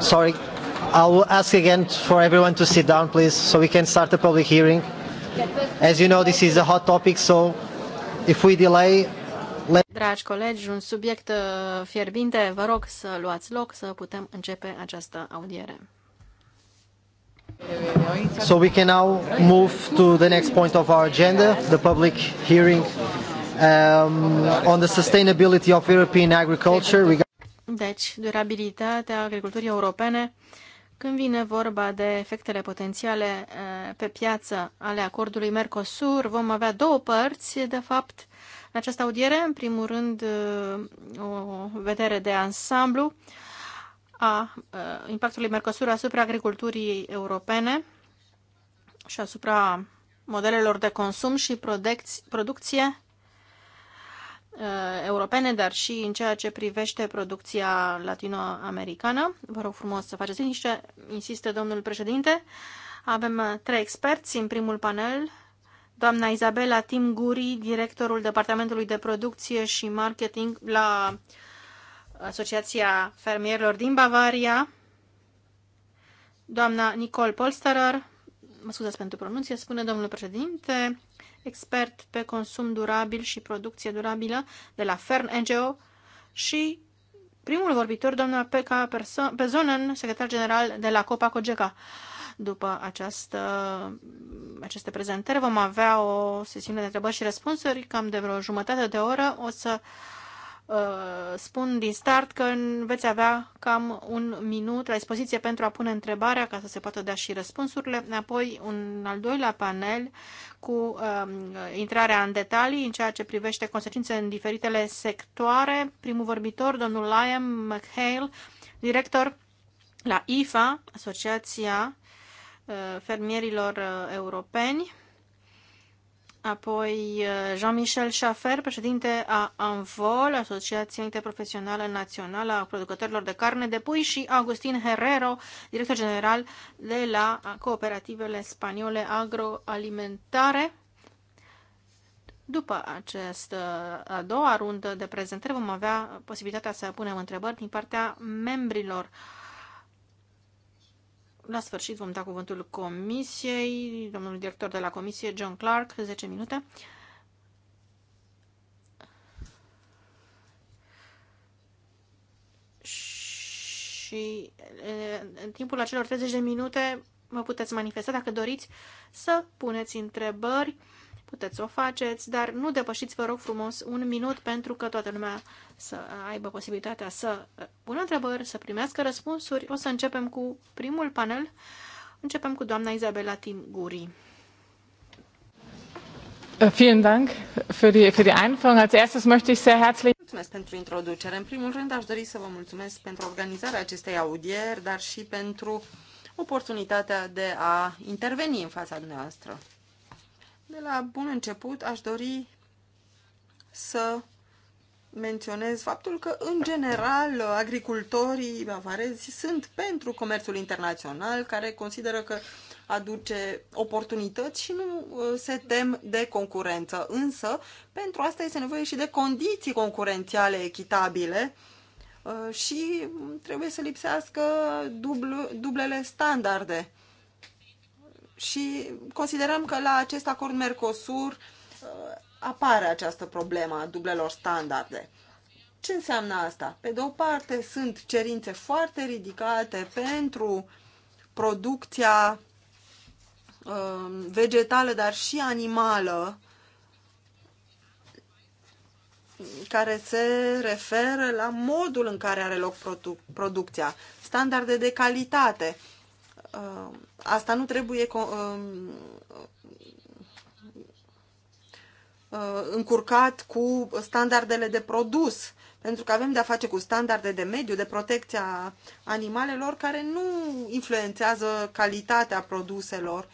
Sorry, I will ask again for everyone to sit down, please, so we can start the public hearing. As you know, this is a hot topic, so if we delay... Let... Dragi colegi, un subiect uh, fierbinte, vă rog să luați loc să putem începe această audiere. So we can now move to the next point of our agenda, the public hearing um, on the sustainability of European agriculture. Deci, durabilitatea agriculturii europene când vine vorba de efectele potențiale eh, pe piață ale acordului Mercosur, vom avea două părți, de fapt, în această audiere. În primul rând, eh, o vedere de ansamblu a eh, impactului Mercosur asupra agriculturii europene și asupra modelelor de consum și producție Uh, europene, dar și în ceea ce privește producția latinoamericană. Vă rog frumos să faceți niște, insistă domnul președinte. Avem uh, trei experți în primul panel. Doamna Izabela Timguri, directorul Departamentului de Producție și Marketing la Asociația Fermierilor din Bavaria. Doamna Nicole Polsterer, mă scuzați pentru pronunție, spune domnul președinte, expert pe consum durabil și producție durabilă de la Fern NGO și primul vorbitor, doamna Peca Pezonen, secretar general de la Copa Cogeca. După această, aceste prezentări vom avea o sesiune de întrebări și răspunsuri, cam de vreo jumătate de oră. O să uh, Uh, spun din start că veți avea cam un minut la dispoziție pentru a pune întrebarea ca să se poată da și răspunsurile. Apoi un al doilea panel cu uh, intrarea în detalii în ceea ce privește consecințe în diferitele sectoare. Primul vorbitor, domnul Liam McHale, director la IFA, Asociația uh, Fermierilor uh, Europeni Apoi uh, Jean-Michel Schaffer, președinte a ANVOL, Asociația Interprofesională Națională a Producătorilor de Carne de Pui și Agustin Herrero, director general de la Cooperativele Spaniole Agroalimentare. După această a doua rundă de prezentări vom avea posibilitatea să punem întrebări din partea membrilor uh, la sfârșit vom da cuvântul comisiei, domnul director de la comisie, John Clark, 10 minute. Și în timpul acelor 30 de minute vă puteți manifesta dacă doriți să puneți întrebări puteți să o faceți, dar nu depășiți, vă rog frumos, un minut pentru că toată lumea să aibă posibilitatea să pună întrebări, să primească răspunsuri. O să începem cu primul panel. Începem cu doamna Izabela Timguri. Äh, vielen Dank für die, für die Einführung. Als erstes möchte ich sehr herzlich Mulțumesc pentru introducere. În primul rând aș dori să vă mulțumesc pentru organizarea acestei audieri, dar și pentru oportunitatea de a interveni în fața dumneavoastră. De la bun început aș dori să menționez faptul că, în general, agricultorii bavarezi sunt pentru comerțul internațional, care consideră că aduce oportunități și nu uh, se tem de concurență. Însă, pentru asta este nevoie și de condiții concurențiale echitabile uh, și trebuie să lipsească dublele standarde. Și considerăm că la acest acord Mercosur uh, apare această problemă a dublelor standarde. Ce înseamnă asta? Pe de o parte sunt cerințe foarte ridicate pentru producția uh, vegetală, dar și animală, care se referă la modul în care are loc produ- producția, standarde de calitate, uh, asta nu trebuie uh, uh, încurcat cu standardele de produs, pentru că avem de-a face cu standarde de mediu, de protecția animalelor, care nu influențează calitatea produselor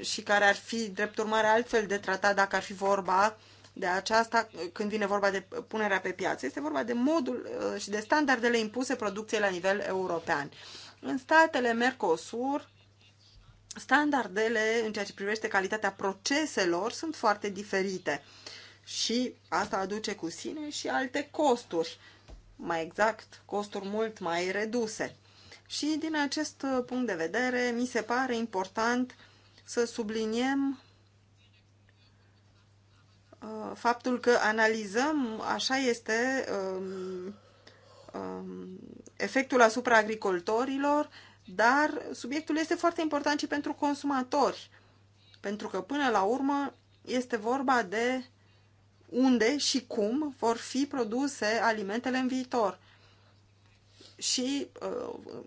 și care ar fi, drept urmare, altfel de tratat dacă ar fi vorba de aceasta când vine vorba de punerea pe piață. Este vorba de modul uh, și de standardele impuse producției la nivel european. În statele Mercosur, standardele în ceea ce privește calitatea proceselor sunt foarte diferite și asta aduce cu sine și alte costuri, mai exact, costuri mult mai reduse. Și din acest punct de vedere, mi se pare important să subliniem uh, faptul că analizăm, așa este, um, Um, efectul asupra agricultorilor, dar subiectul este foarte important și pentru consumatori, pentru că până la urmă este vorba de unde și cum vor fi produse alimentele în viitor. Și uh,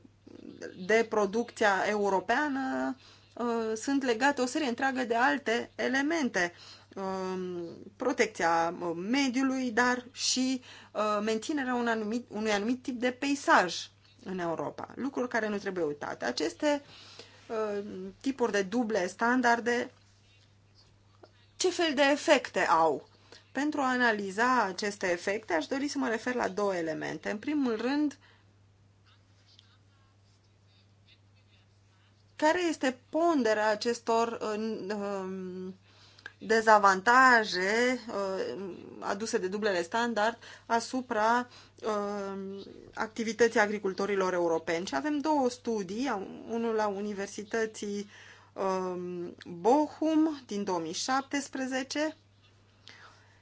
de producția europeană uh, sunt legate o serie întreagă de alte elemente. Um, protecția um, mediului, dar și uh, menținerea un anumit, unui anumit tip de peisaj în Europa. Lucruri care nu trebuie uitate. Aceste uh, tipuri de duble standarde, ce fel de efecte au? Pentru a analiza aceste efecte, aș dori să mă refer la două elemente. În primul rând, care este ponderea acestor uh, dezavantaje uh, aduse de dublele standard asupra uh, activității agricultorilor europeni. Și avem două studii, unul la Universității um, Bochum din 2017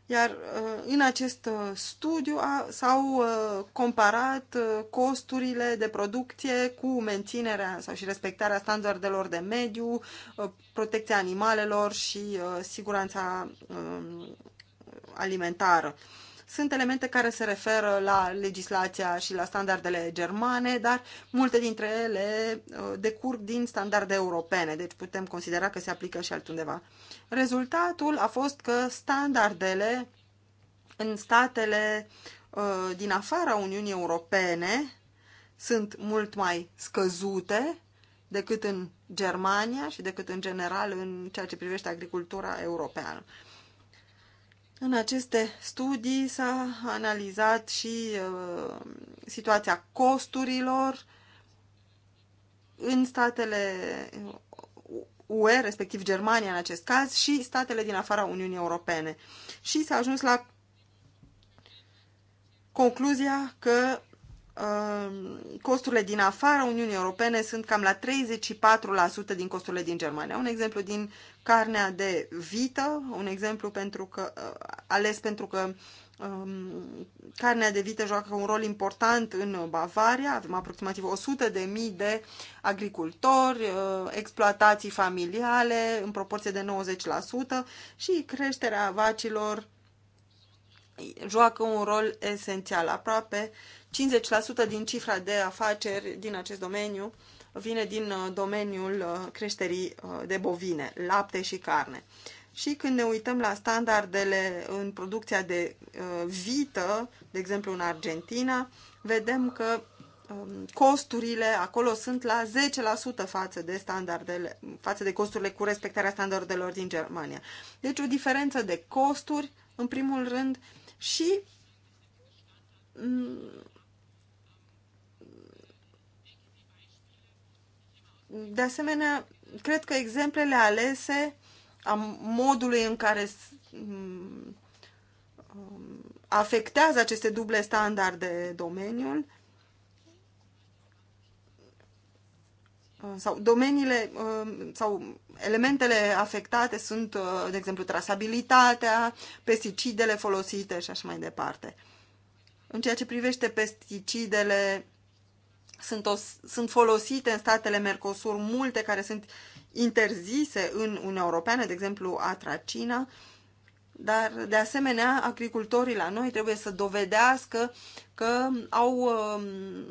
iar uh, în acest uh, studiu s-au uh, comparat costurile de producție cu menținerea sau și respectarea standardelor de mediu, protecția animalelor și siguranța um, alimentară. Sunt elemente care se referă la legislația și la standardele germane, dar multe dintre ele uh, decurg din standarde europene, deci putem considera că se aplică și altundeva. Rezultatul a fost că standardele în statele uh, din afara Uniunii Europene sunt mult mai scăzute decât în Germania și decât în general în ceea ce privește agricultura europeană. În aceste studii s-a analizat și uh, situația costurilor în statele UE, uh, respectiv Germania în acest caz, și statele din afara Uniunii Europene. Și s-a ajuns la concluzia că Ehm, costurile din afara Uniunii Europene sunt cam la 34% din costurile din Germania. Un exemplu din carnea de vită, un exemplu pentru că, eh, ales pentru că um, carnea de vită joacă un rol important în Bavaria. Avem aproximativ 100 de mii de agricultori, eh, exploatații familiale în proporție de 90% și creșterea vacilor joacă un rol esențial. Aproape 50% din cifra de afaceri din acest domeniu vine din uh, domeniul uh, creșterii uh, de bovine, lapte și carne. Și când ne uităm la standardele în producția de vită, de exemplu în Argentina, vedem că um, costurile acolo sunt la 10% față de standardele, față de costurile cu respectarea standardelor din Germania. Deci o diferență de costuri, în primul rând, și mm, de asemenea, cred că exemplele alese a modului în care mm, um, afectează aceste duble standarde domeniul Uh, sau domeniile uh, sau elementele afectate sunt, uh, de exemplu, trasabilitatea, pesticidele folosite și așa mai departe. În ceea ce privește pesticidele, sunt, o, sunt folosite în statele Mercosur multe care sunt interzise în Uniunea Europeană, de exemplu atracina, uh, dar, de asemenea, agricultorii la noi trebuie să dovedească că au um,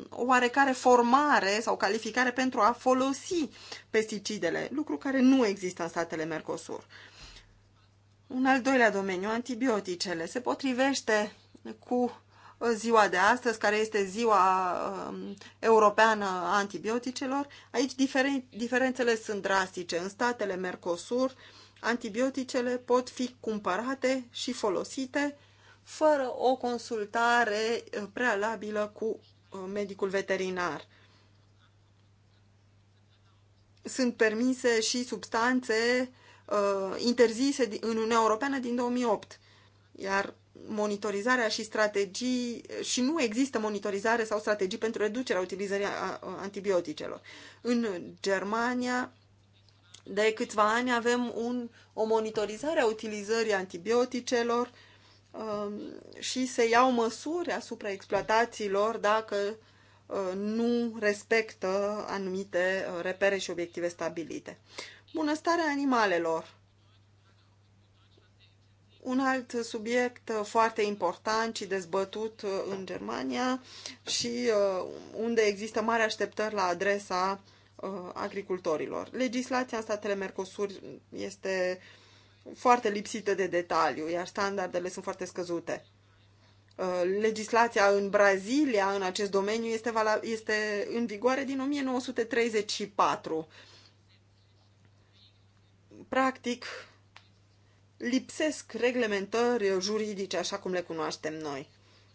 o oarecare formare sau calificare pentru a folosi pesticidele, lucru care nu există în statele Mercosur. Un al doilea domeniu, antibioticele, se potrivește cu ziua de astăzi, care este ziua um, europeană a antibioticelor. Aici diferen- diferențele sunt drastice. În statele Mercosur, antibioticele pot fi cumpărate și folosite fără o consultare eh, prealabilă cu eh, medicul veterinar. Sunt permise și substanțe uh, interzise în Uniunea Europeană din 2008, iar monitorizarea și strategii și nu există monitorizare sau strategii pentru reducerea utilizării antibioticelor. În Germania de câțiva ani avem un, o monitorizare a utilizării antibioticelor um, și se iau măsuri asupra exploatațiilor dacă uh, nu respectă anumite uh, repere și obiective stabilite. Bunăstarea animalelor. Un alt subiect uh, foarte important și dezbătut în Germania și unde există mari așteptări la adresa Uh, agricultorilor. Legislația în statele Mercosur este foarte lipsită de detaliu, iar standardele sunt foarte scăzute. Uh, legislația în Brazilia în acest domeniu este, este în vigoare din 1934. Practic, lipsesc reglementări juridice așa cum le cunoaștem noi.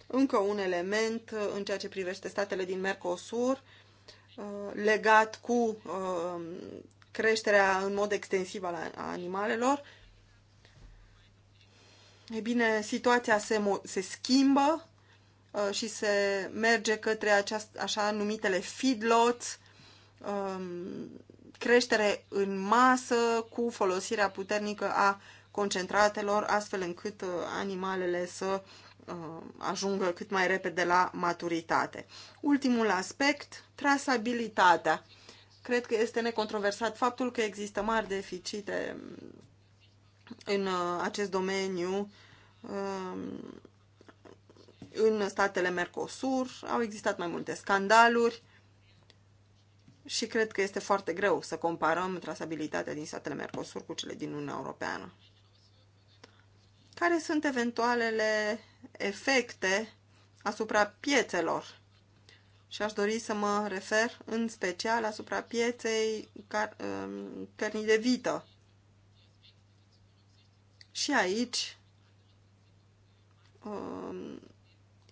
Încă un element în ceea ce privește statele din Mercosur – Uh, legat cu uh, creșterea în mod extensiv a animalelor. E bine, situația se, se schimbă uh, și se merge către aceast, așa numitele feedlots, um, creștere în masă cu folosirea puternică a concentratelor, astfel încât animalele să Uh, ajungă cât mai repede la maturitate. Ultimul aspect, trasabilitatea. Cred că este necontroversat faptul că există mari deficite în uh, acest domeniu um, în statele Mercosur, au existat mai multe scandaluri și cred că este foarte greu să comparăm trasabilitatea din statele Mercosur cu cele din Uniunea Europeană. Care sunt eventualele efecte asupra piețelor. Și aș dori să mă refer în special asupra pieței car um, cărnii de vită. Și aici um,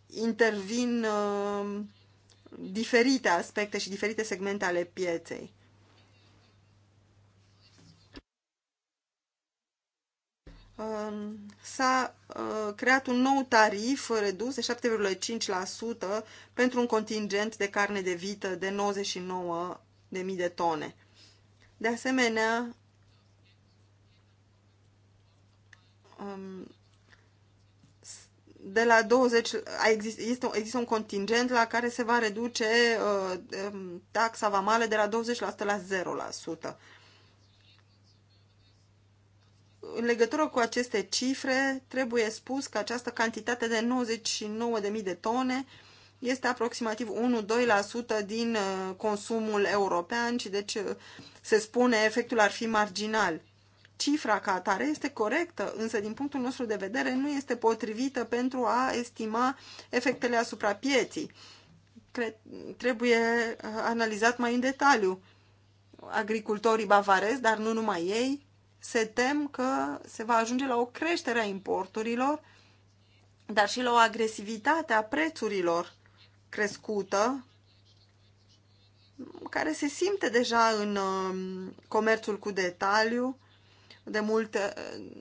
intervin um, diferite aspecte și diferite segmente ale pieței. Um, s-a uh, creat un nou tarif redus de 7,5% pentru un contingent de carne de vită de 99.000 de tone. De asemenea, um, de la 20 există, există un contingent la care se va reduce uh, um, taxa vamală de la 20% la 0% în legătură cu aceste cifre, trebuie spus că această cantitate de 99.000 de tone este aproximativ 1-2% din uh, consumul european și deci uh, se spune efectul ar fi marginal. Cifra ca atare este corectă, însă din punctul nostru de vedere nu este potrivită pentru a estima efectele asupra pieții. Cred, trebuie uh, analizat mai în detaliu. Agricultorii bavarezi, dar nu numai ei, se tem că se va ajunge la o creștere a importurilor, dar și la o agresivitate a prețurilor crescută, care se simte deja în um, comerțul cu detaliu. De multe,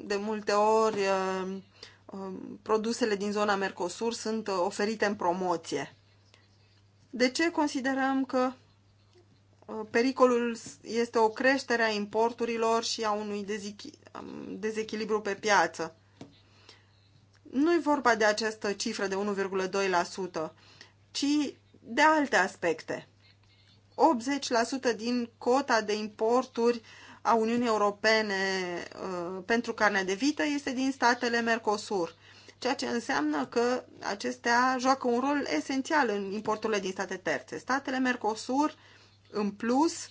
de multe ori, um, um, produsele din zona Mercosur sunt uh, oferite în promoție. De ce considerăm că Uh, pericolul este o creștere a importurilor și a unui um, dezechilibru pe piață. Nu e vorba de această cifră de 1,2%, ci de alte aspecte. 80% din cota de importuri a Uniunii Europene uh, pentru carne de vită este din statele Mercosur, ceea ce înseamnă că acestea joacă un rol esențial în importurile din state terțe. Statele Mercosur uh, în plus,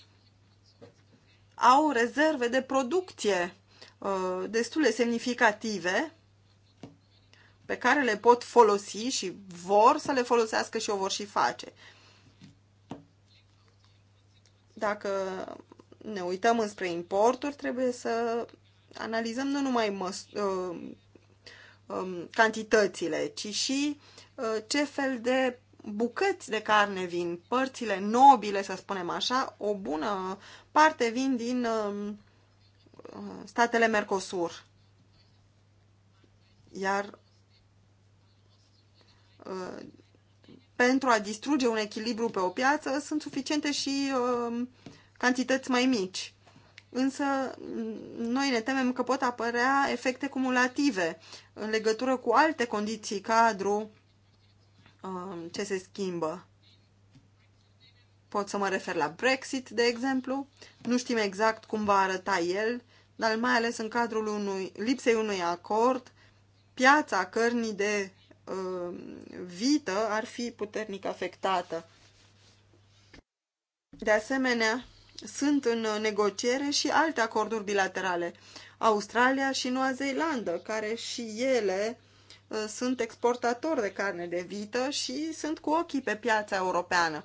au rezerve de producție uh, destul de semnificative pe care le pot folosi și vor să le folosească și o vor și face. Dacă ne uităm înspre importuri, trebuie să analizăm nu numai măs- uh, um, cantitățile, ci și uh, ce fel de bucăți de carne vin, părțile nobile, să spunem așa, o bună parte vin din um, uh, statele Mercosur. Iar uh, pentru a distruge un echilibru pe o piață sunt suficiente și um, cantități mai mici. Însă noi ne temem că pot apărea efecte cumulative în legătură cu alte condiții cadru Um, ce se schimbă. Pot să mă refer la Brexit, de exemplu. Nu știm exact cum va arăta el, dar mai ales în cadrul unui, lipsei unui acord, piața cărnii de uh, vită ar fi puternic afectată. De asemenea, sunt în negociere și alte acorduri bilaterale. Australia și Noua Zeelandă, care și ele Uh, sunt exportatori de carne de vită și sunt cu ochii pe piața europeană.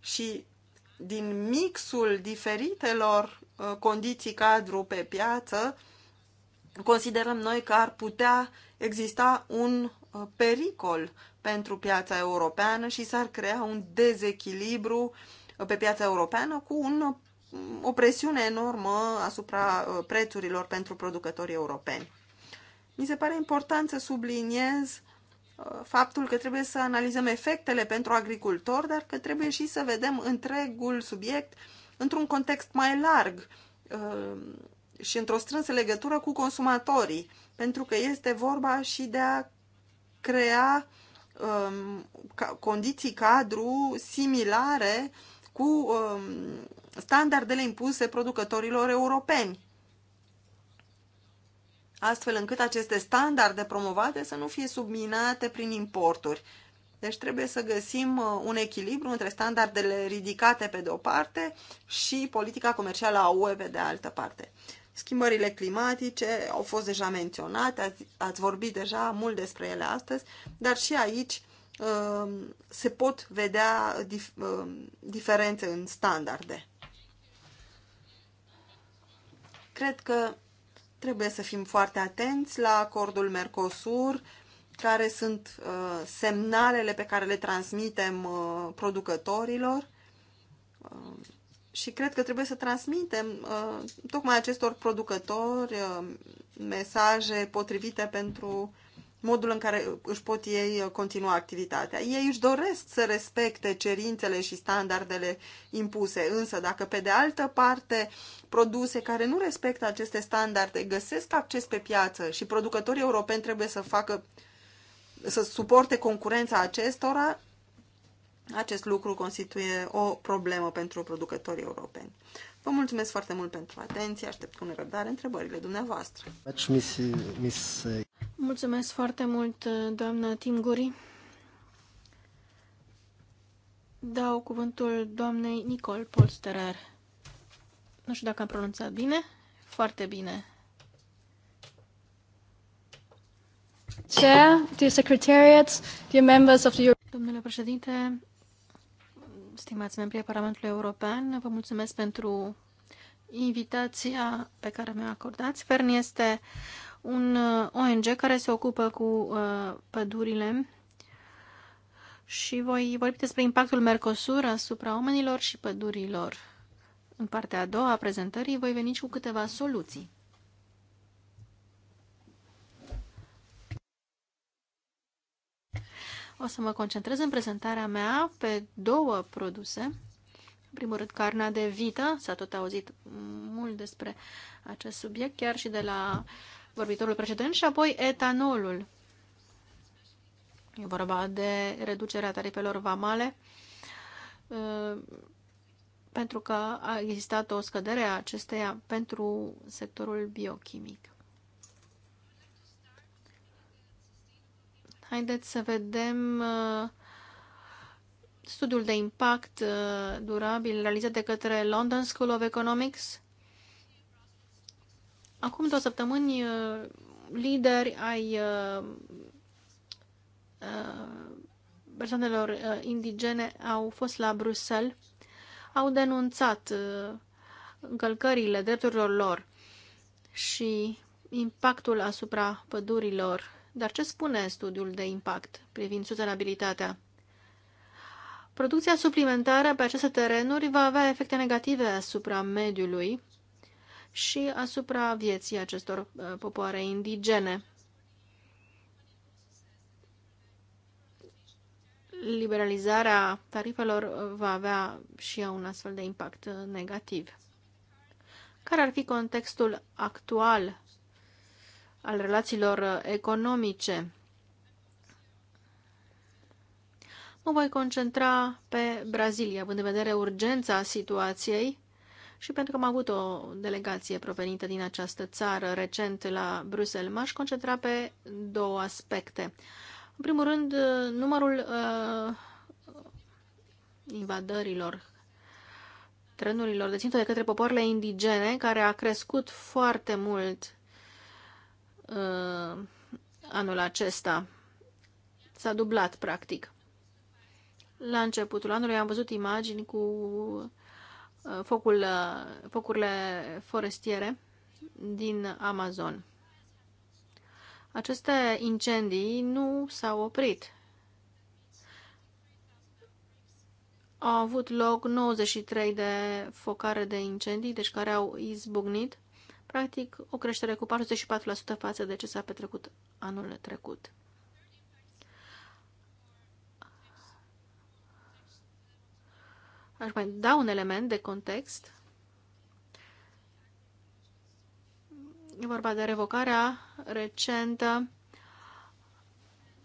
Și din mixul diferitelor uh, condiții cadru pe piață, considerăm noi că ar putea exista un uh, pericol pentru piața europeană și s-ar crea un dezechilibru pe piața europeană cu un, o presiune enormă asupra prețurilor pentru producătorii europeni. Mi se pare important să subliniez uh, faptul că trebuie să analizăm efectele pentru agricultori, dar că trebuie și să vedem întregul subiect într-un context mai larg uh, și într-o strânsă legătură cu consumatorii, pentru că este vorba și de a crea um, condiții cadru similare cu um, standardele impuse producătorilor europeni astfel încât aceste standarde promovate să nu fie subminate prin importuri. Deci trebuie să găsim uh, un echilibru între standardele ridicate pe de o parte și politica comercială a UE pe de altă parte. Schimbările climatice au fost deja menționate, ați, vorbit deja mult despre ele astăzi, dar și aici uh, se pot vedea dif- uh, diferențe în standarde. Cred că Trebuie să fim foarte atenți la acordul Mercosur, care sunt uh, semnalele pe care le transmitem uh, producătorilor uh, și cred că trebuie să transmitem uh, tocmai acestor producători uh, mesaje potrivite pentru modul în care își pot ei uh, continua activitatea. Ei își doresc să respecte cerințele și standardele impuse, însă dacă pe de altă parte produse care nu respectă aceste standarde găsesc acces pe piață și producătorii europeni trebuie să facă să suporte concurența acestora, acest lucru constituie o problemă pentru producătorii europeni. Vă mulțumesc foarte mult pentru atenție, aștept cu nerăbdare întrebările dumneavoastră. Mulțumesc foarte mult, doamna Tinguri. Dau cuvântul doamnei Nicol Polsterer. Nu știu dacă am pronunțat bine. Foarte bine. Chair, dear secretariat, dear members of the Domnule președinte, stimați membrii Parlamentului European, vă mulțumesc pentru invitația pe care mi-o acordați. Fern este un uh, ONG care se ocupă cu uh, pădurile și voi vorbi despre impactul Mercosur asupra oamenilor și pădurilor. În partea a doua a prezentării voi veni și cu câteva soluții. O să mă concentrez în prezentarea mea pe două produse. În primul rând, carnea de vită. S-a tot auzit mult despre acest subiect, chiar și de la uh, vorbitorul precedent, și apoi etanolul. E vorba de reducerea tarifelor vamale uh, pentru că a existat o scădere a acesteia pentru sectorul biochimic. Haideți să vedem uh, studiul de impact uh, durabil realizat de către London School of Economics Acum două săptămâni, uh, lideri ai uh, uh, persoanelor indigene au fost la Bruxelles, au denunțat încălcările drepturilor lor și impactul asupra pădurilor. Dar ce spune studiul de impact privind sustenabilitatea? Producția suplimentară pe aceste terenuri va avea efecte negative asupra mediului și asupra vieții acestor uh, popoare indigene. Liberalizarea tarifelor uh, va avea și ea un astfel de impact uh, negativ. Care ar fi contextul actual al relațiilor economice? Mă voi concentra pe Brazilia, având în vedere urgența situației și pentru că am avut o delegație provenită din această țară recent la Bruxelles, m-aș concentra pe două aspecte. În primul rând, numărul uh, invadărilor trenurilor deținute de către popoarele indigene, care a crescut foarte mult uh, anul acesta. S-a dublat, practic. La începutul anului am văzut imagini cu Uh, focul, uh, focurile forestiere din Amazon. Aceste incendii nu s-au oprit. Au avut loc 93 de focare de incendii, deci care au izbucnit, practic o creștere cu 44% față de ce s-a petrecut anul trecut. Aș mai da un element de context. E vorba de revocarea recentă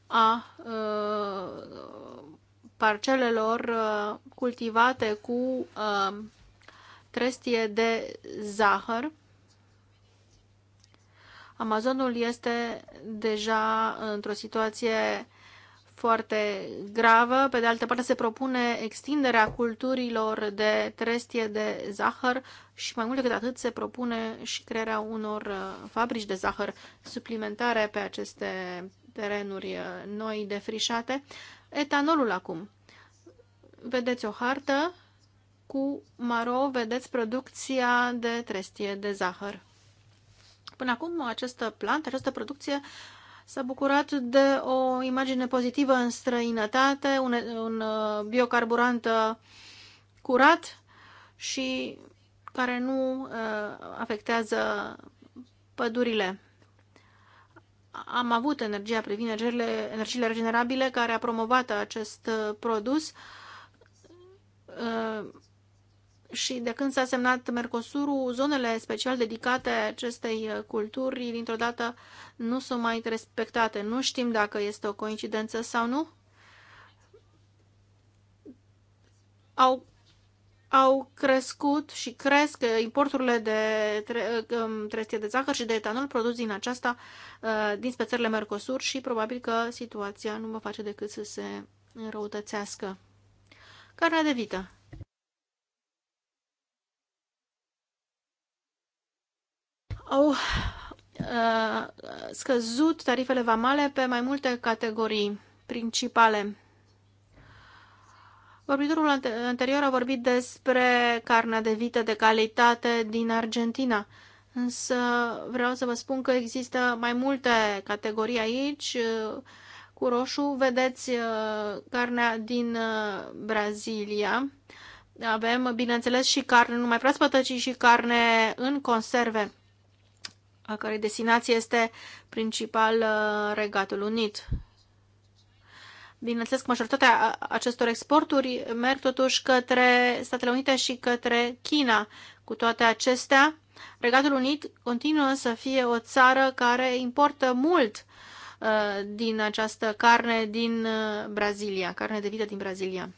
a uh, parcelelor uh, cultivate cu uh, trestie de zahăr. Amazonul este deja într-o situație foarte gravă. Pe de altă parte, se propune extinderea culturilor de trestie de zahăr și mai mult decât atât se propune și crearea unor uh, fabrici de zahăr suplimentare pe aceste terenuri uh, noi defrișate. Etanolul acum. Vedeți o hartă cu maro, vedeți producția de trestie de zahăr. Până acum, această plantă, această producție s-a bucurat de o imagine pozitivă în străinătate, un, un uh, biocarburant uh, curat și care nu uh, afectează pădurile. Am avut energia privind energiile, energiile regenerabile care a promovat acest produs și de când s-a semnat Mercosurul, zonele special dedicate acestei uh, culturi, dintr-o dată, nu sunt mai respectate. Nu știm dacă este o coincidență sau nu. Au, au crescut și cresc uh, importurile de uh, um, trestie de zahăr și de etanol produs din aceasta, din spețările Mercosur și probabil că situația nu va face decât să se înrăutățească. Carnea de vită au uh, scăzut tarifele vamale pe mai multe categorii principale. Vorbitorul anterior a vorbit despre carnea de vită de calitate din Argentina, însă vreau să vă spun că există mai multe categorii aici. Cu roșu vedeți uh, carnea din uh, Brazilia. Avem, bineînțeles, și carne numai proaspătă, ci și carne în conserve a cărei destinație este principal uh, Regatul Unit. Bineînțeles că majoritatea acestor exporturi merg totuși către Statele Unite și către China. Cu toate acestea, Regatul Unit continuă să fie o țară care importă mult uh, din această carne din uh, Brazilia, carne de vită din Brazilia.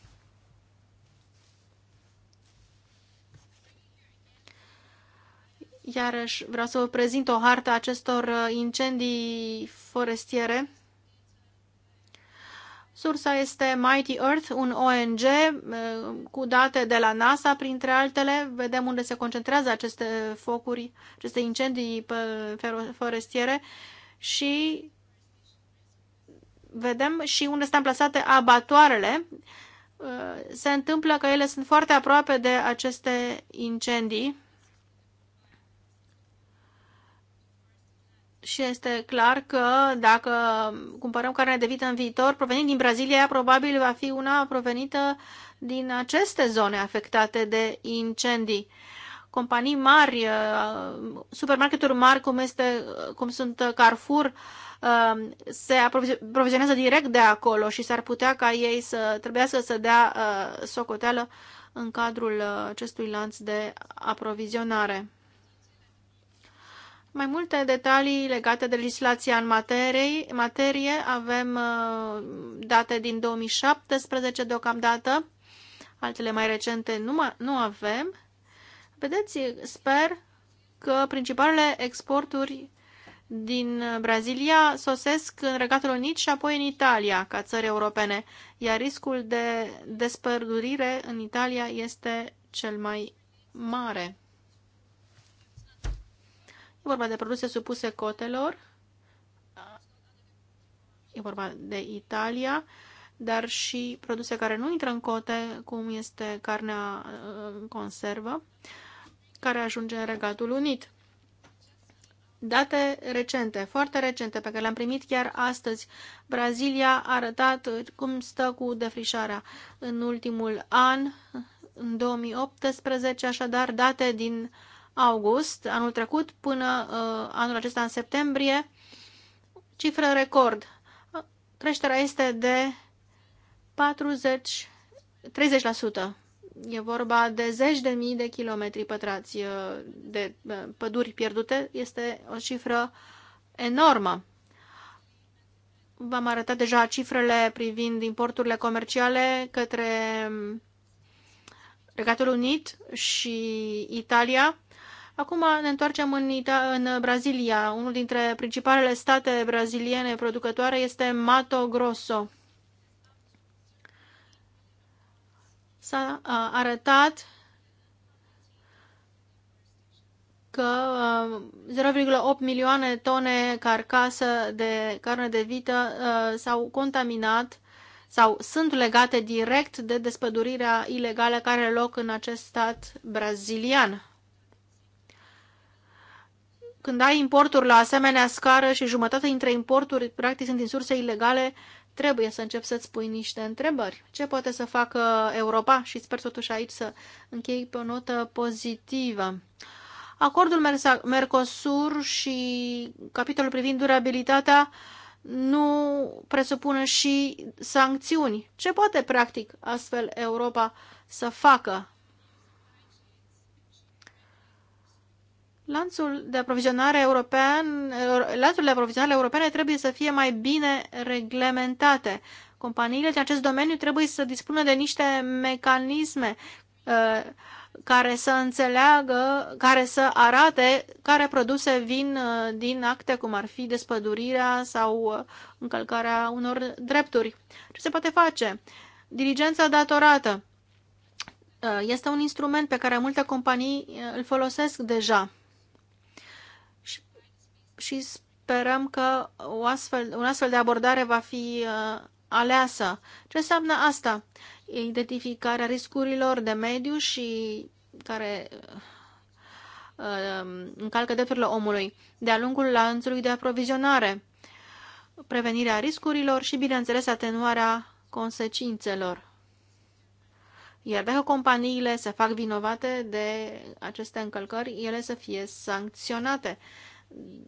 Iarăși vreau să vă prezint o hartă acestor uh, incendii forestiere. Sursa este Mighty Earth, un ONG uh, cu date de la NASA, printre altele. Vedem unde se concentrează aceste focuri, aceste incendii uh, forestiere și vedem și unde sunt amplasate abatoarele. Se întâmplă că ele sunt foarte aproape de aceste incendii și este clar că dacă cumpărăm carne de vită în viitor, provenind din Brazilia, probabil va fi una provenită din aceste zone afectate de incendii. Companii mari, uh, supermarketuri mari cum, este, uh, cum sunt Carrefour, uh, se aprovizionează direct de acolo și s-ar putea ca ei să trebuiască să dea socoteală în cadrul acestui lanț de aprovizionare. Mai multe detalii legate de legislația în materie, materie. avem uh, date din 2017 deocamdată, altele mai recente nu, nu avem. Vedeți, sper că principalele exporturi din Brazilia sosesc în Regatul Unit și apoi în Italia, ca țări europene, iar riscul de despărdurire în Italia este cel mai mare vorba de produse supuse cotelor, e vorba de Italia, dar și produse care nu intră în cote, cum este carnea uh, în conservă, care ajunge în Regatul Unit. Date recente, foarte recente, pe care le-am primit chiar astăzi, Brazilia a arătat cum stă cu defrișarea în ultimul an, în 2018, așadar date din uh, august anul trecut până uh, anul acesta în septembrie, cifră record. Creșterea este de 40, 30%. E vorba de zeci de mii de kilometri pătrați uh, de uh, păduri pierdute. Este o cifră enormă. V-am arătat deja cifrele privind importurile comerciale către Regatul Unit și Italia. Acum ne întoarcem în, Ita- în Brazilia. Unul dintre principalele state braziliene producătoare este Mato Grosso. S-a arătat că 0,8 milioane tone carcasă de carne de vită s-au contaminat sau sunt legate direct de despădurirea ilegală care are loc în acest stat brazilian când ai importuri la asemenea scară și jumătate dintre importuri practic sunt din surse ilegale, trebuie să încep să-ți pui niște întrebări. Ce poate să facă Europa? Și sper totuși aici să închei pe o notă pozitivă. Acordul Mercosur și capitolul privind durabilitatea nu presupune și sancțiuni. Ce poate practic astfel Europa să facă Lanțul de aprovizionare european, lanțurile de aprovizionare europene trebuie să fie mai bine reglementate. Companiile din acest domeniu trebuie să dispună de niște mecanisme uh, care să înțeleagă, care să arate care produse vin uh, din acte, cum ar fi despădurirea sau uh, încălcarea unor drepturi. Ce se poate face? Diligența datorată uh, este un instrument pe care multe companii uh, îl folosesc deja și sperăm că o astfel, un astfel de abordare va fi uh, aleasă. Ce înseamnă asta? Identificarea riscurilor de mediu și care uh, um, încalcă drepturile omului de-a lungul lanțului de aprovizionare, prevenirea riscurilor și, bineînțeles, atenuarea consecințelor. Iar dacă companiile se fac vinovate de aceste încălcări, ele să fie sancționate.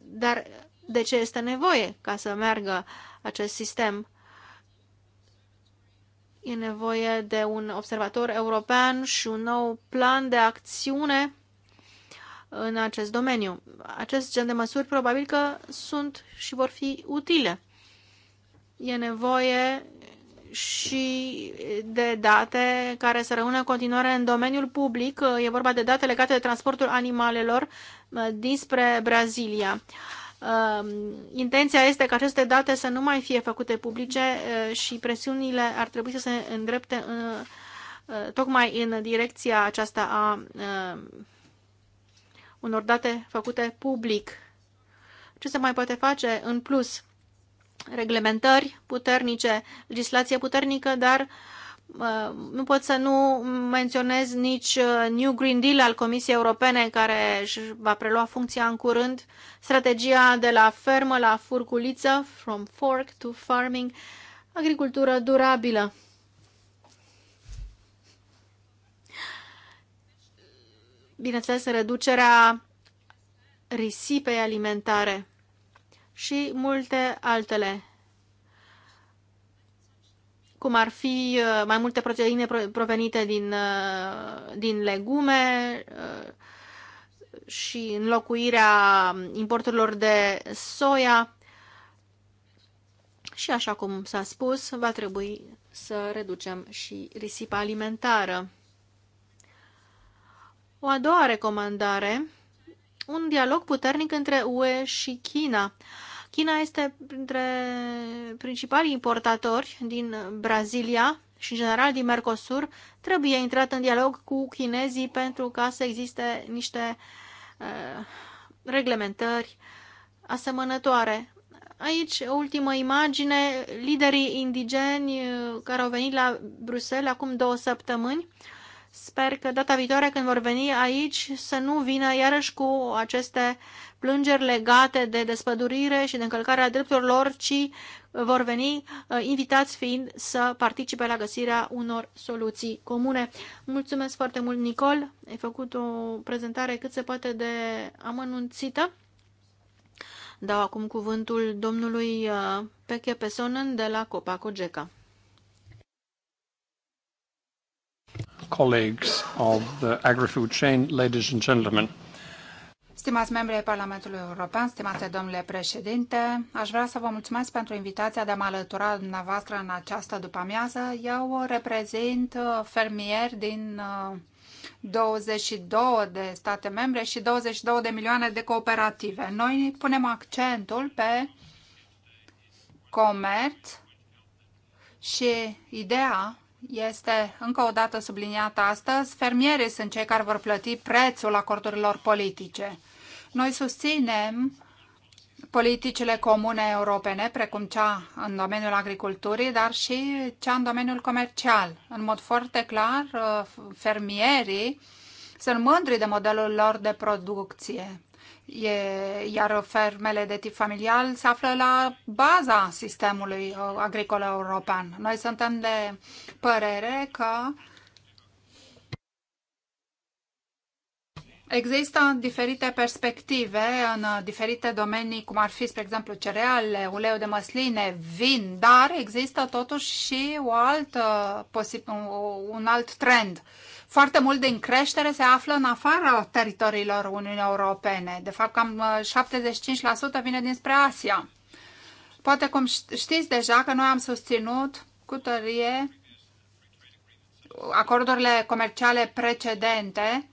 Dar de ce este nevoie ca să meargă acest sistem? E nevoie de un observator european și un nou plan de acțiune în acest domeniu. Acest gen de măsuri probabil că sunt și vor fi utile. E nevoie și de date care să rămână în continuare în domeniul public. E vorba de date legate de transportul animalelor, Uh, dinspre Brazilia. Uh, intenția este ca aceste date să nu mai fie făcute publice uh, și presiunile ar trebui să se îndrepte în, tocmai în direcția aceasta a unor date făcute public. Ce se mai poate face în plus? Reglementări puternice, legislație puternică, dar uh, Uh, nu pot să nu menționez nici uh, New Green Deal al Comisiei Europene, care își va prelua funcția în curând, strategia de la fermă la furculiță, from fork to farming, agricultură durabilă. Bineînțeles, reducerea risipei alimentare și multe altele cum ar fi uh, mai multe proteine provenite din, uh, din legume uh, și înlocuirea importurilor de soia. Și așa cum s-a spus, va trebui să reducem și risipa alimentară. O a doua recomandare, un dialog puternic între UE și China. China este printre principalii importatori din Brazilia și, în general, din Mercosur. Trebuie intrat în dialog cu chinezii pentru ca să existe niște uh, reglementări asemănătoare. Aici, o ultimă imagine, liderii indigeni uh, care au venit la Bruxelles acum două săptămâni. Sper că data viitoare când vor veni aici să nu vină iarăși cu aceste plângeri legate de despădurire și de încălcarea drepturilor lor, ci vor veni uh, invitați fiind să participe la găsirea unor soluții comune. Mulțumesc foarte mult, Nicol. Ai făcut o prezentare cât se poate de amănunțită. Dau acum cuvântul domnului uh, Peche Pesonen de la Cogeca. Colleagues of the agri-food chain, ladies and gentlemen. Stimați membri ai Parlamentului European, stimați domnule președinte, aș vrea să vă mulțumesc pentru invitația de a mă alătura dumneavoastră în această după-amiază. Eu reprezint uh, fermieri din 22 uh, de state membre și 22 de milioane de cooperative. Noi punem accentul pe comerț și ideea este încă o dată subliniată astăzi, fermierii sunt cei care vor plăti prețul acordurilor politice. Noi susținem politicile comune europene, precum cea în domeniul agriculturii, dar și cea în domeniul comercial. În mod foarte clar, uh, fermierii sunt mândri de modelul lor de producție. E, iar fermele de tip familial se află la baza sistemului uh, agricol european. Noi suntem de părere că uh, Există diferite perspective în diferite domenii, cum ar fi, spre exemplu, cereale, uleiul de măsline, vin, dar există totuși și o altă, un alt trend. Foarte mult din creștere se află în afara teritoriilor Uniunii Europene. De fapt, cam 75% uh, vine dinspre Asia. Poate cum știți deja că noi am susținut cu tărie acordurile comerciale precedente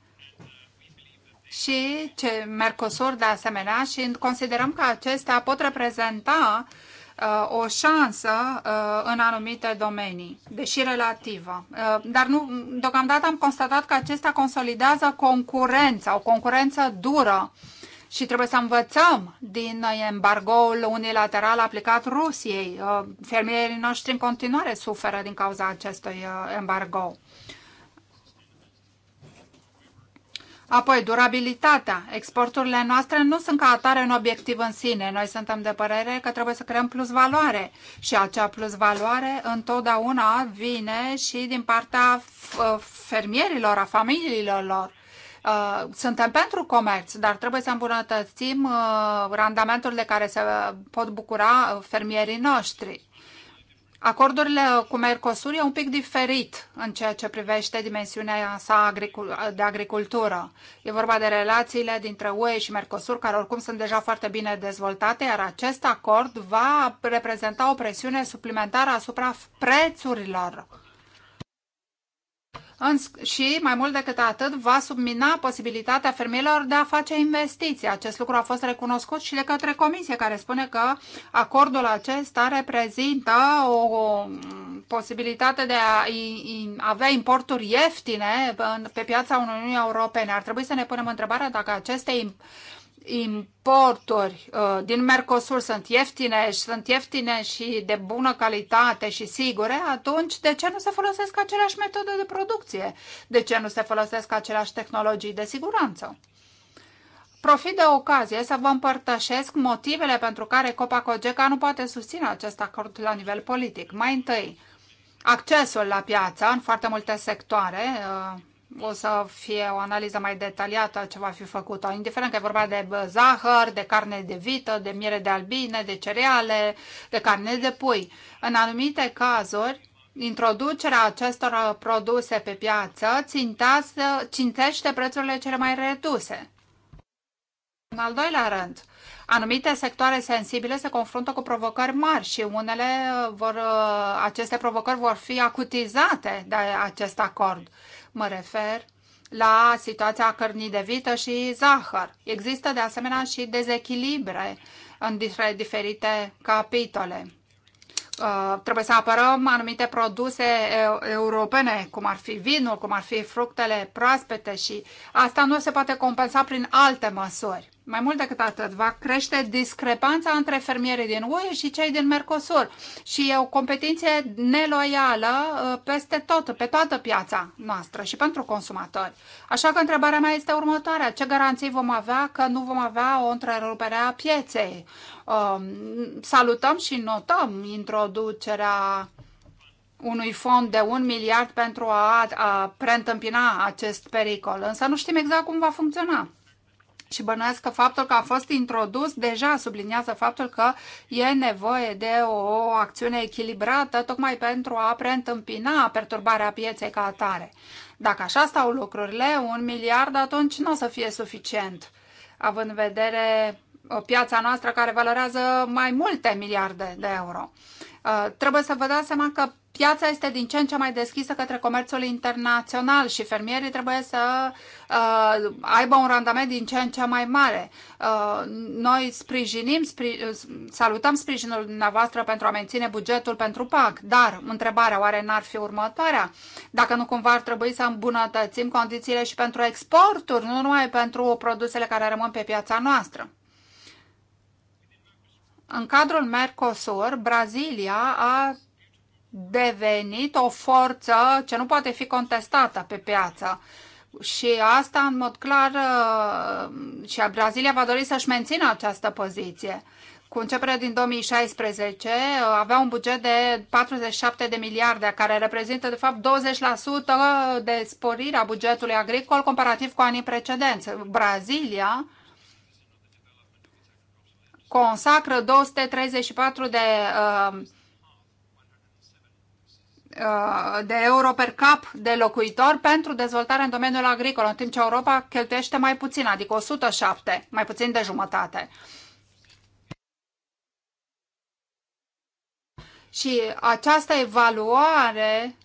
și ce Mercosur de asemenea și considerăm că acestea pot reprezenta uh, o șansă uh, în anumite domenii, deși relativă. Uh, dar nu, deocamdată am constatat că acestea consolidează concurența, o concurență dură și trebuie să învățăm din embargoul unilateral aplicat Rusiei. Fermierii noștri în continuare suferă din cauza acestui embargo. Apoi, durabilitatea. Exporturile noastre nu sunt ca atare un obiectiv în sine. Noi suntem de părere că trebuie să creăm plus valoare și acea plus valoare întotdeauna vine și din partea uh, fermierilor, a familiilor lor. Uh, suntem pentru comerț, dar trebuie să îmbunătățim uh, randamentul de care se pot bucura fermierii noștri. Acordurile cu Mercosur e un pic diferit în ceea ce privește dimensiunea sa de agricultură. E vorba de relațiile dintre UE și Mercosur, care oricum sunt deja foarte bine dezvoltate, iar acest acord va reprezenta o presiune suplimentară asupra prețurilor și, mai mult decât atât, va submina posibilitatea fermierilor de a face investiții. Acest lucru a fost recunoscut și de către comisie, care spune că acordul acesta reprezintă o posibilitate de a avea importuri ieftine pe piața Uniunii Europene. Ar trebui să ne punem întrebarea dacă aceste importuri uh, din Mercosur sunt ieftine și sunt ieftine și de bună calitate și sigure, atunci de ce nu se folosesc aceleași metode de producție? De ce nu se folosesc aceleași tehnologii de siguranță? Profit de ocazie să vă împărtășesc motivele pentru care Copa Cogeca nu poate susține acest acord la nivel politic. Mai întâi, accesul la piață în foarte multe sectoare, uh, o să fie o analiză mai detaliată ce va fi făcută, indiferent că e vorba de zahăr, de carne de vită, de miere de albine, de cereale, de carne de pui. În anumite cazuri, introducerea acestor produse pe piață țintește prețurile cele mai reduse. În al doilea rând, anumite sectoare sensibile se confruntă cu provocări mari și unele uh, vor, uh, aceste provocări vor fi acutizate de acest acord mă refer la situația cărnii de vită și zahăr. Există de asemenea și dezechilibre între diferite capitole. Uh, trebuie să apărăm anumite produse uh, europene, cum ar fi vinul, cum ar fi fructele proaspete și asta nu se poate compensa prin alte măsuri mai mult decât atât, va crește discrepanța între fermierii din UE și cei din Mercosur. Și e o competiție neloială uh, peste tot, pe toată piața noastră și pentru consumatori. Așa că întrebarea mea este următoarea. Ce garanții vom avea că nu vom avea o întrerupere a pieței? Um, salutăm și notăm introducerea unui fond de un miliard pentru a, a preîntâmpina acest pericol, însă nu știm exact cum va funcționa. Și bănuiesc că faptul că a fost introdus deja subliniază faptul că e nevoie de o acțiune echilibrată tocmai pentru a preîntâmpina perturbarea pieței ca atare. Dacă așa stau lucrurile, un miliard atunci nu o să fie suficient, având în vedere piața noastră care valorează mai multe miliarde de euro. Uh, trebuie să vă dați seama că piața este din ce în ce mai deschisă către comerțul internațional și fermierii trebuie să uh, aibă un randament din ce în ce mai mare. Uh, noi sprijinim, spri, salutăm sprijinul dumneavoastră pentru a menține bugetul pentru PAC, dar întrebarea oare n-ar fi următoarea? Dacă nu cumva ar trebui să îmbunătățim condițiile și pentru exporturi, nu numai pentru produsele care rămân pe piața noastră în cadrul Mercosur, Brazilia a devenit o forță ce nu poate fi contestată pe piață. Și asta, în mod clar, uh, și Brazilia va dori să-și mențină această poziție. Cu începerea din 2016 uh, avea un buget de 47 de miliarde, care reprezintă, de fapt, 20% de sporire a bugetului agricol comparativ cu anii precedenți. Brazilia consacră 234 de, uh, uh, de euro per cap de locuitor pentru dezvoltare în domeniul agricol, în timp ce Europa cheltuiește mai puțin, adică 107, mai puțin de jumătate. Și această evaluare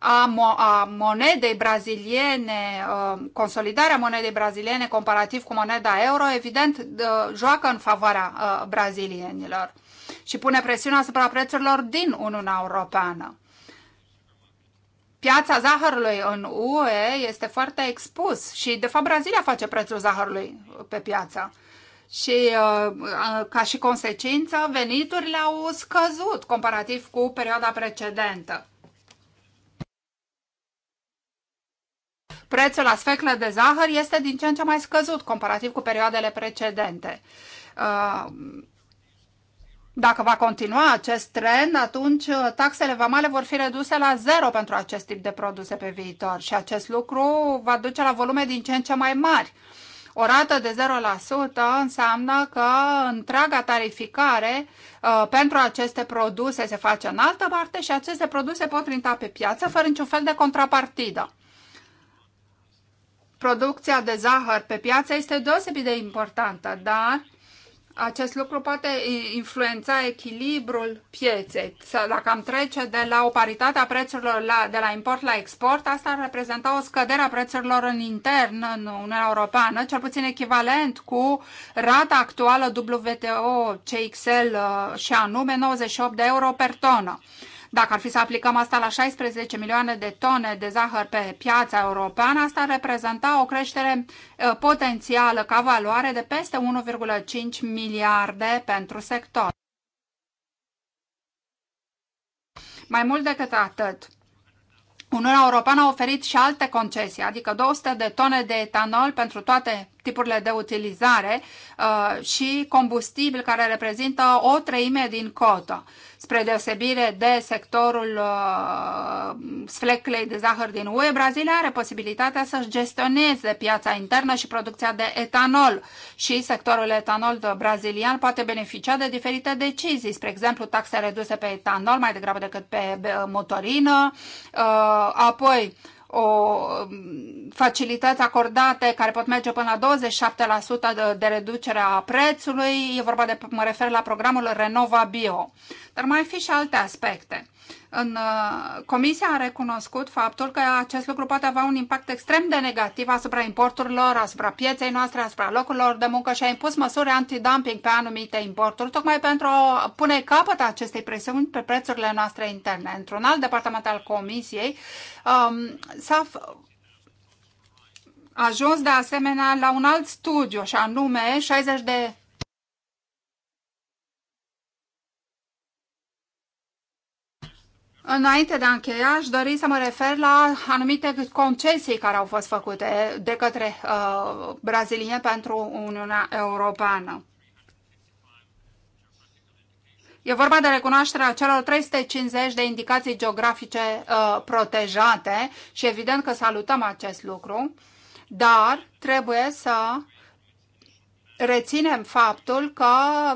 a, mo- a monedei braziliene, uh, consolidarea monedei braziliene comparativ cu moneda euro, evident, uh, joacă în favoarea uh, brazilienilor și pune presiune asupra prețurilor din Uniunea Europeană. Piața zahărului în UE este foarte expus și, de fapt, Brazilia face prețul zahărului pe piață. Și, ca și consecință, veniturile au scăzut comparativ cu perioada precedentă. Prețul la sfeclă de zahăr este din ce în ce mai scăzut comparativ cu perioadele precedente. Uh, dacă va continua acest trend, atunci uh, taxele vamale vor fi reduse la zero pentru acest tip de produse pe viitor și acest lucru va duce la volume din ce în ce mai mari. O rată de 0% înseamnă că întreaga tarificare uh, pentru aceste produse se face în altă parte și aceste produse pot rinta pe piață fără niciun fel de contrapartidă producția de zahăr pe piață este deosebit de importantă, dar acest lucru poate influența echilibrul pieței. Dacă am trece de la o paritate a prețurilor la, de la import la export, asta ar reprezenta o scădere a prețurilor în intern în Uniunea Europeană, cel puțin echivalent cu rata actuală WTO CXL uh, și anume 98 de euro per tonă. Dacă ar fi să aplicăm asta la 16 milioane de tone de zahăr pe piața europeană, asta ar reprezenta o creștere potențială ca valoare de peste 1,5 miliarde pentru sector. Mai mult decât atât, Uniunea Europeană a oferit și alte concesii, adică 200 de tone de etanol pentru toate tipurile de utilizare uh, și combustibil care reprezintă o treime din cotă, spre deosebire de sectorul uh, sfleclei de zahăr din UE, Brazilia are posibilitatea să-și gestioneze piața internă și producția de etanol și sectorul etanol brazilian poate beneficia de diferite decizii, spre exemplu taxe reduse pe etanol mai degrabă decât pe uh, motorină, apoi o um, facilități acordate care pot merge până la 27% de, de reducere a prețului. E vorba de, mă refer la programul Renova Bio. Dar mai fi și alte aspecte. În, uh, Comisia a recunoscut faptul că acest lucru poate avea un impact extrem de negativ asupra importurilor, asupra pieței noastre, asupra locurilor de muncă și a impus măsuri antidumping pe anumite importuri, tocmai pentru a pune capăt acestei presiuni pe prețurile noastre interne. Într-un alt departament al Comisiei um, s-a ajuns de asemenea la un alt studiu, și anume 60 de Înainte de a încheia, aș dori să mă refer la anumite concesii care au fost făcute de către uh, Brazilie pentru Uniunea Europeană. E vorba de recunoașterea celor 350 de indicații geografice uh, protejate și evident că salutăm acest lucru, dar trebuie să reținem faptul că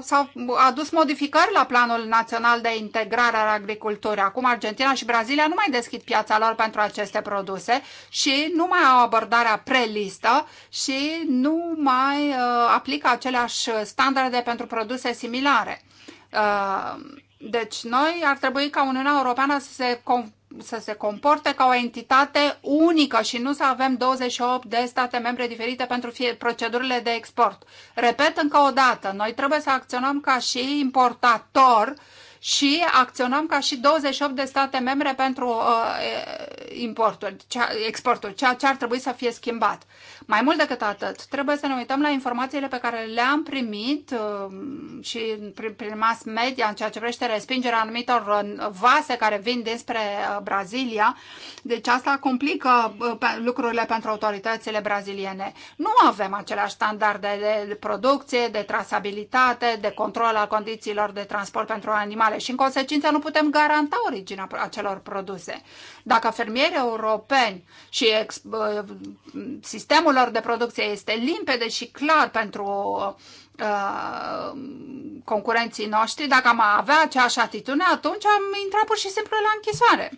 s-au adus modificări la Planul Național de Integrare al Agriculturii. Acum Argentina și Brazilia nu mai deschid piața lor pentru aceste produse și nu mai au abordarea prelistă și nu mai uh, aplică aceleași standarde pentru produse similare. Uh, deci noi ar trebui ca Uniunea Europeană să se să se comporte ca o entitate unică și nu să avem 28 de state membre diferite pentru fie procedurile de export. Repet încă o dată, noi trebuie să acționăm ca și importator și acționăm ca și 28 de state membre pentru uh, importuri, cea, exporturi, ceea ce ar trebui să fie schimbat. Mai mult decât atât, trebuie să ne uităm la informațiile pe care le-am primit uh, și prin mass media în ceea ce vrește respingerea anumitor uh, vase care vin despre uh, Brazilia. Deci asta complică lucrurile pentru autoritățile braziliene. Nu avem aceleași standarde de producție, de trasabilitate, de control al condițiilor de transport pentru animale și în consecință nu putem garanta originea acelor produse. Dacă fermierii europeni și sistemul lor de producție este limpede și clar pentru uh, concurenții noștri, dacă am avea aceeași atitudine, atunci am intrat pur și simplu la închisoare.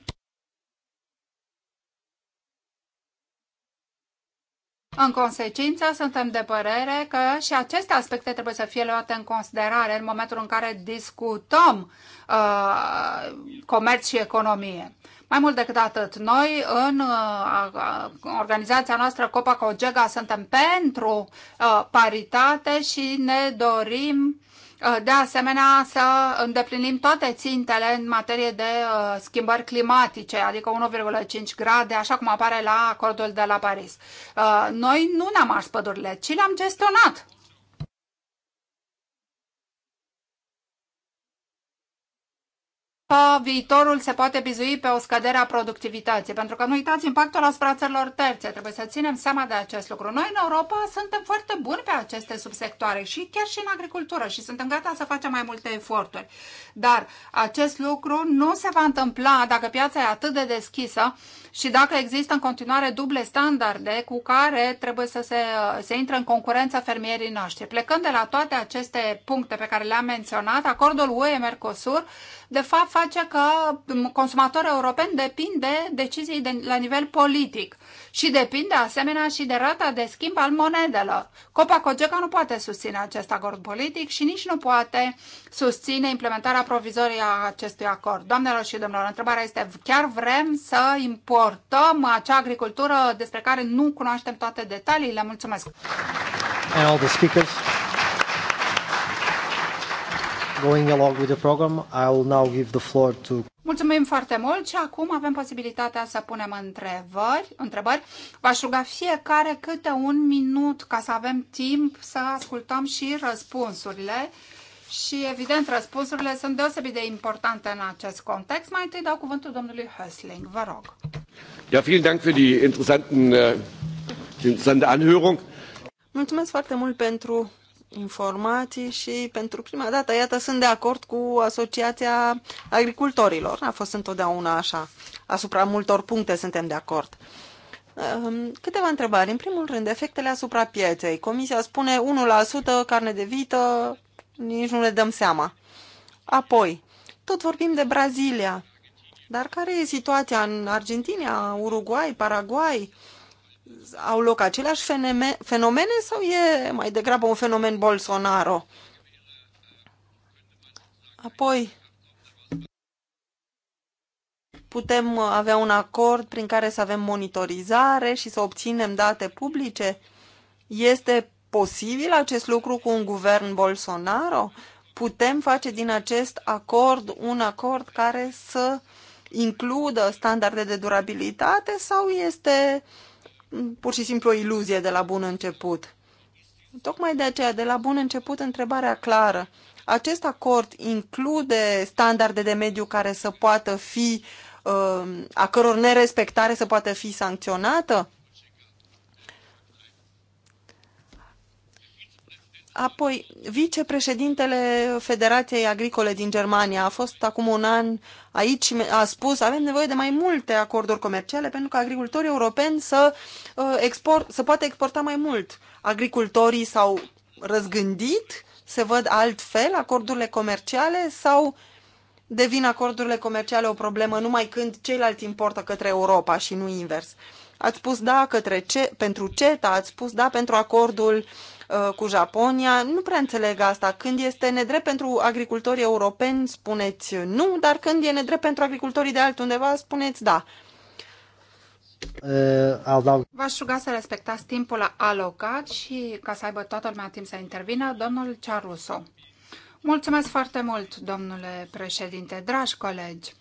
În consecință, suntem de părere că și aceste aspecte trebuie să fie luate în considerare în momentul în care discutăm uh, comerț și economie. Mai mult decât atât, noi în uh, organizația noastră Copa Cogega suntem pentru uh, paritate și ne dorim uh, de asemenea, să îndeplinim toate țintele în materie de schimbări climatice, adică 1,5 grade, așa cum apare la acordul de la Paris. noi nu ne-am ars pădurile, ci le-am gestionat. că viitorul se poate bizui pe o scădere a productivității, pentru că nu uitați impactul asupra țărilor terțe, trebuie să ținem seama de acest lucru. Noi în Europa suntem foarte buni pe aceste subsectoare și chiar și în agricultură și suntem gata să facem mai multe eforturi. Dar acest lucru nu se va întâmpla dacă piața e atât de deschisă și dacă există în continuare duble standarde cu care trebuie să se, se intre în concurență fermierii noștri. Plecând de la toate aceste puncte pe care le-am menționat, acordul UE-Mercosur de fapt face face că consumatorii europeni depind de decizii de, la nivel politic și depind de asemenea și de rata de schimb al monedelor. Copa Cogeca nu poate susține acest acord politic și nici nu poate susține implementarea provizorie a acestui acord. Doamnelor și domnilor, întrebarea este chiar vrem să importăm acea agricultură despre care nu cunoaștem toate detaliile? Mulțumesc! And all the speakers going along with the program, I will now give the floor to... Mulțumim foarte mult și acum avem posibilitatea să punem întrebări. întrebări. V-aș ruga fiecare câte un minut ca să avem timp să ascultăm și răspunsurile. Și evident, răspunsurile sunt deosebit de importante în acest context. Mai întâi dau cuvântul domnului Hösling. Vă rog. Ja, vielen Dank für die interessanten, uh, interessante Anhörung. Mulțumesc foarte mult pentru informații și pentru prima dată, iată, sunt de acord cu Asociația Agricultorilor. A fost întotdeauna așa. Asupra multor puncte suntem de acord. Ehm, câteva întrebări. În primul rând, efectele asupra pieței. Comisia spune 1% carne de vită, nici nu le dăm seama. Apoi, tot vorbim de Brazilia. Dar care e situația în Argentina, Uruguay, Paraguay? au loc aceleași fenomene sau e mai degrabă un fenomen Bolsonaro? Apoi, putem avea un acord prin care să avem monitorizare și să obținem date publice? Este posibil acest lucru cu un guvern Bolsonaro? Putem face din acest acord un acord care să includă standarde de durabilitate sau este uh, pur și simplu o iluzie de la bun început. Tocmai de aceea, de la bun început, întrebarea clară. Acest acord include standarde de mediu care să poată fi, uh, a căror nerespectare să poată fi sancționată? Apoi, vicepreședintele Federației Agricole din Germania a fost acum un an aici și a spus avem nevoie de mai multe acorduri comerciale pentru că agricultorii europeni să, uh, export, să poată exporta mai mult. Agricultorii s-au răzgândit, se văd altfel acordurile comerciale sau devin acordurile comerciale o problemă numai când ceilalți importă către Europa și nu invers. Ați spus da către ce, pentru CETA, ați spus da pentru acordul uh, Uh, cu Japonia. Nu prea înțeleg asta. Când este nedrept pentru agricultorii europeni, spuneți nu, dar când e nedrept pentru agricultorii de altundeva, spuneți da. Uh, V-aș ruga să respectați timpul alocat și ca să aibă toată lumea timp să intervină, domnul Ciaruso. Mulțumesc foarte mult, domnule președinte, dragi colegi.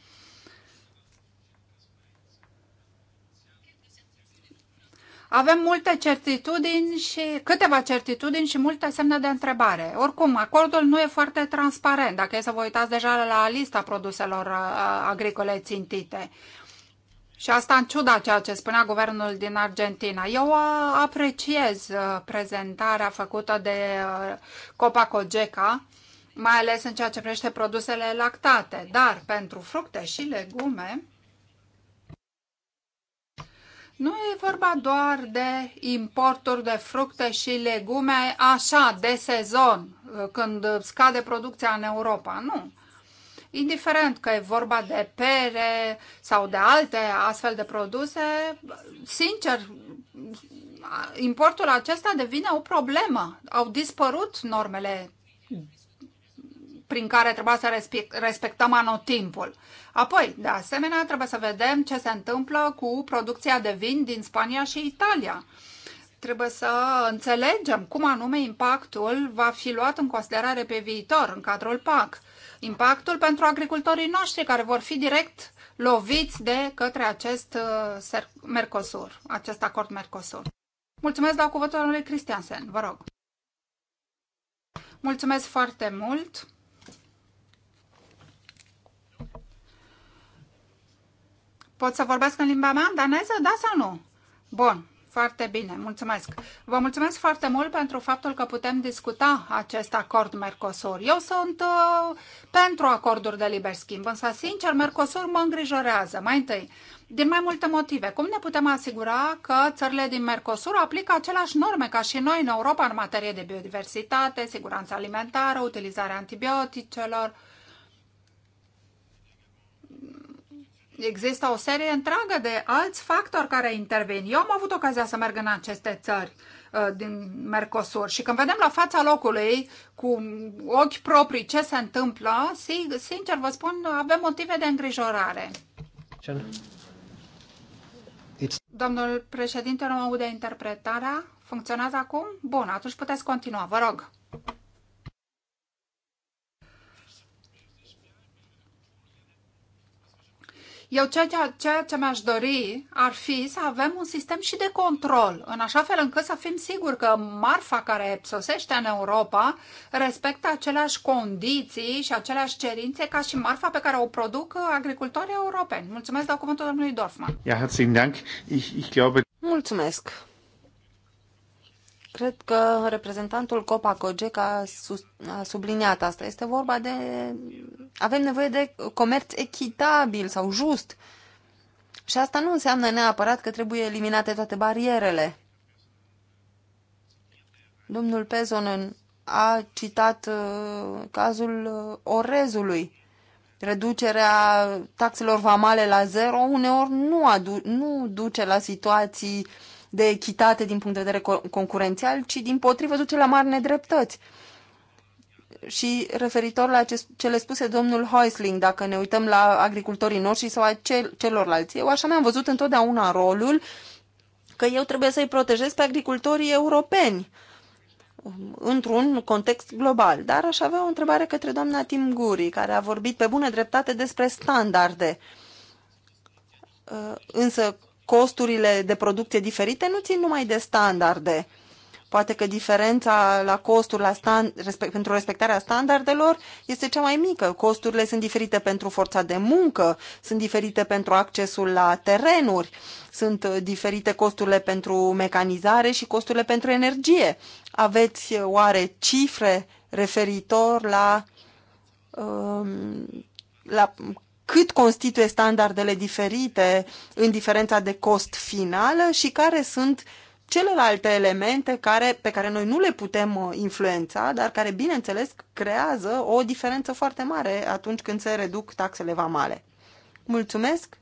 avem multe certitudini și câteva certitudini și multe semne de întrebare. Oricum, acordul nu e foarte transparent, dacă e să vă uitați deja la lista produselor uh, agricole țintite. Și asta în ciuda ceea ce spunea guvernul din Argentina. Eu uh, apreciez uh, prezentarea făcută de Copacogeca, mai ales în ceea ce privește produsele lactate, dar pentru fructe și legume, nu e vorba doar de importuri de fructe și legume așa, de sezon, când scade producția în Europa. Nu indiferent că e vorba de pere sau de alte astfel de produse, sincer, importul acesta devine o problemă. Au dispărut normele prin care trebuie să respectăm anotimpul. Apoi, de asemenea, trebuie să vedem ce se întâmplă cu producția de vin din Spania și Italia. Trebuie să înțelegem cum anume impactul va fi luat în considerare pe viitor în cadrul PAC. Impactul pentru agricultorii noștri care vor fi direct loviți de către acest uh, Mercosur, acest acord Mercosur. Mulțumesc, la cuvântul lui Cristiansen, vă rog. Mulțumesc foarte mult. Pot să vorbesc în limba mea, daneză, da sau nu? Bun, foarte bine, mulțumesc. Vă mulțumesc foarte mult pentru faptul că putem discuta acest acord Mercosur. Eu sunt uh, pentru acorduri de liber schimb, însă, sincer, Mercosur mă îngrijorează. Mai întâi, din mai multe motive. Cum ne putem asigura că țările din Mercosur aplică aceleași norme ca și noi în Europa în materie de biodiversitate, siguranță alimentară, utilizarea antibioticelor, uh, există o serie întreagă de alți factori care intervin. Eu am avut ocazia să merg în aceste țări uh, din Mercosur și când vedem la fața locului cu ochi proprii ce se întâmplă, sincer vă spun, avem motive de îngrijorare. Domnul președinte, nu aude interpretarea. Funcționează acum? Bun, atunci puteți continua, vă rog. Eu ceea ce, ceea ce mi-aș dori ar fi să avem un sistem și de control, în așa fel încât să fim siguri că marfa care sosește în Europa respectă aceleași condiții și aceleași cerințe ca și marfa pe care o produc agricultorii europeni. Mulțumesc, dau cuvântul domnului Dorfman. Ja, herzlichen Dank. Ich, ich glaube... Mulțumesc. Cred că reprezentantul Copa Cogec a, a subliniat asta. Este vorba de... Avem nevoie de comerț echitabil sau just. Și asta nu înseamnă neapărat că trebuie eliminate toate barierele. Domnul Pezonen a citat uh, cazul uh, orezului. Reducerea taxelor vamale la zero uneori nu, adu- nu duce la situații uh, de echitate din punct de vedere concurențial, ci din potrivă duce la mari nedreptăți. Și referitor la ce, le spuse domnul Heusling, dacă ne uităm la agricultorii noștri sau a cel, celorlalți, eu așa mi-am văzut întotdeauna rolul că eu trebuie să-i protejez pe agricultorii europeni într-un context global. Dar aș avea o întrebare către doamna Tim Guri, care a vorbit pe bună dreptate despre standarde. Însă costurile de producție diferite nu țin numai de standarde. Poate că diferența la costul la stand, respect, pentru respectarea standardelor este cea mai mică. Costurile sunt diferite pentru forța de muncă, sunt diferite pentru accesul la terenuri, sunt diferite costurile pentru mecanizare și costurile pentru energie. Aveți oare cifre referitor la, um, la cât constituie standardele diferite în diferența de cost finală și care sunt celelalte elemente care, pe care noi nu le putem uh, influența, dar care, bineînțeles, creează o diferență foarte mare atunci când se reduc taxele vamale. Mulțumesc!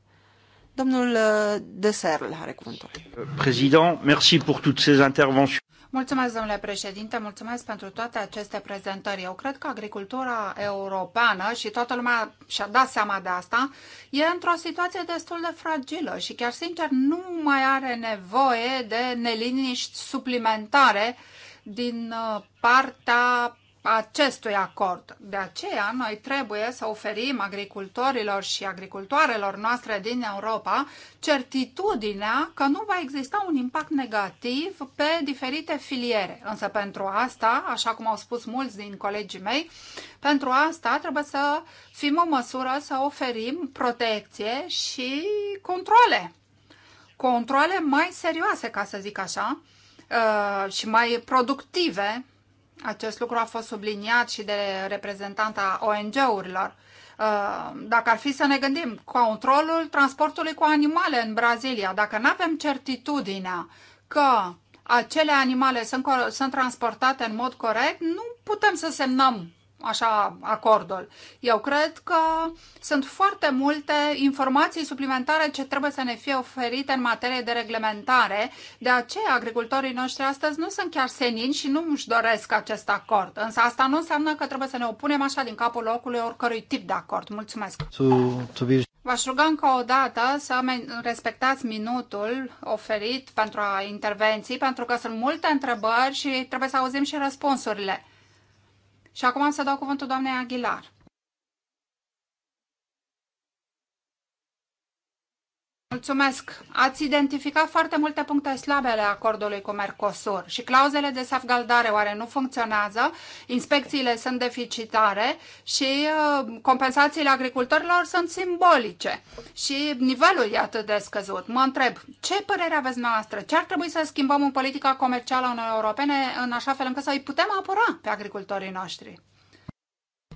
Domnul uh, de Serl are cuvântul. Président, merci pentru toate aceste intervenții. Mulțumesc, domnule președinte, mulțumesc pentru toate aceste prezentări. Eu cred că agricultura europeană și toată lumea și-a dat seama de asta, e într-o situație destul de fragilă și chiar sincer nu mai are nevoie de neliniști suplimentare din uh, partea acestui acord. De aceea, noi trebuie să oferim agricultorilor și agricultoarelor noastre din Europa certitudinea că nu va exista un impact negativ pe diferite filiere. Însă pentru asta, așa cum au spus mulți din colegii mei, pentru asta trebuie să fim în măsură să oferim protecție și controle. Controle mai serioase, ca să zic așa, uh, și mai productive acest lucru a fost subliniat și de reprezentanta ONG-urilor. Uh, dacă ar fi să ne gândim, controlul transportului cu animale în Brazilia, dacă nu avem certitudinea că acele animale sunt, sunt transportate în mod corect, nu putem să semnăm așa acordul. Eu cred că sunt foarte multe informații suplimentare ce trebuie să ne fie oferite în materie de reglementare. De aceea, agricultorii noștri astăzi nu sunt chiar senini și nu își doresc acest acord. Însă asta nu înseamnă că trebuie să ne opunem așa din capul locului oricărui tip de acord. Mulțumesc! V-aș ruga încă o dată să respectați minutul oferit pentru intervenții, pentru că sunt multe întrebări și trebuie să auzim și răspunsurile. Și acum să dau cuvântul doamnei Aguilar. Mulțumesc! Ați identificat foarte multe puncte slabe ale acordului cu Mercosur și clauzele de safgaldare oare nu funcționează, inspecțiile sunt deficitare și uh, compensațiile agricultorilor sunt simbolice și nivelul e atât de scăzut. Mă întreb, ce părere aveți noastră? Ce ar trebui să schimbăm în politica comercială a Uniunii Europene în așa fel încât să îi putem apăra pe agricultorii noștri?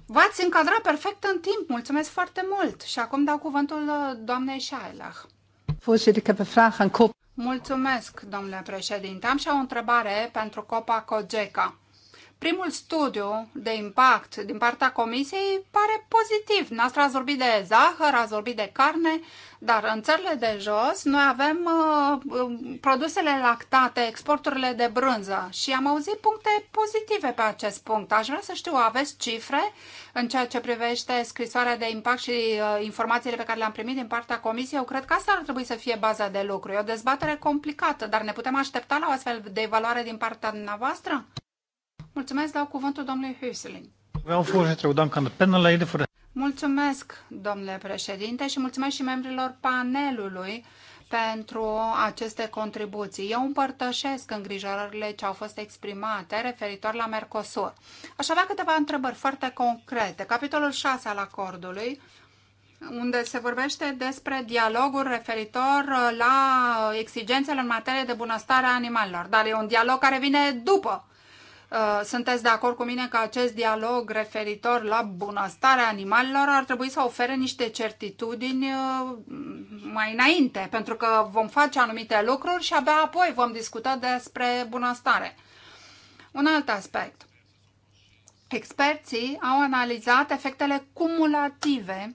V-ați încadrat perfect în timp, mulțumesc foarte mult! Și acum dau cuvântul uh, doamnei Shailach. Mulțumesc, domnule președinte. Am și o întrebare pentru Copa Cogeca. Primul studiu de impact din partea comisiei pare pozitiv. Noastră ați vorbit de zahăr, ați vorbit de carne, dar în țările de jos noi avem uh, um, produsele lactate, exporturile de brânză și am auzit puncte pozitive pe acest punct. Aș vrea să știu, aveți cifre în ceea ce privește scrisoarea de impact și uh, informațiile pe care le-am primit din partea comisiei? Eu cred că asta ar trebui să fie baza de lucru. E o dezbatere complicată, dar ne putem aștepta la o astfel de evaluare din partea dumneavoastră? Mulțumesc, dau cuvântul domnului Hüseling. Vreau, voorzitter, dank aan de panelleden voor de... Mulțumesc, domnule președinte, și mulțumesc și membrilor panelului pentru aceste contribuții. Eu împărtășesc îngrijorările ce au fost exprimate referitor la Mercosur. Aș avea câteva întrebări foarte concrete. Capitolul 6 al acordului, unde se vorbește despre dialogul referitor la exigențele în materie de bunăstare a animalelor, dar e un dialog care vine după Uh, sunteți de acord cu mine că acest dialog referitor la bunăstarea animalelor ar trebui să ofere niște certitudini uh, mai înainte, pentru că vom face anumite lucruri și abia apoi vom discuta despre bunăstare. Un alt aspect. Experții au analizat efectele cumulative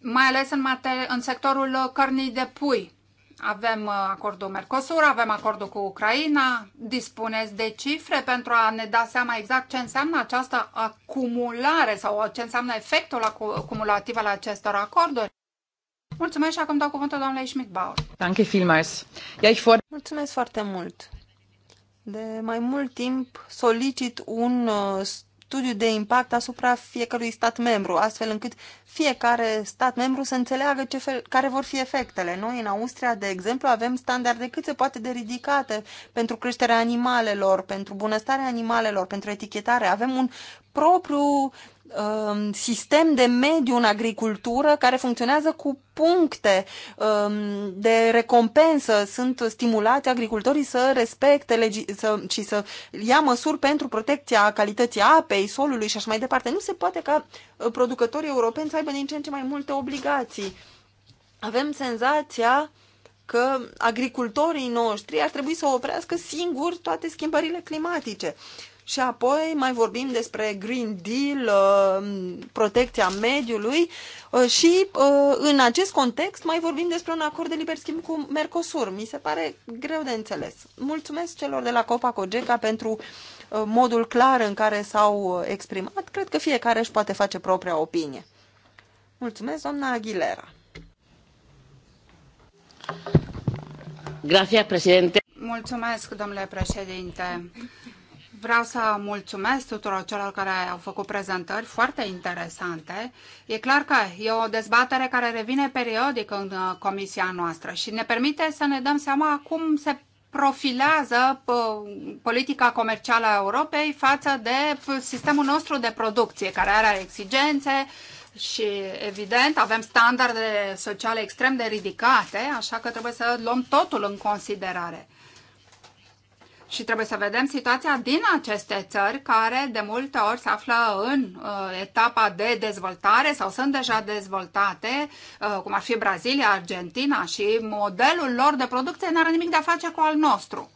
mai ales în, mater- în sectorul cărnii de pui. Avem uh, acordul Mercosur, avem acordul cu Ucraina. Dispuneți de cifre pentru a ne da seama exact ce înseamnă această acumulare sau ce înseamnă efectul acumulativ al acestor acorduri? Mulțumesc și acum dau cuvântul doamnei Schmidt-Bauer. Danke vielmals. Ja, ich for... Mulțumesc foarte mult. De mai mult timp solicit un uh, studiu de impact asupra fiecărui stat membru, astfel încât fiecare stat membru să înțeleagă ce fel, care vor fi efectele. Noi, în Austria, de exemplu, avem standarde cât se poate de ridicate pentru creșterea animalelor, pentru bunăstarea animalelor, pentru etichetare. Avem un propriu Um, sistem de mediu în agricultură care funcționează cu puncte um, de recompensă. Sunt stimulați agricultorii să respecte legi- să, și să ia măsuri pentru protecția calității apei, solului și așa mai departe. Nu se poate ca uh, producătorii europeni să aibă din ce în ce mai multe obligații. Avem senzația că agricultorii noștri ar trebui să oprească singuri toate schimbările climatice. Uh, și apoi mai vorbim despre Green Deal, uh, protecția mediului uh, și uh, în acest context mai vorbim despre un acord de liber schimb cu Mercosur. Mi se pare greu de înțeles. Mulțumesc celor de la Copa Cogeca pentru modul clar în care s-au exprimat. Cred că fiecare își poate face propria opinie. Mulțumesc, doamna Aguilera. Grazie, președinte. Mulțumesc, domnule președinte. Vreau să mulțumesc tuturor celor care au făcut prezentări foarte interesante. E clar că e o dezbatere care revine periodic în uh, comisia noastră și ne permite să ne dăm seama cum se profilează uh, politica comercială a Europei față de sistemul nostru de producție, care are exigențe și, evident, avem standarde sociale extrem de ridicate, așa că trebuie să luăm totul în considerare și trebuie să vedem situația din aceste țări care de multe ori se află în uh, etapa de dezvoltare sau sunt deja dezvoltate, uh, cum ar fi Brazilia, Argentina și modelul lor de producție n-are nimic de a face cu al nostru.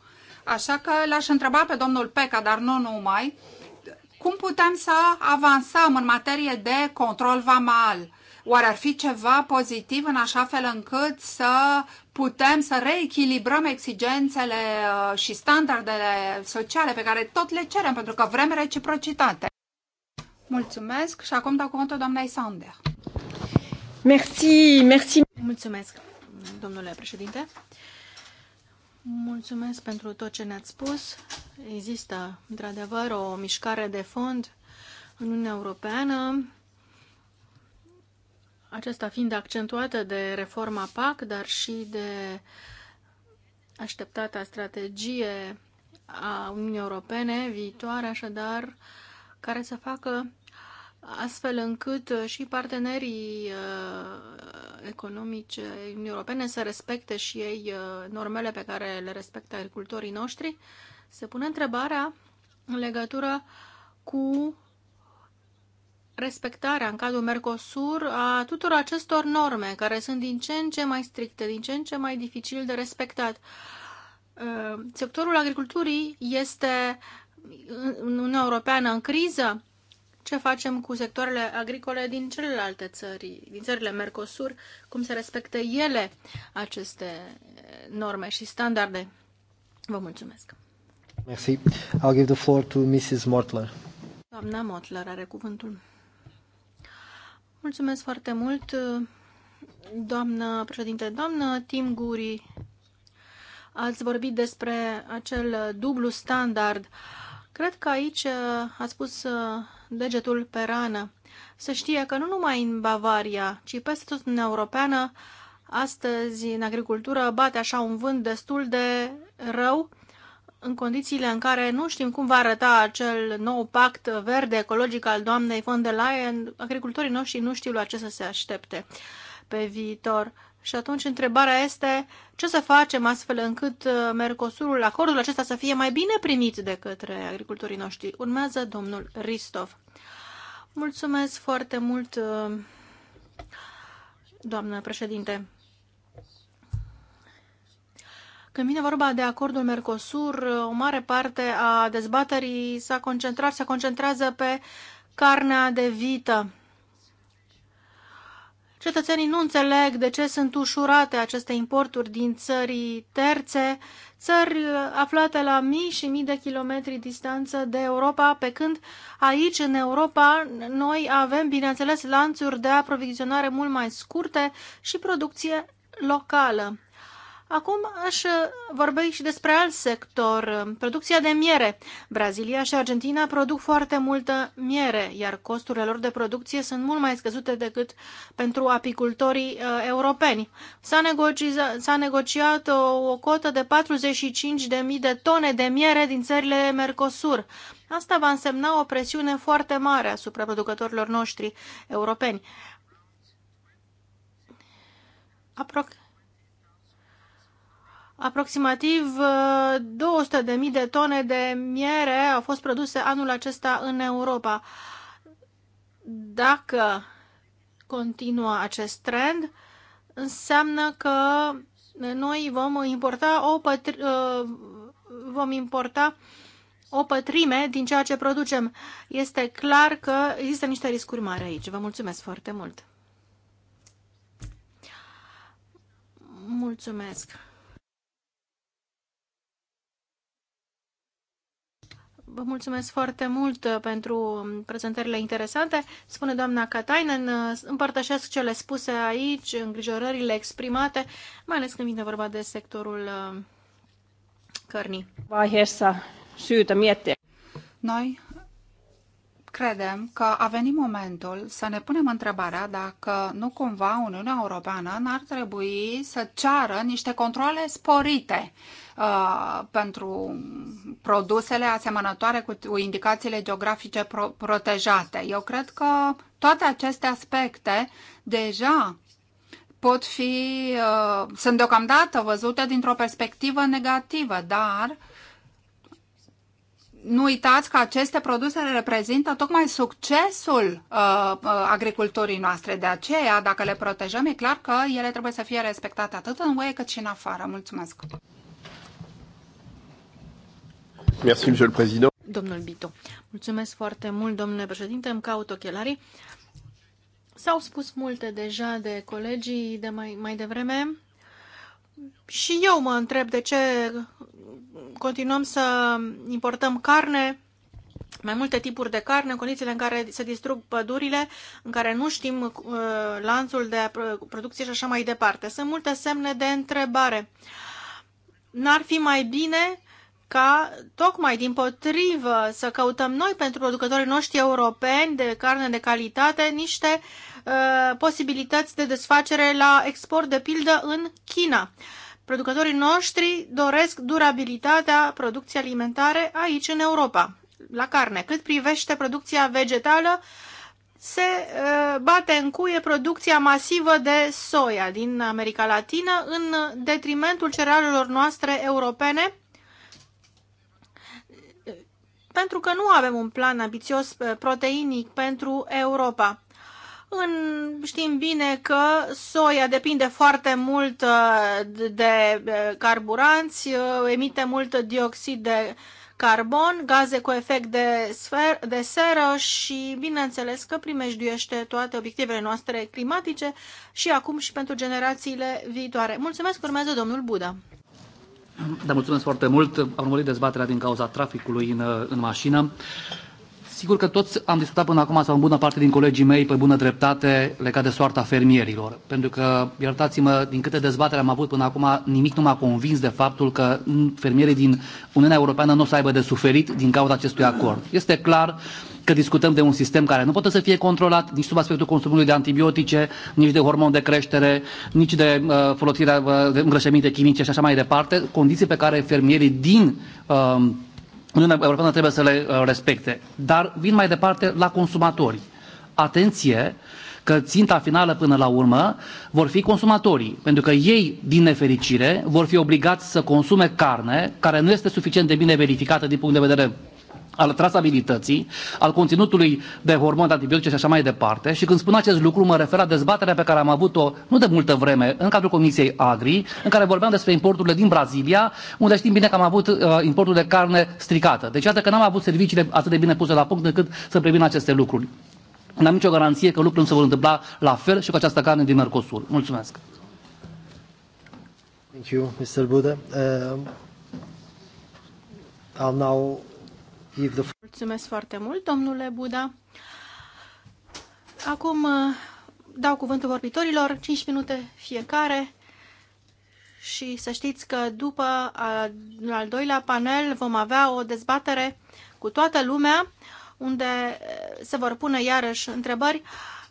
Așa că l-aș întreba pe domnul Peca, dar nu numai, cum putem să avansăm în materie de control vamal? Oare ar fi ceva pozitiv în așa fel încât să putem să reechilibrăm exigențele uh, și standardele sociale pe care tot le cerem, pentru că vrem reciprocitate. Mulțumesc și acum dau cuvântul doamnei Sander. Merci, merci. Mulțumesc, domnule președinte. Mulțumesc pentru tot ce ne-ați spus. Există, într-adevăr, o mișcare de fond în Uniunea Europeană acesta fiind accentuată de reforma PAC, dar și de așteptata strategie a Uniunii Europene viitoare, așadar, care să facă astfel încât și partenerii uh, economice Uniunii Europene să respecte și ei uh, normele pe care le respectă agricultorii noștri. Se pune întrebarea în legătură cu respectarea în cadrul Mercosur a tuturor acestor norme, care sunt din ce în ce mai stricte, din ce în ce mai dificil de respectat. Uh, sectorul agriculturii este în Uniunea Europeană în criză. Ce facem cu sectoarele agricole din celelalte țări, din țările Mercosur, cum se respectă ele aceste norme și standarde? Vă mulțumesc! Merci. I'll give the floor to Mrs. Mortler. Doamna Mortler are cuvântul. Mulțumesc foarte mult, doamnă președinte, doamnă Tim Guri. Ați vorbit despre acel dublu standard. Cred că aici uh, a spus uh, degetul pe rană. Să știe că nu numai în Bavaria, ci peste tot în Europeană, astăzi în agricultură bate așa un vânt destul de rău în condițiile în care nu știm cum va arăta acel nou pact verde ecologic al doamnei von der Leyen, agricultorii noștri nu știu la ce să se aștepte pe viitor. Și atunci întrebarea este ce să facem astfel încât uh, Mercosurul, acordul acesta să fie mai bine primit de către agricultorii noștri. Urmează domnul Ristov. Mulțumesc foarte mult, uh, doamnă președinte. Când vine vorba de acordul Mercosur, o mare parte a dezbaterii s-a concentrat, se concentrează pe carnea de vită. Cetățenii nu înțeleg de ce sunt ușurate aceste importuri din țării terțe, țări aflate la mii și mii de kilometri distanță de Europa, pe când aici, în Europa, noi avem, bineînțeles, lanțuri de aprovizionare mult mai scurte și producție locală. Acum aș uh, vorbi și despre alt sector, uh, producția de miere. Brazilia și Argentina produc foarte multă miere, iar costurile lor de producție sunt mult mai scăzute decât pentru apicultorii uh, europeni. S-a, negocia, negociat o, o cotă de 45.000 de tone de miere din țările Mercosur. Asta va însemna o presiune foarte mare asupra producătorilor noștri europeni. Aproape Aproximativ 200.000 uh, de tone de miere au fost produse anul acesta în Europa. Dacă continuă acest trend, înseamnă că noi vom importa o, pătr- uh, vom importa o pătrime din ceea ce producem. Este clar că există niște riscuri mari aici. Vă mulțumesc foarte mult! Mulțumesc! Vă mulțumesc foarte mult uh, pentru prezentările interesante. Spune doamna Katainen, uh, împărtășesc cele spuse aici, îngrijorările exprimate, mai ales când vine vorba de sectorul uh, cărnii. Noi credem că a venit momentul să ne punem întrebarea dacă nu cumva Uniunea Europeană n-ar trebui să ceară niște controle sporite uh, pentru produsele asemănătoare cu indicațiile geografice pro- protejate. Eu cred că toate aceste aspecte deja pot fi, uh, sunt deocamdată văzute dintr-o perspectivă negativă, dar uh, nu uitați că aceste produse reprezintă tocmai succesul uh, uh, agriculturii noastre. De aceea, dacă le protejăm, e clar că ele trebuie să fie respectate atât în UE cât și în afară. Mulțumesc! Merci, Monsieur le Président. Domnul Bito. Mulțumesc foarte mult, domnule președinte. Îmi caut ochelarii. S-au spus multe deja de colegii de mai, mai devreme și eu mă întreb de ce continuăm să importăm carne, mai multe tipuri de carne, în condițiile în care se distrug pădurile, în care nu știm uh, lanțul de producție și așa mai departe. Sunt multe semne de întrebare. N-ar fi mai bine ca tocmai din potrivă să căutăm noi pentru producătorii noștri europeni de carne de calitate niște uh, Uh, posibilități de desfacere la export, de pildă, în China. Producătorii noștri doresc durabilitatea producției alimentare aici, în Europa, la carne. Cât privește producția vegetală, se uh, bate în cuie producția masivă de soia din America Latină în detrimentul cerealelor noastre europene, pentru că nu avem un plan ambițios uh, proteinic pentru Europa. În, știm bine că soia depinde foarte mult uh, de uh, carburanți, uh, emite mult dioxid de carbon, gaze cu efect de, sfer, de seră și, bineînțeles, că primejduiește toate obiectivele noastre climatice și acum și pentru generațiile viitoare. Mulțumesc, urmează domnul Buda. Da, mulțumesc foarte mult. Am urmărit dezbaterea din cauza traficului în, în mașină. Sigur că toți am discutat până acum, sau în bună parte din colegii mei, pe bună dreptate, legat de soarta fermierilor. Pentru că, iertați-mă, din câte dezbatere am avut până acum, nimic nu m-a convins de faptul că fermierii din Uniunea Europeană nu o să aibă de suferit din cauza acestui acord. Este clar că discutăm de un sistem care nu poate să fie controlat nici sub aspectul consumului de antibiotice, nici de hormon de creștere, nici de uh, folosirea uh, de îngrășăminte chimice și așa mai departe, condiții pe care fermierii din uh, Uniunea Europeană trebuie să le uh, respecte. Dar vin mai departe la consumatori. Atenție că ținta finală până la urmă vor fi consumatorii, pentru că ei, din nefericire, vor fi obligați să consume carne care nu este suficient de bine verificată din punct de vedere al trasabilității, al conținutului de hormoni antibiotice și așa mai departe. Și când spun acest lucru, mă refer la dezbaterea pe care am avut-o nu de multă vreme în cadrul Comisiei Agri, în care vorbeam despre importurile din Brazilia, unde știm bine că am avut uh, importuri de carne stricată. Deci iată că n-am avut serviciile atât de bine puse la punct încât să previn aceste lucruri. N-am nicio garanție că lucrurile nu se vor întâmpla la fel și cu această carne din Mercosur. Mulțumesc. Thank you, Mr. Buda. Um, uh, I'll now Mulțumesc foarte mult, domnule Buda. Acum uh, dau cuvântul vorbitorilor, 5 minute fiecare. Și să știți că după uh, al doilea panel vom avea o dezbatere cu toată lumea, unde uh, se vor pune iarăși întrebări,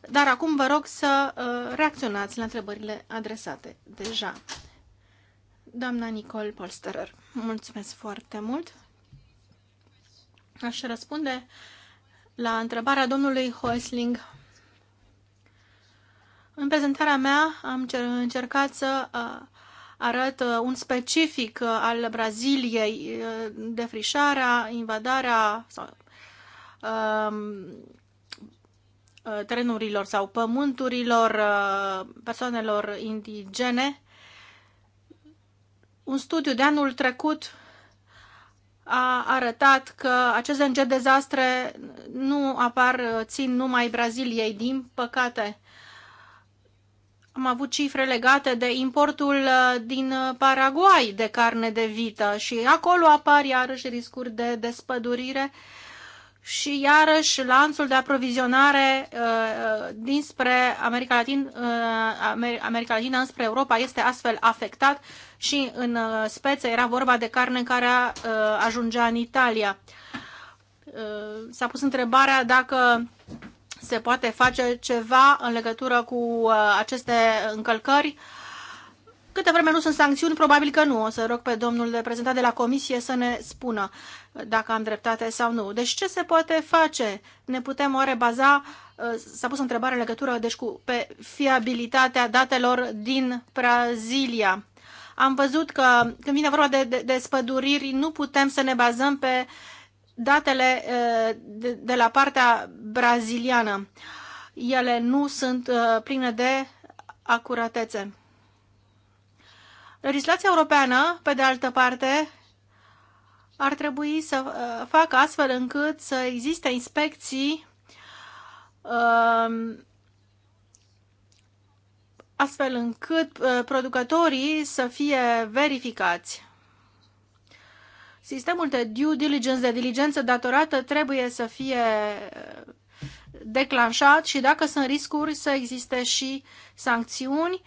dar acum vă rog să reacționați la întrebările adresate deja. Doamna Nicol Polsterer, mulțumesc foarte mult! Aș răspunde la întrebarea domnului Hoesling. În prezentarea mea am încercat să uh, arăt uh, un specific uh, al Braziliei, defrișarea, invadarea sau, um, terenurilor sau pământurilor persoanelor indigene. Un studiu de anul trecut a arătat că aceste gen dezastre nu apar, țin numai Braziliei, din păcate. Am avut cifre legate de importul uh, din Paraguay de carne de vită și acolo apar iarăși riscuri de despădurire și iarăși lanțul de aprovizionare uh, uh dinspre America, Latin, uh, America Latina înspre Europa este astfel afectat și în uh, speță era vorba de carne care uh, ajungea în Italia. Uh, s-a pus întrebarea dacă se poate face ceva în legătură cu uh, aceste încălcări Câte vreme nu sunt sancțiuni, probabil că nu. O să rog pe domnul reprezentant de la comisie să ne spună dacă am dreptate sau nu. Deci ce se poate face? Ne putem oare baza, uh, s-a pus întrebare în legătură deci cu, pe fiabilitatea datelor din Brazilia. Am văzut că când vine vorba de, de, de spăduriri, nu putem să ne bazăm pe datele uh, de, de la partea braziliană. Ele nu sunt uh, pline de acuratețe. Legislația europeană, pe de altă parte, ar trebui să uh, facă astfel încât să existe inspecții um, astfel încât uh, producătorii să fie verificați. Sistemul de due diligence, de diligență datorată, trebuie să fie uh, declanșat și dacă sunt riscuri să existe și sancțiuni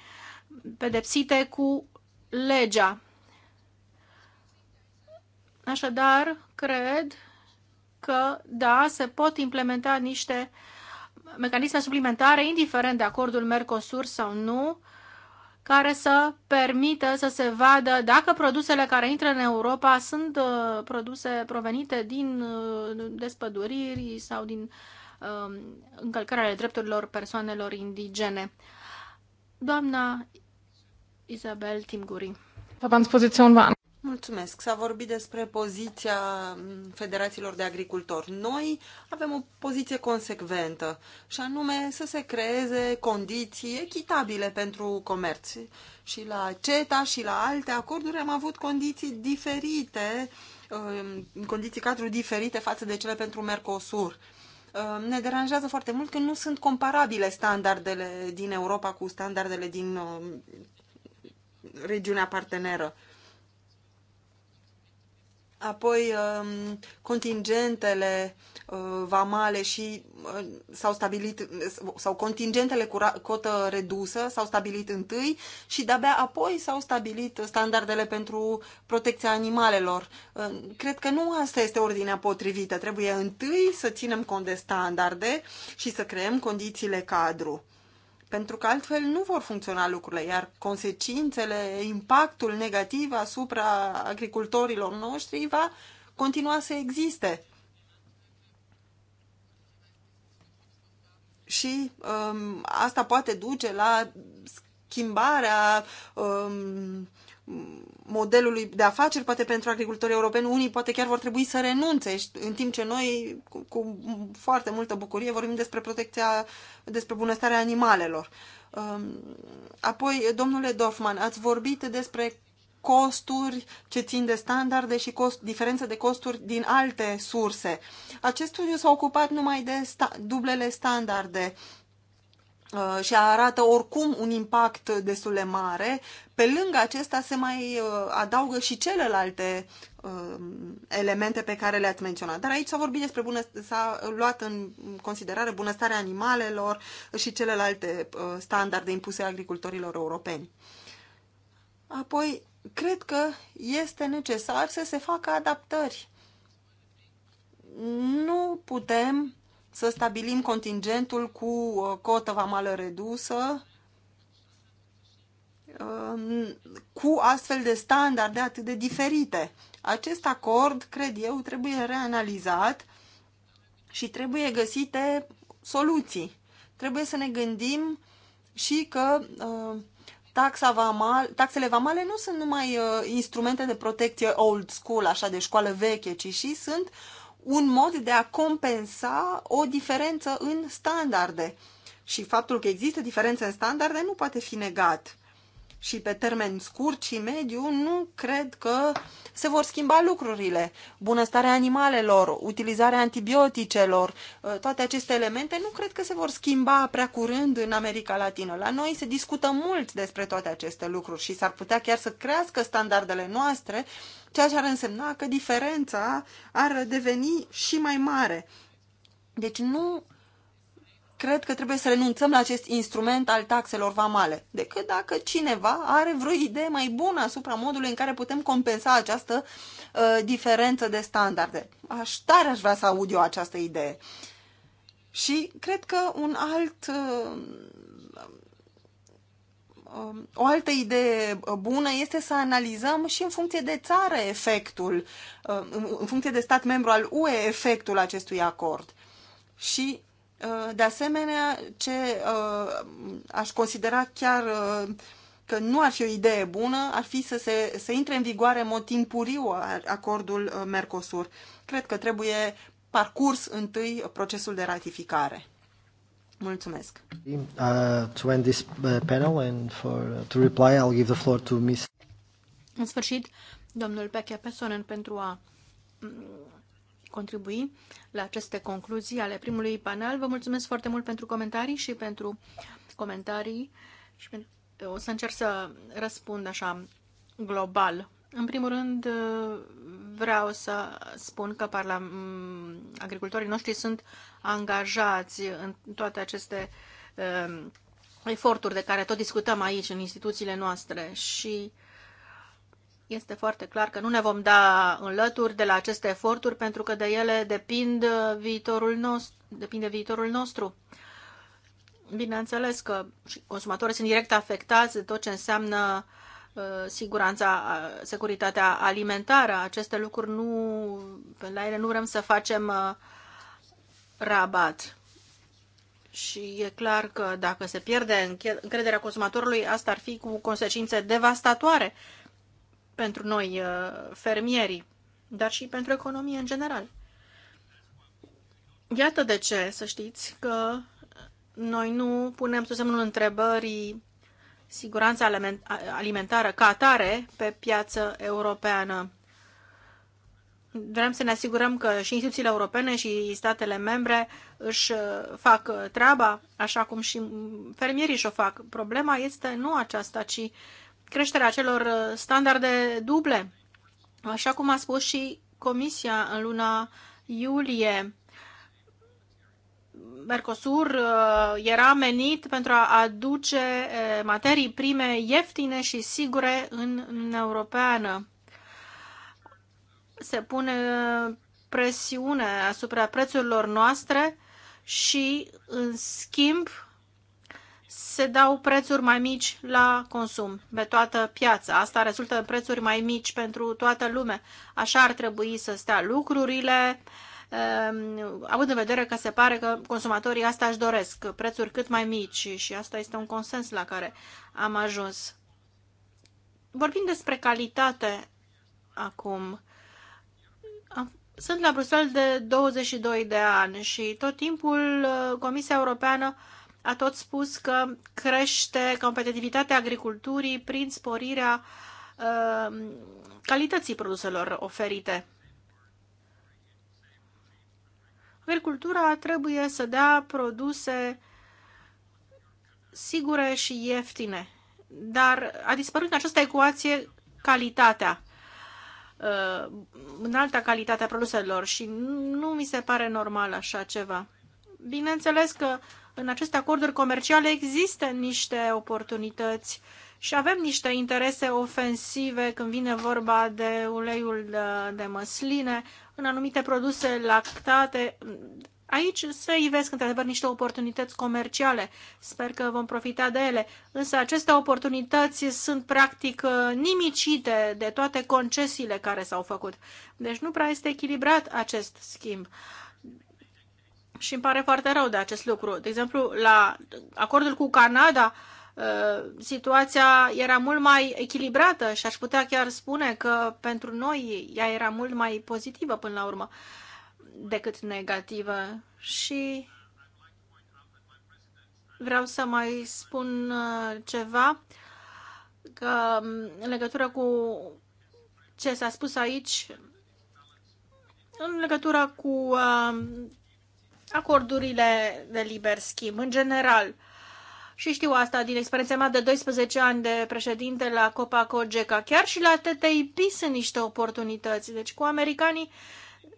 pedepsite cu legea. Așadar, cred că, da, se pot implementa niște mecanisme suplimentare, indiferent de acordul Mercosur sau nu, care să permită să se vadă dacă produsele care intră în Europa sunt uh, produse provenite din uh, despăduriri sau din uh, încălcarea drepturilor persoanelor indigene. Doamna Isabel Timguri. Mulțumesc. S-a vorbit despre poziția mm, federațiilor de agricultori. Noi avem o poziție consecventă și anume să se creeze condiții echitabile pentru comerț. Și la CETA și la alte acorduri am avut condiții diferite, mm, condiții cadru diferite față de cele pentru Mercosur mm, ne deranjează foarte mult că nu sunt comparabile standardele din Europa cu standardele din regiunea parteneră. Apoi, um, contingentele uh, vamale și uh, s-au stabilit, sau contingentele cu cotă redusă s-au stabilit întâi și de-abia apoi s-au stabilit standardele pentru protecția animalelor. Uh, cred că nu asta este ordinea potrivită. Trebuie întâi să ținem cont de standarde și să creăm condițiile cadru pentru că altfel nu vor funcționa lucrurile, iar consecințele, impactul negativ asupra agricultorilor noștri va continua să existe. Și um, asta poate duce la schimbarea um, modelului de afaceri, poate pentru agricultorii europeni, unii poate chiar vor trebui să renunțe, în timp ce noi, cu, cu foarte multă bucurie, vorbim despre protecția, despre bunăstarea animalelor. Um, apoi, domnule Dorfman, ați vorbit despre costuri ce țin de standarde și cost, diferență de costuri din alte surse. Acest studiu s-a ocupat numai de sta, dublele standarde. Uh, Uh, și arată oricum un impact destul de mare. Pe lângă acesta se mai uh, adaugă și celelalte uh, elemente pe care le-ați menționat. Dar aici s-a vorbit despre bună, s-a luat în considerare bunăstarea animalelor și celelalte standarde impuse agricultorilor europeni. Apoi, cred că este necesar să se facă adaptări. Nu putem să stabilim contingentul cu uh, cotă vamală redusă, um, cu astfel de standarde atât de diferite. Acest acord, cred eu, trebuie reanalizat și trebuie găsite soluții. Trebuie să ne gândim și că uh, taxa vamal, taxele vamale nu sunt numai uh, instrumente de protecție old school, așa de școală veche, ci și sunt uh, un mod de a compensa o diferență în standarde. Și faptul că există diferențe în standarde nu poate fi negat și pe termen scurt și mediu, nu cred că se vor schimba lucrurile. Bunăstarea animalelor, utilizarea antibioticelor, ă, toate aceste elemente nu cred că se vor schimba prea curând în America Latină. La noi se discută mult despre toate aceste lucruri și s-ar putea chiar să crească standardele noastre, ceea ce ar însemna că diferența ar deveni și mai mare. Deci nu cred că trebuie să renunțăm la acest instrument al taxelor vamale, decât dacă cineva are vreo idee mai bună asupra modului în care putem compensa această uh, diferență de standarde. Aș tare aș vrea să aud eu această idee. Și cred că un alt uh, um, o altă idee uh, bună este să analizăm și în funcție de țară efectul, uh, în funcție de stat membru al UE, efectul acestui acord. Și Uh, de asemenea, ce uh, aș considera chiar uh, că nu ar fi o idee bună ar fi să, se, să intre în vigoare în mod timpuriu acordul Mercosur. Cred că trebuie parcurs întâi procesul de ratificare. Mulțumesc. Uh, to end this panel and for to reply, I'll give the floor to Miss. În sfârșit, domnul Peche Pesonen pentru a contribui la aceste concluzii ale primului panel. Vă mulțumesc foarte mult pentru comentarii și pentru comentarii și o să încerc să răspund așa global. În primul rând, vreau să spun că parla agricultorii noștri sunt angajați în toate aceste um, eforturi de care tot discutăm aici, în instituțiile noastre și este foarte clar că nu ne vom da înlături de la aceste eforturi pentru că de ele depind uh, viitorul nostru, depinde viitorul nostru. Bineînțeles că consumatorii sunt direct afectați de tot ce înseamnă uh, siguranța, uh, securitatea alimentară. Aceste lucruri nu, la ele nu vrem să facem rabat. Și e clar că dacă se pierde încrederea consumatorului, asta ar fi cu consecințe devastatoare pentru noi, uh, fermierii, dar și pentru economie în general. Iată de ce, să știți, că noi nu punem sub semnul întrebării siguranța alimentară ca atare pe piață europeană. Vrem să ne asigurăm că și instituțiile europene și statele membre își uh, fac uh, treaba, așa cum și fermierii și-o fac. Problema este nu aceasta, ci creșterea acelor uh, standarde duble, așa cum a spus și Comisia în luna iulie. Mercosur uh, era menit pentru a aduce uh, materii prime ieftine și sigure în Uniunea Europeană. Se pune presiune asupra prețurilor noastre și, în schimb, se dau prețuri mai mici la consum pe toată piața. Asta rezultă în prețuri mai mici pentru toată lumea. Așa ar trebui să stea lucrurile, ehm, având în vedere că se pare că consumatorii asta își doresc, prețuri cât mai mici și asta este un consens la care am ajuns. Vorbim despre calitate acum. Sunt la Bruxelles de 22 de ani și tot timpul eh, Comisia Europeană uh, a tot spus că crește competitivitatea agriculturii prin sporirea uh, calității produselor oferite. Agricultura trebuie să dea produse sigure și ieftine, dar a dispărut în această ecuație calitatea uh, în alta calitatea produselor și nu mi se pare normal așa ceva. Bineînțeles că în aceste acorduri comerciale există niște oportunități și avem niște interese ofensive când vine vorba de uleiul de, de măsline, în anumite produse lactate. Aici se ivesc într-adevăr niște oportunități comerciale. Sper că vom profita de ele. Însă aceste oportunități sunt practic nimicite de toate concesiile care s-au făcut. Deci nu prea este echilibrat acest schimb. Uh, și îmi pare foarte rău de acest lucru. De exemplu, la acordul cu Canada, uh, situația era mult mai echilibrată și aș putea chiar spune că pentru noi ea era mult mai pozitivă până la urmă decât negativă. Și vreau să mai spun uh, ceva că um, în legătură cu ce s-a spus aici, în legătură cu uh, acordurile de liber schimb în general. Și știu asta din experiența mea de 12 ani de președinte la Copa Cogeca. Chiar și la TTIP sunt niște oportunități. Deci cu americanii,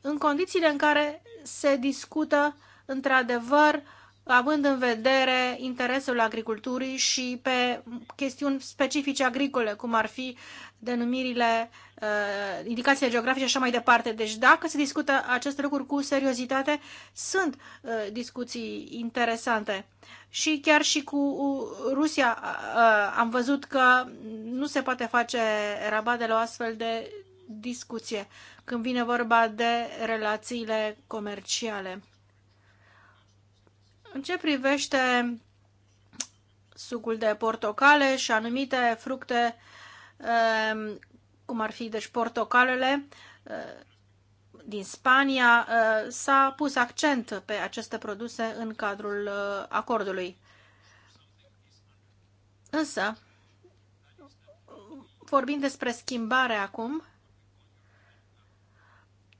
în condițiile în care se discută într-adevăr uh, având în vedere interesul agriculturii și pe chestiuni specifice agricole, cum ar fi denumirile, uh, indicațiile geografice și așa mai departe. Deci dacă se discută aceste lucruri cu seriozitate, sunt uh, discuții interesante. Și chiar și cu uh, Rusia uh, uh, am văzut că nu se poate face rabat de la o astfel de discuție când vine vorba de relațiile comerciale. În ce privește sucul de portocale și anumite fructe, um, cum ar fi deci portocalele uh, din Spania, uh, s-a pus accent pe aceste produse în cadrul uh, acordului. Însă, vorbind despre schimbare acum,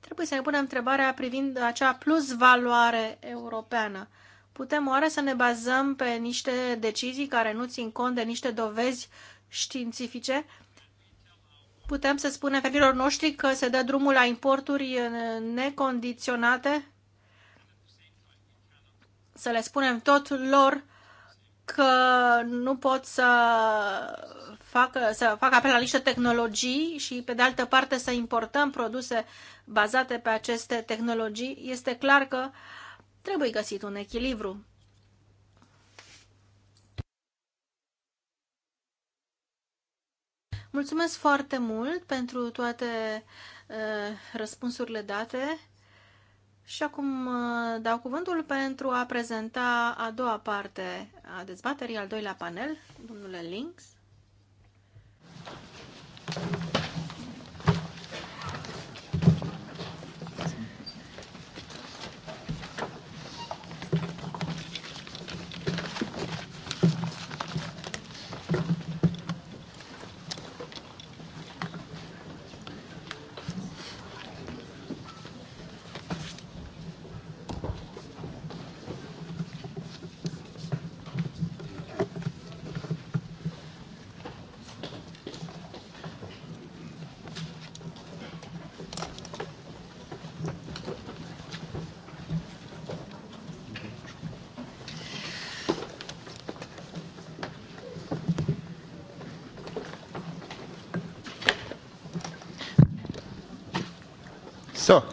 trebuie să ne punem întrebarea privind acea plus valoare europeană. Putem oare să ne bazăm pe niște decizii care nu țin cont de niște dovezi științifice? Putem să spunem fermierilor noștri că se dă drumul la importuri necondiționate? Să le spunem tot lor că nu pot să facă, să facă apel la niște tehnologii și, pe de altă parte, să importăm produse bazate pe aceste tehnologii, este clar că uh, Trebuie găsit un echilibru. Mulțumesc foarte mult pentru toate uh, răspunsurile date și acum uh, dau cuvântul pentru a prezenta a doua parte a dezbaterii, al doilea panel, domnule Links.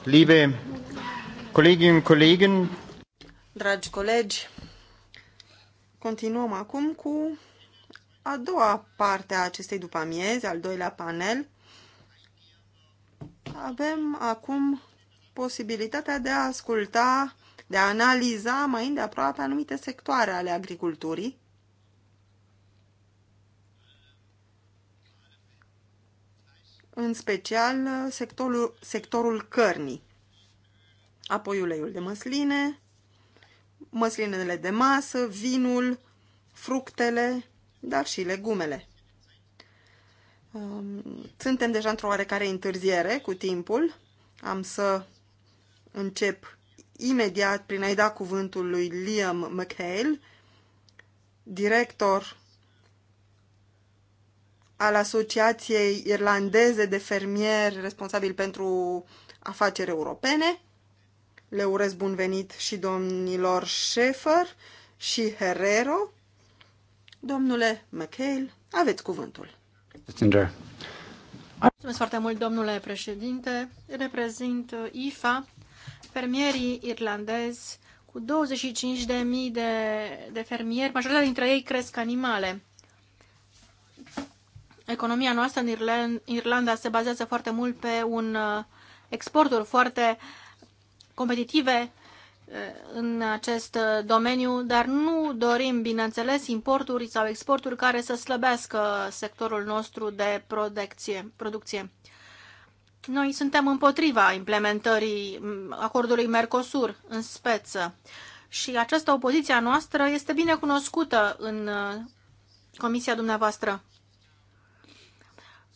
liebe Kolleginnen und Kollegen. Dragi colegi, continuăm acum cu a doua parte a acestei după amiezi, al doilea panel. Avem acum posibilitatea de a asculta, de a analiza mai îndeaproape anumite sectoare ale agriculturii. în special uh, sectorul, sectorul cărnii. Apoi uleiul de măsline, măslinele de masă, vinul, fructele, dar și legumele. Um, suntem deja într-o oarecare întârziere cu timpul. Am să încep imediat prin a-i da cuvântul lui Liam McHale, director al Asociației Irlandeze de Fermieri responsabil pentru afaceri europene. Le urez bun venit și domnilor Schaefer și Herrero. Domnule McHale, aveți cuvântul. Mulțumesc foarte mult, domnule președinte. Reprezint IFA, fermierii irlandezi cu 25.000 de, de fermieri, majoritatea dintre ei cresc animale economia noastră în Irlanda se bazează foarte mult pe un uh, exporturi foarte competitive uh, în acest uh, domeniu, dar nu dorim, bineînțeles, importuri sau exporturi care să slăbească sectorul nostru de producție. producție. Noi suntem împotriva implementării mm, acordului Mercosur în speță și această opoziție a noastră este bine cunoscută în comisia dumneavoastră.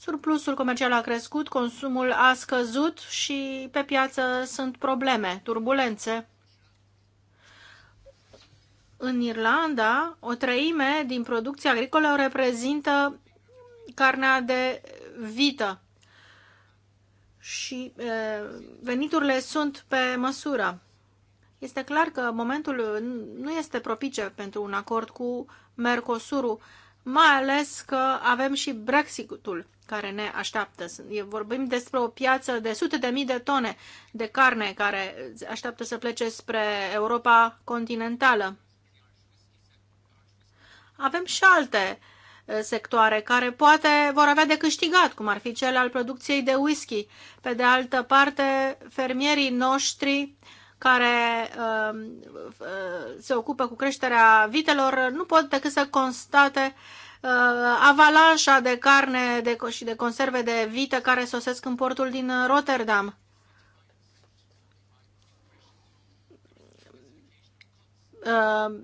Surplusul comercial a crescut, consumul a scăzut și pe piață sunt probleme, turbulențe. În Irlanda, o treime din producția agricolă reprezintă carnea de vită și e, veniturile sunt pe măsură. Este clar că momentul nu este propice pentru un acord cu Mercosurul mai ales că avem și Brexitul care ne așteaptă. Vorbim despre o piață de sute de mii de tone de carne care așteaptă să plece spre Europa continentală. Avem și alte sectoare care poate vor avea de câștigat, cum ar fi cel al producției de whisky. Pe de altă parte, fermierii noștri uh, care um, uh, se ocupă cu creșterea vitelor nu pot decât să constate uh, avalanșa de carne de, și de conserve de vită care sosesc în portul din Rotterdam. Uh,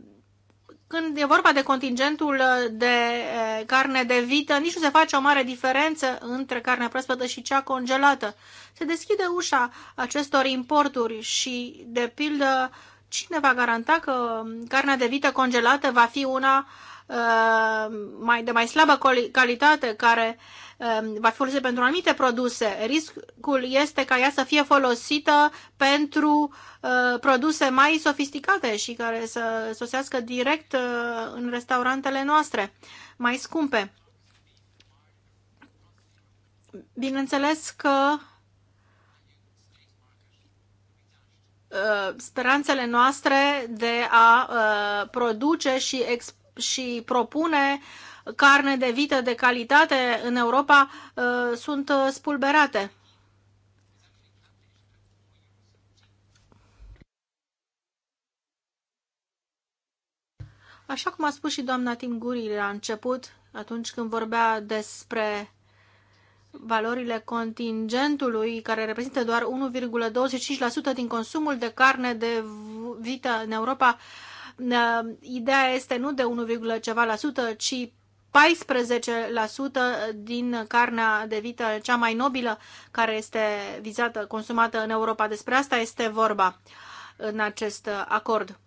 când e vorba de contingentul uh, de uh, carne de vită, nici nu se face o mare diferență între carnea proaspătă și cea congelată. Se deschide ușa acestor importuri și, de pildă, cine va garanta că um, carnea de vită congelată va fi una uh, mai, de mai slabă calitate, care uh, Um, va fi folosită pentru anumite produse. Riscul este ca ea să fie folosită pentru uh, produse mai sofisticate și care să sosească direct uh, în restaurantele noastre, mai scumpe. Bineînțeles că uh, speranțele noastre de a produce și, și propune uh, carne de vită de calitate în Europa uh, sunt uh, spulberate. Așa cum a spus și doamna Timguri la început, atunci când vorbea despre valorile contingentului, care reprezintă doar 1,25% din consumul de carne de vită în Europa, uh, ideea este nu de 1, ceva la sută, ci 14% din carnea de vită cea mai nobilă care este vizată, consumată în Europa. Despre asta este vorba în acest acord.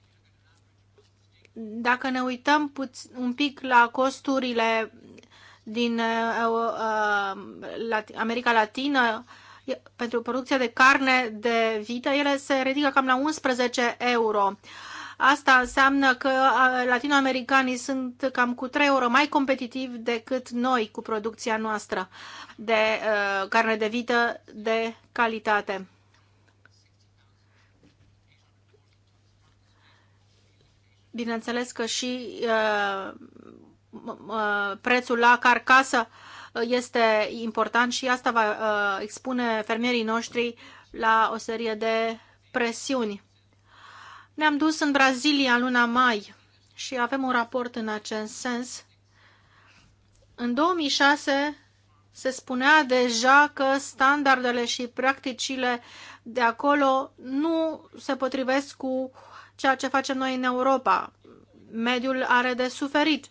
Dacă ne uităm un pic la costurile din uh, uh, America Latină, pentru producția de carne de vită, ele se ridică cam la 11 euro. Asta înseamnă că latinoamericanii sunt cam cu 3 euro mai competitivi decât noi cu producția noastră de uh, carne de vită de calitate. Bineînțeles că și uh, uh, prețul la carcasă este important și asta va uh, expune fermierii noștri la o serie de presiuni. Ne-am dus în Brazilia luna mai și avem un raport în acest sens. În 2006 se spunea deja că standardele și practicile de acolo nu se potrivesc cu ceea ce facem noi în Europa. Mediul are de suferit.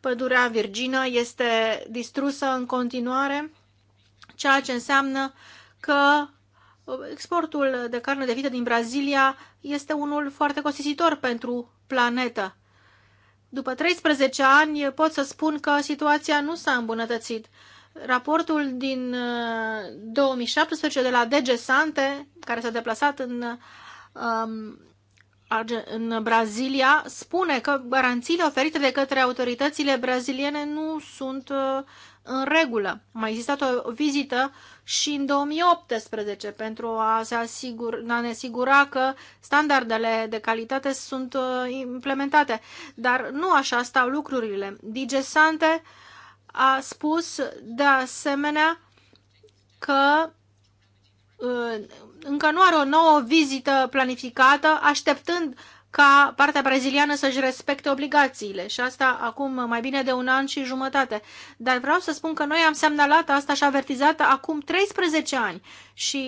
Pădurea virgină este distrusă în continuare, ceea ce înseamnă că exportul de carne de vită din Brazilia este unul foarte costisitor pentru planetă. După 13 ani pot să spun că situația nu s-a îmbunătățit. Raportul din 2017 uh, de la DG Sante, care s-a deplasat în um, în Brazilia spune că garanțiile oferite de către autoritățile braziliene nu sunt uh, în regulă. Mai existat o vizită și în 2018 pentru a, se asigur, a ne asigura că standardele de calitate sunt uh, implementate. Dar nu așa stau lucrurile. Digesante a spus de asemenea că încă nu are o nouă vizită planificată, așteptând ca partea braziliană să-și respecte obligațiile și asta acum mai bine de un an și jumătate. Dar vreau să spun că noi am semnalat asta și avertizat acum 13 ani și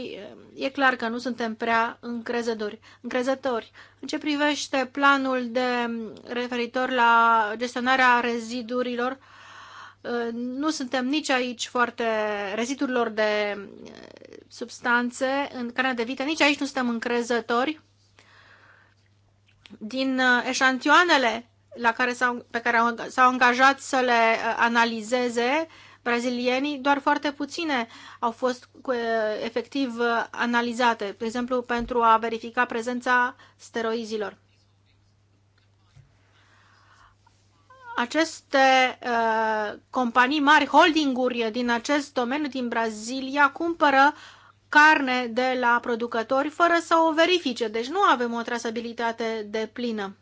eh, e clar că nu suntem prea încrezători. încrezători. În ce privește planul de mm, referitor la gestionarea rezidurilor, uh, Uh, nu suntem nici aici foarte rezidurilor de uh, substanțe în carnea de vită, nici aici nu suntem încrezători. Din uh, eșantioanele la care s-au, pe care s-au angajat să le analizeze brazilienii, doar foarte puține au fost efectiv analizate, de exemplu pentru a verifica prezența steroizilor. aceste uh, companii mari, holdinguri din acest domeniu din Brazilia cumpără carne de la producători fără să o verifice. Deci nu avem o trasabilitate de plină.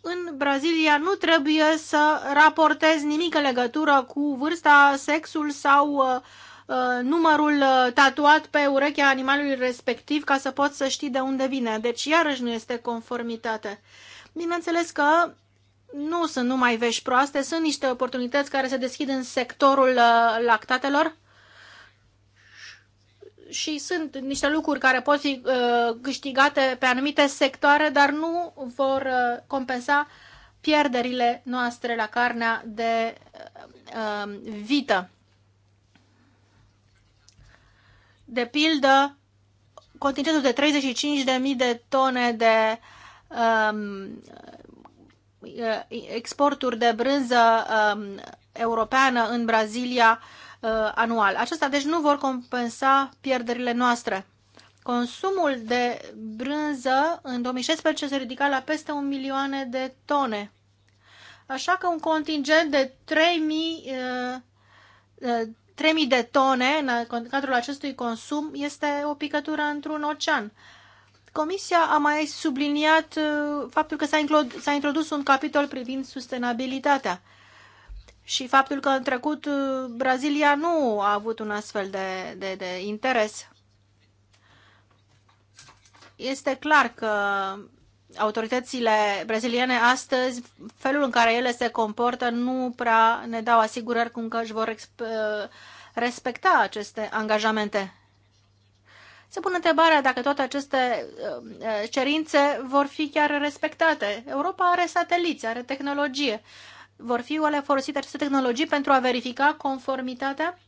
În Brazilia nu trebuie să raportezi nimic în legătură cu vârsta, sexul sau uh, uh numărul uh, tatuat pe urechea animalului respectiv ca să poți să știi de unde vine. Deci iarăși nu este conformitate. Bineînțeles că nu sunt numai vești proaste, sunt niște oportunități care se deschid în sectorul uh, lactatelor și sunt niște lucruri care pot fi uh, câștigate pe anumite sectoare, dar nu vor uh, compensa pierderile noastre la carnea de vită. De pildă, contingentul de 35.000 de tone de uh, Um, uh, exporturi de brânză um, europeană în Brazilia uh, anual. Acestea deci nu vor compensa pierderile noastre. Consumul de brânză în 2016 se ridica la peste un milioane de tone. Așa că un contingent de 3000, uh, de tone în cadrul acestui consum este o picătură într-un ocean. Comisia a mai subliniat uh, faptul că s-a introdus un capitol privind sustenabilitatea și faptul că în trecut uh, Brazilia nu a avut un astfel de, de, de interes. Este clar că autoritățile braziliene astăzi, felul în care ele se comportă, nu prea ne dau asigurări cum că își vor uh, respecta aceste angajamente se pune întrebarea dacă toate aceste uh, uh, cerințe vor fi chiar respectate. Europa are sateliți, are tehnologie. Vor fi oare folosite aceste tehnologii pentru a verifica conformitatea?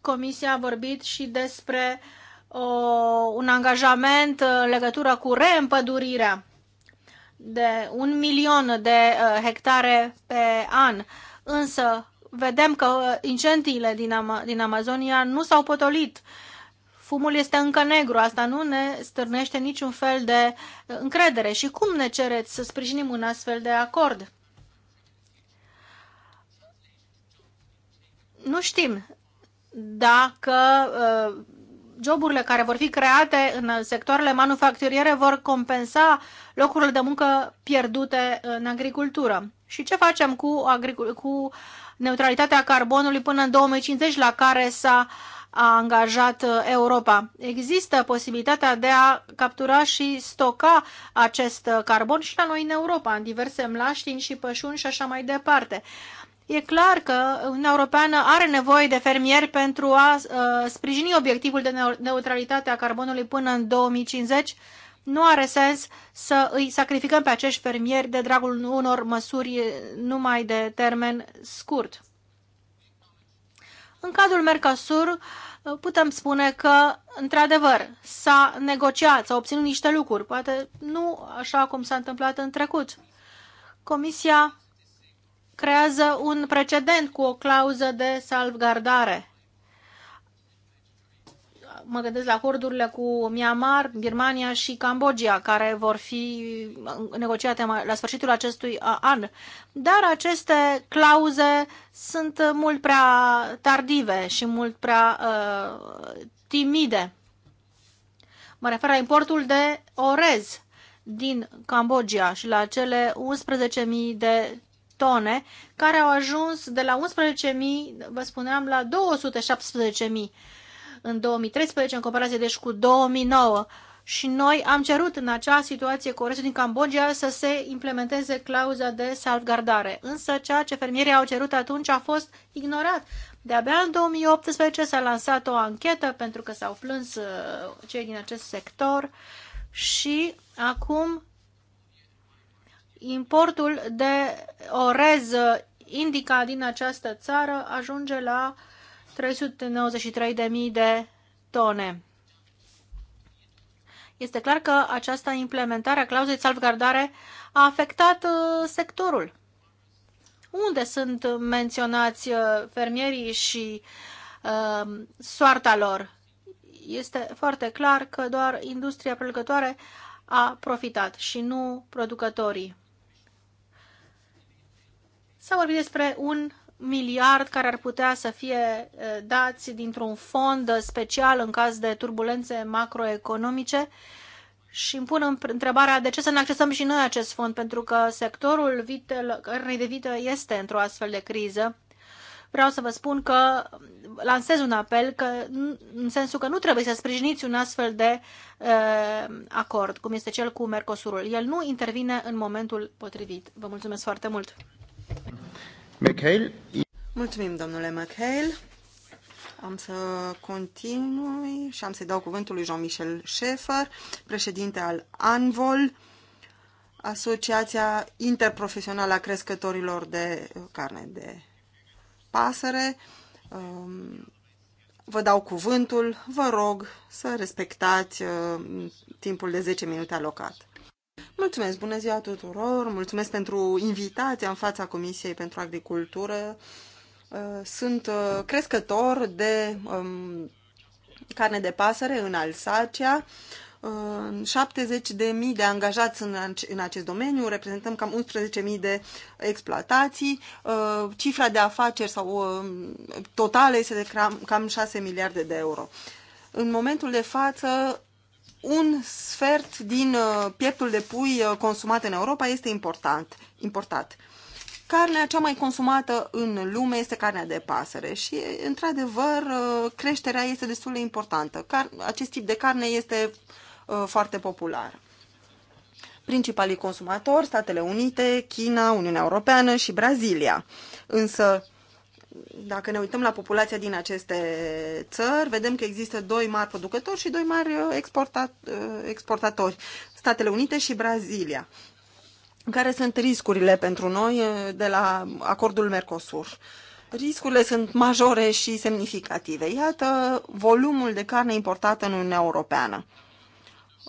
Comisia a vorbit și despre o, un angajament uh, în legătură cu reîmpădurirea de un milion de hectare pe an. Însă, vedem că incendiile din, Am- din Amazonia nu s-au potolit. Fumul este încă negru, asta nu ne stârnește niciun fel de încredere. Și cum ne cereți să sprijinim un astfel de acord? Nu știm dacă uh, joburile care vor fi create în sectoarele manufacturiere vor compensa locurile de muncă pierdute în agricultură. Și ce facem cu, cu cu neutralitatea carbonului până în 2050 la care s-a a angajat uh, Europa. Există posibilitatea de a captura și stoca acest uh, carbon și la noi în Europa, în diverse mlaștini și pășuni și așa mai departe. E clar că Uniunea Europeană are nevoie de fermieri pentru a uh, sprijini obiectivul de neutralitate a carbonului până în 2050 nu are sens să îi sacrificăm pe acești fermieri de dragul unor măsuri numai de termen scurt. În cadrul Mercosur putem spune că, într-adevăr, s-a negociat, s a obținut niște lucruri, poate nu așa cum s-a întâmplat în trecut. Comisia creează un precedent cu o clauză de salvgardare mă gândesc la acordurile cu Myanmar, Birmania și Cambodgia, care vor fi negociate la sfârșitul acestui an. Dar aceste clauze sunt mult prea tardive și mult prea uh, timide. Mă refer la importul de orez din Cambodgia și la cele 11.000 de tone care au ajuns de la 11.000, vă spuneam, la 217.000 în 2013 în comparație deci cu 2009 și noi am cerut în acea situație cu din Cambodgia să se implementeze clauza de salvgardare. Însă ceea ce fermierii au cerut atunci a fost ignorat. De-abia în 2018 s-a lansat o anchetă pentru că s-au plâns uh, cei din acest sector și acum importul de orez uh, indica din această țară ajunge la uh, 393.000 de tone. Este clar că această implementare a clauzei de salvgardare a afectat uh, sectorul. Unde sunt menționați uh, fermierii și uh, soarta lor? Este foarte clar că doar industria prelucătoare a profitat și nu producătorii. S-a vorbit despre un miliard care ar putea să fie eh, dați dintr-un fond special în caz de turbulențe macroeconomice și îmi pun întrebarea de ce să ne accesăm și noi acest fond, pentru că sectorul vitel, cărnii de vită este într-o astfel de criză. Vreau să vă spun că lansez un apel că, în sensul că nu trebuie să sprijiniți un astfel de e, eh, acord, cum este cel cu Mercosurul. El nu intervine în momentul potrivit. Vă mulțumesc foarte mult! McHale. Mulțumim, domnule McHale. Am să continui și am să-i dau cuvântul lui Jean-Michel Schaeffer, președinte al ANVOL, Asociația Interprofesională a Crescătorilor de Carne de Pasăre. Um, vă dau cuvântul, vă rog să respectați uh, timpul de 10 minute alocat. Mulțumesc, bună ziua tuturor, mulțumesc pentru invitația în fața Comisiei pentru Agricultură. Uh, sunt uh, crescător de um, carne de pasăre în Alsacia. 70 uh, de mii de angajați în, acest domeniu, reprezentăm cam 11.000 mii de exploatații. Cifra de afaceri sau totale este de cam 6 miliarde de euro. În momentul de față un sfert din uh, pieptul de pui uh, consumat în Europa este important, importat. Carnea cea mai consumată în lume este carnea de pasăre și, într-adevăr, uh, creșterea este destul de importantă. Car acest tip de carne este uh, foarte popular. Principalii consumatori, Statele Unite, China, Uniunea Europeană și Brazilia. Însă, dacă ne uităm la populația din aceste țări, vedem că există doi mari producători și doi mari uh, exportat, uh, exportatori, Statele Unite și Brazilia. Care sunt riscurile pentru noi uh, de la acordul Mercosur? Riscurile sunt majore și semnificative. Iată volumul de carne importată în Uniunea Europeană.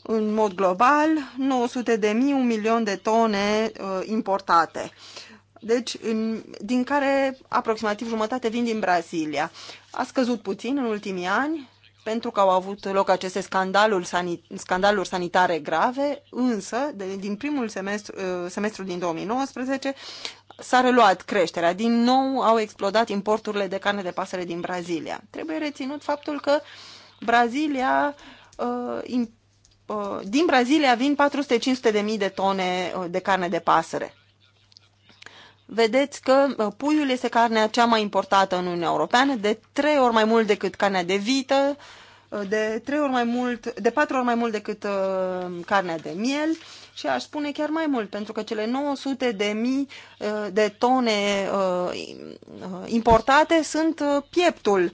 În mod global, 900 de mii, un milion de tone importate deci în, din care aproximativ jumătate vin din Brazilia. A scăzut puțin în ultimii ani pentru că au avut loc aceste scandaluri, sanit, scandaluri sanitare grave, însă de, din primul semestru, uh, semestru din 2019 s-a reluat creșterea. Din nou au explodat importurile de carne de pasăre din Brazilia. Trebuie reținut faptul că Brazilia uh, uh din Brazilia vin 400-500 de mii de tone uh, de carne de pasăre vedeți că uh, puiul este carnea cea mai importată în Uniunea Europeană, de trei ori mai mult decât carnea de vită, uh, de trei ori mai mult, de patru ori mai mult decât uh, carnea de miel și aș spune chiar mai mult, pentru că cele 900 de mii uh, de tone uh, importate sunt uh, pieptul,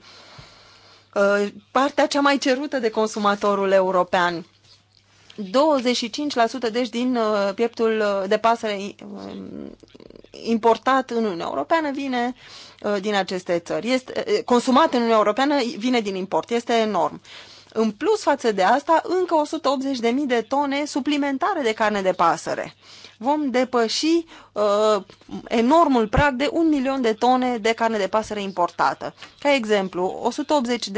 uh, partea cea mai cerută de consumatorul european. 25% deci din uh, pieptul uh, de pasăre importat în Uniunea Europeană vine uh, din aceste țări. Este, uh, consumat în Uniunea Europeană vine din import. Este enorm. În plus față de asta, încă 180.000 de tone suplimentare de carne de pasăre. Vom depăși uh, enormul prag de 1 milion de tone de carne de pasăre importată. Ca exemplu,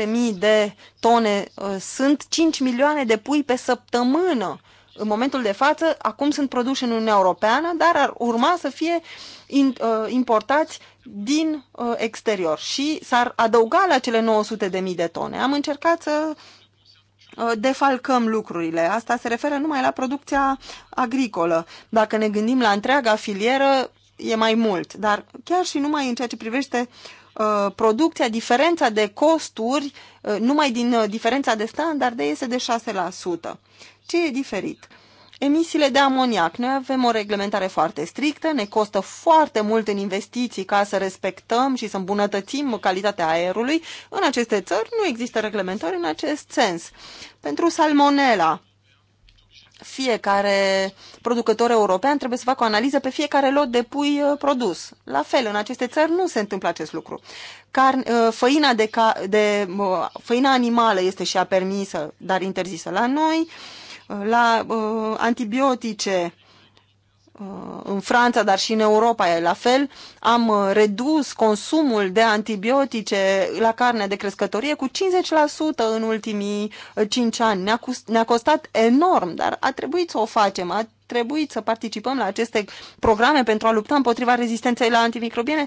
180.000 de tone uh, sunt 5 milioane de pui pe săptămână. Uh, în momentul de față, acum sunt produși în Uniunea Europeană, dar ar urma să fie in, uh, importați din uh, exterior și s-ar adăuga la cele 900 de mii de tone. Am încercat să uh, defalcăm lucrurile. Asta se referă numai la producția agricolă. Dacă ne gândim la întreaga filieră, e mai mult. Dar chiar și numai în ceea ce privește uh, producția, diferența de costuri, uh, numai din diferența de standarde, este de 6%. Ce e diferit? Emisiile de amoniac. Noi avem o reglementare foarte strictă, ne costă foarte mult în investiții ca să respectăm și să îmbunătățim calitatea aerului. În aceste țări nu există reglementări în acest sens. Pentru salmonela, fiecare producător european trebuie să facă o analiză pe fiecare lot de pui uh, produs. La fel, în aceste țări nu se întâmplă acest lucru. Car, uh, făina, de, ca, de, uh, făina animală este și ea permisă, dar interzisă la noi. Uh, la uh, antibiotice uh, în Franța, dar și în Europa e la fel, am uh, redus consumul de antibiotice la carne de crescătorie cu 50% în ultimii 5 uh, ani. Ne-a, ne -a costat enorm, dar a trebuit să o facem. A trebuit să participăm la aceste programe pentru a lupta împotriva rezistenței la antimicrobiene,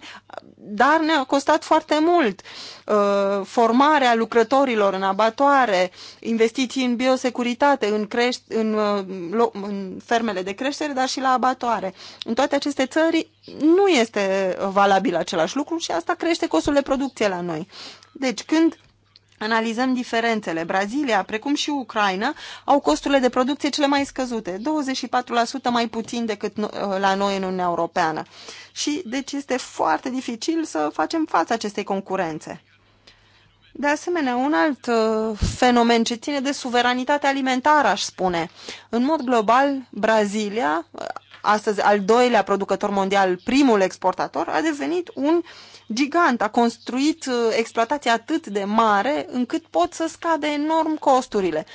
dar ne-a costat foarte mult. Uh, formarea lucrătorilor în abatoare, investiții în biosecuritate, în, creș- în, uh, în fermele de creștere, dar și la abatoare. În toate aceste țări nu este valabil același lucru și asta crește costul de producție la noi. Deci când analizăm diferențele. Brazilia, precum și Ucraina, au costurile de producție cele mai scăzute, 24% mai puțin decât uh, la noi în Uniunea Europeană. Și deci este foarte dificil să facem față acestei concurențe. De asemenea, un alt uh, fenomen ce ține de suveranitatea alimentară, aș spune. În mod global, Brazilia, uh, astăzi al doilea producător mondial, primul exportator, a devenit un uh, gigant, a construit uh, exploatații atât de mare încât pot să scadă enorm costurile.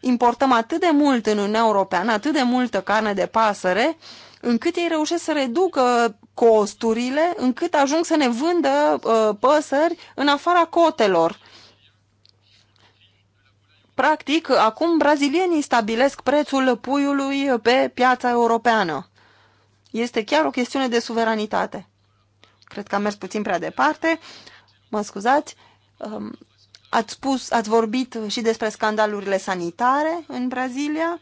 Importăm atât de mult în Uniunea Europeană, atât de multă carne de pasăre, încât ei reușesc să reducă costurile, încât ajung să ne vândă uh, păsări în afara cotelor. Practic, acum brazilienii stabilesc prețul puiului pe piața europeană. Este chiar o chestiune de suveranitate. Cred că am mers puțin prea departe. Mă scuzați. Um, ați, spus, ați vorbit și despre scandalurile sanitare în Brazilia,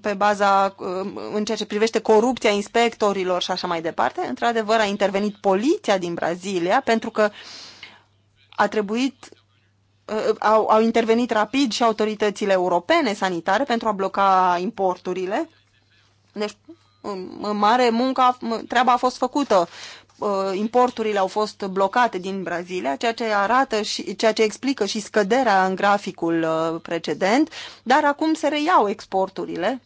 pe baza, um, în ceea ce privește corupția inspectorilor și așa mai departe. Într-adevăr, a intervenit poliția din Brazilia pentru că a trebuit uh, au, au intervenit rapid și autoritățile europene sanitare pentru a bloca importurile. Deci, în mare muncă, treaba a fost făcută Uh, importurile au fost blocate din Brazilia, ceea ce arată și ceea ce explică și scăderea în graficul uh, precedent, dar acum se reiau exporturile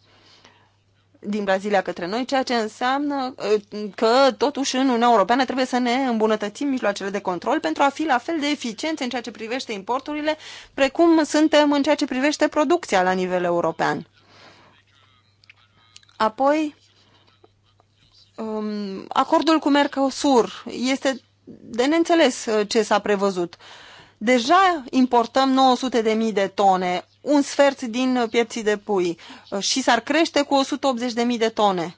din Brazilia către noi, ceea ce înseamnă uh, că totuși în Uniunea Europeană trebuie să ne îmbunătățim mijloacele de control pentru a fi la fel de eficienți în ceea ce privește importurile, precum suntem în ceea ce privește producția la nivel european. Apoi, um, acordul cu Mercosur este de neînțeles uh, ce s-a prevăzut. Deja importăm 900.000 de tone, un sfert din pieții de pui uh, și s-ar crește cu 180.000 de tone.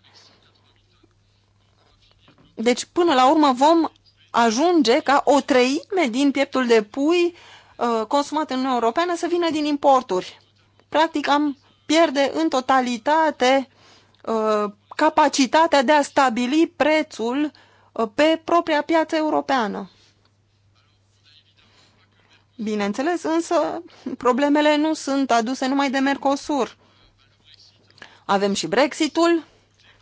Deci, până la urmă, vom ajunge ca o treime din pieptul de pui uh, consumat în Uniunea Europeană să vină din importuri. Practic, am pierde în totalitate capacitatea de a stabili prețul uh, pe propria piață europeană. Bineînțeles, însă, problemele nu sunt aduse numai de Mercosur. Avem și Brexitul.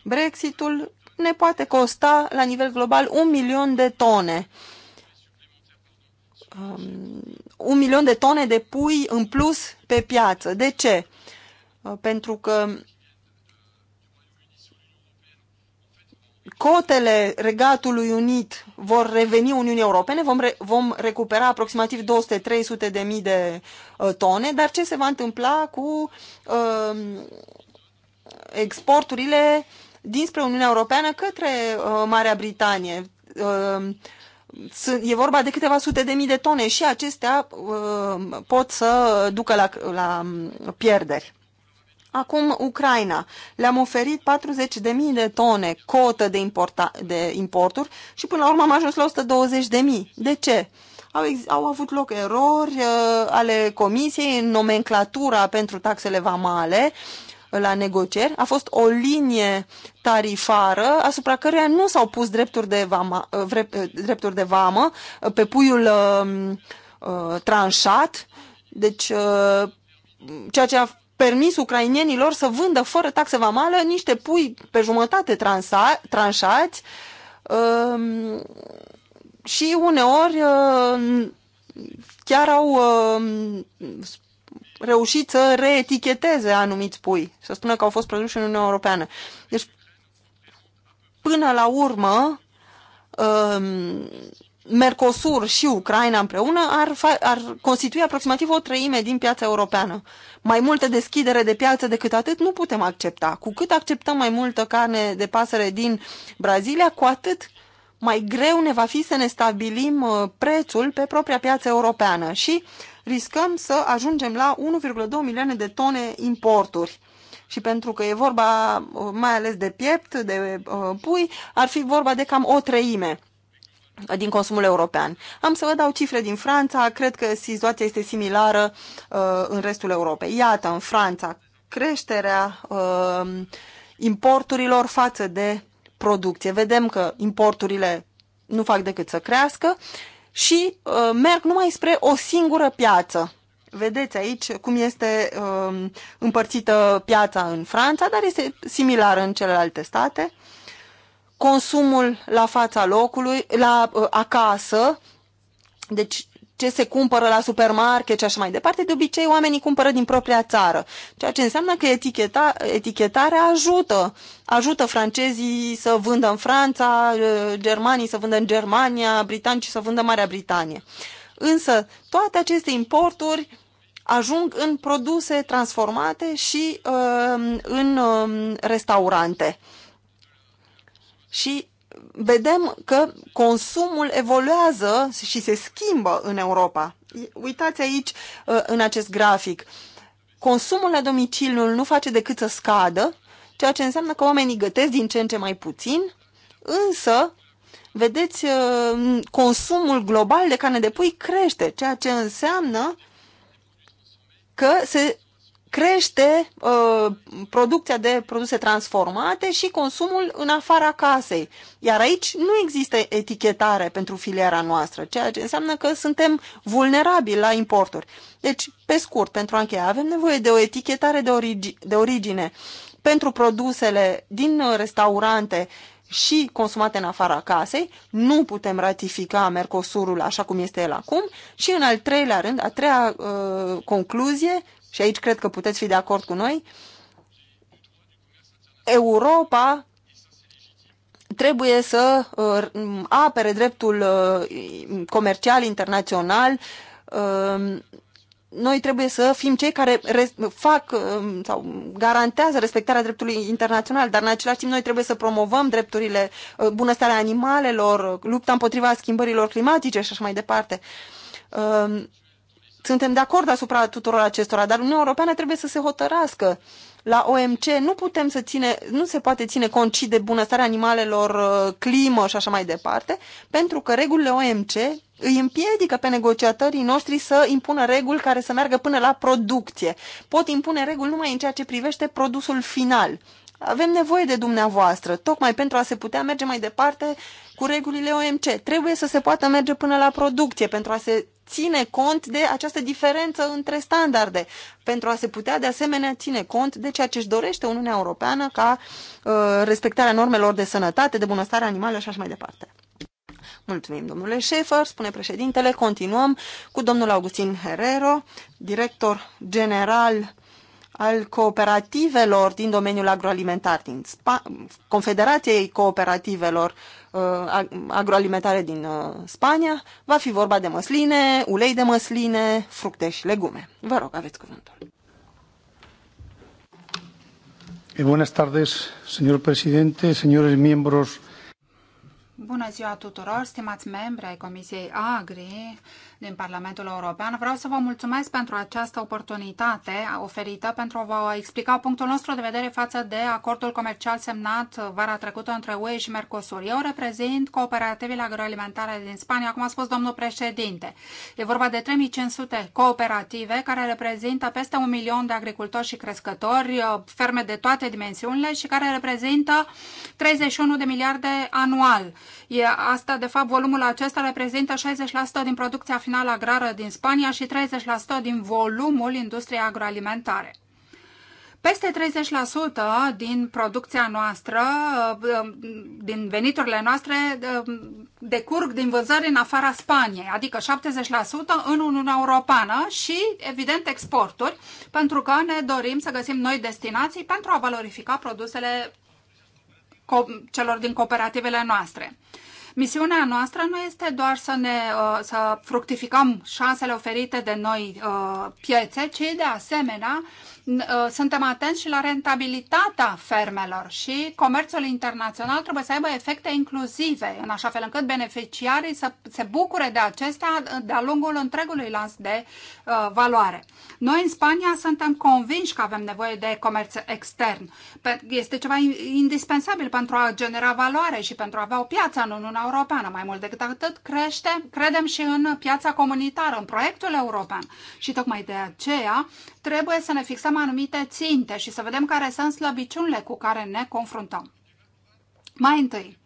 Brexitul ne poate costa la nivel global un milion de tone. Um, un milion de tone de pui în plus pe piață. De ce? Uh, pentru că cotele Regatului Unit vor reveni Uniunii Europene, vom, re, vom recupera aproximativ 200-300 de mii de uh, tone, dar ce se va întâmpla cu uh, exporturile dinspre Uniunea Europeană către uh, Marea Britanie? Uh, e vorba de câteva sute de mii de tone și acestea uh, pot să ducă la, la pierderi. Acum, Ucraina. Le-am oferit 40.000 de tone cotă de, importa, de importuri și până la urmă am ajuns la 120.000. De ce? Au, au avut loc erori uh, ale comisiei în nomenclatura pentru taxele vamale uh, la negocieri. A fost o linie tarifară asupra căreia nu s-au pus drepturi de, vama, vre, uh, uh, drepturi de vamă pe puiul uh, uh, tranșat. Deci, uh, ceea ce a permis ucrainienilor să vândă fără taxe vamală niște pui pe jumătate transa, tranșați um, și uneori uh, chiar au um, reușit să reeticheteze anumiți pui, să spună că au fost produși în Uniunea Europeană. Deci, până la urmă, um, Mercosur și Ucraina împreună ar, ar constitui aproximativ o treime din piața europeană. Mai multă deschidere de piață decât atât nu putem accepta. Cu cât acceptăm mai multă carne de pasăre din Brazilia, cu atât mai greu ne va fi să ne stabilim uh, prețul pe propria piață europeană și riscăm să ajungem la 1,2 milioane de tone importuri. Și pentru că e vorba uh, mai ales de piept, de uh, pui, ar fi vorba de cam o treime din consumul european. Am să vă dau cifre din Franța, cred că situația este similară uh, în restul Europei. Iată, în Franța, creșterea uh, importurilor față de producție. Vedem că importurile nu fac decât să crească și uh, merg numai spre o singură piață. Vedeți aici cum este uh, împărțită piața în Franța, dar este similară în celelalte state. Uh, consumul la fața locului, la uh, acasă, deci ce se cumpără la supermarket și așa mai departe, de obicei oamenii cumpără din propria țară, ceea ce înseamnă că eticheta, etichetarea ajută. Ajută francezii să vândă în Franța, uh, germanii să vândă în Germania, britanicii să vândă în Marea Britanie. Însă toate aceste importuri ajung în produse transformate și uh, în uh, restaurante și vedem că consumul evoluează și se schimbă în Europa. Uitați aici uh, în acest grafic. Consumul la domiciliul nu face decât să scadă, ceea ce înseamnă că oamenii gătesc din ce în ce mai puțin, însă vedeți uh, consumul global de carne de pui crește, ceea ce înseamnă că se crește uh, producția de produse transformate și consumul în afara casei. Iar aici nu există etichetare pentru filiera noastră, ceea ce înseamnă că suntem vulnerabili la importuri. Deci, pe scurt, pentru a încheia, avem nevoie de o etichetare de, origi- de origine pentru produsele din restaurante și consumate în afara casei, nu putem ratifica Mercosurul așa cum este el acum și în al treilea rând, a treia uh, concluzie, și aici cred că puteți fi de acord cu noi, Europa trebuie să uh, apere dreptul uh, comercial internațional. Uh, noi trebuie să fim cei care fac sau garantează respectarea dreptului internațional, dar în același timp noi trebuie să promovăm drepturile, bunăstarea animalelor, lupta împotriva schimbărilor climatice și așa mai departe suntem de acord asupra tuturor acestora, dar Uniunea Europeană trebuie să se hotărască. La OMC nu putem să ține, nu se poate ține concii de bunăstarea animalelor, uh, climă și așa mai departe, pentru că regulile OMC îi împiedică pe negociatorii noștri să impună reguli care să meargă până la producție. Pot impune reguli numai în ceea ce privește produsul final. Avem nevoie de dumneavoastră, tocmai pentru a se putea merge mai departe cu regulile OMC. Trebuie să se poată merge până la producție pentru a se ține cont de această diferență între standarde, pentru a se putea de asemenea ține cont de ceea ce își dorește Uniunea Europeană ca uh, respectarea normelor de sănătate, de bunăstare animală și așa mai departe. Mulțumim, domnule Șefer, spune președintele. Continuăm cu domnul Augustin Herrero, director general al cooperativelor din domeniul agroalimentar, din Spa Confederației Cooperativelor uh, Agroalimentare din uh, Spania, va fi vorba de măsline, ulei de măsline, fructe și legume. Vă rog, aveți cuvântul. Buenas tardes, señor presidente, señores miembros. Bună ziua tuturor, stimați membri ai Comisiei Agri, din Parlamentul European. Vreau să vă mulțumesc pentru această oportunitate oferită pentru a vă explica punctul nostru de vedere față de acordul comercial semnat vara trecută între UE și Mercosur. Eu reprezint cooperativele agroalimentare din Spania, cum a spus domnul președinte. E vorba de 3500 cooperative care reprezintă peste un milion de agricultori și crescători, uh, ferme de toate dimensiunile și care reprezintă 31 de miliarde anual. E asta, de fapt, volumul acesta reprezintă 60% din producția financiară multinațională agrară din Spania și 30% din volumul industriei agroalimentare. Peste 30% din producția noastră, uh, din veniturile noastre, uh, decurg din vânzări în afara Spaniei, adică 70% în Uniunea Europeană și, evident, exporturi, pentru că ne dorim să găsim noi destinații pentru a valorifica produsele celor din cooperativele noastre. Misiunea noastră nu este doar să, ne, uh, să fructificăm șansele oferite de noi uh, piețe, ci de asemenea Uh, suntem atenți și la rentabilitatea fermelor și comerțul internațional trebuie să aibă efecte inclusive, în așa fel încât beneficiarii să se bucure de acestea de-a lungul întregului lans de uh, valoare. Noi în Spania suntem convinși că avem nevoie de comerț extern. Este ceva indispensabil pentru a genera valoare și pentru a avea o piață în Uniunea Europeană. Mai mult decât atât, crește, credem și în piața comunitară, în proiectul european. Și tocmai de aceea trebuie să ne fixăm avem anumite ținte și să vedem care sunt slăbiciunile cu care ne confruntăm. Mai întâi,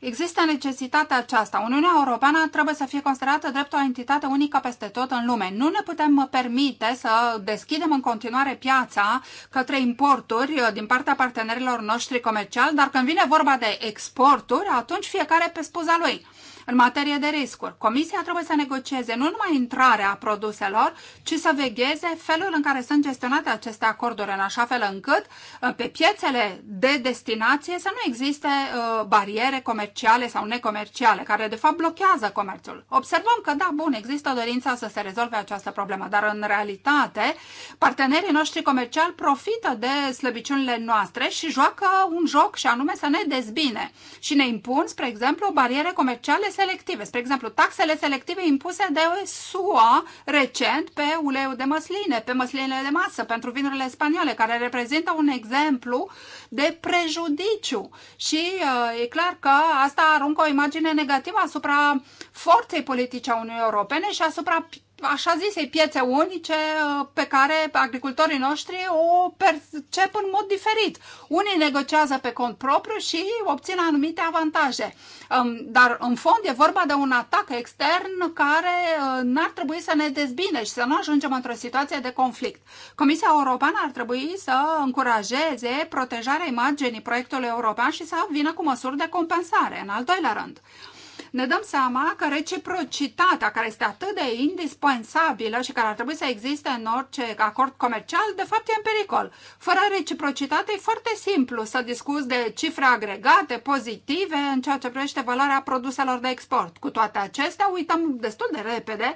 Există necesitatea aceasta. Uniunea Europeană trebuie să fie considerată drept o entitate unică peste tot în lume. Nu ne putem permite să deschidem în continuare piața către importuri din partea partenerilor noștri comerciali, dar când vine vorba de exporturi, atunci fiecare pe spuza lui în materie de riscuri. Comisia trebuie să negocieze nu numai intrarea produselor, ci să vegheze felul în care sunt gestionate aceste acorduri, în așa fel încât uh, pe piețele de destinație să nu existe uh, bariere comerciale sau necomerciale, care de fapt blochează comerțul. Observăm că, da, bun, există dorința să se rezolve această problemă, dar în realitate partenerii noștri comerciali profită de slăbiciunile noastre și joacă un joc și anume să ne dezbine și ne impun, spre exemplu, bariere comerciale selective. Spre exemplu, taxele selective impuse de SUA recent pe uleiul de măsline, pe măslinele de masă, pentru vinurile spaniole, care reprezintă un exemplu de prejudiciu. Și uh, e clar că asta aruncă o imagine negativă asupra forței politice a Uniunii Europene și asupra așa zise piețe unice uh, pe care agricultorii noștri o percep în mod diferit. Unii negociază pe cont propriu și obțin anumite avantaje. Um, dar în fond e vorba de un atac extern care uh, n-ar trebui să ne dezbine și să nu ajungem într-o situație de conflict. Comisia Europeană ar trebui să încurajeze protejarea imaginii proiectului european și să vină cu măsuri de compensare. În al doilea rând, ne dăm seama că reciprocitatea, care este atât de indispensabilă și care ar trebui să existe în orice acord comercial, de fapt e în pericol. Fără reciprocitate e foarte simplu să discuți de cifre agregate, pozitive, în ceea ce privește valoarea produselor de export. Cu toate acestea, uităm destul de repede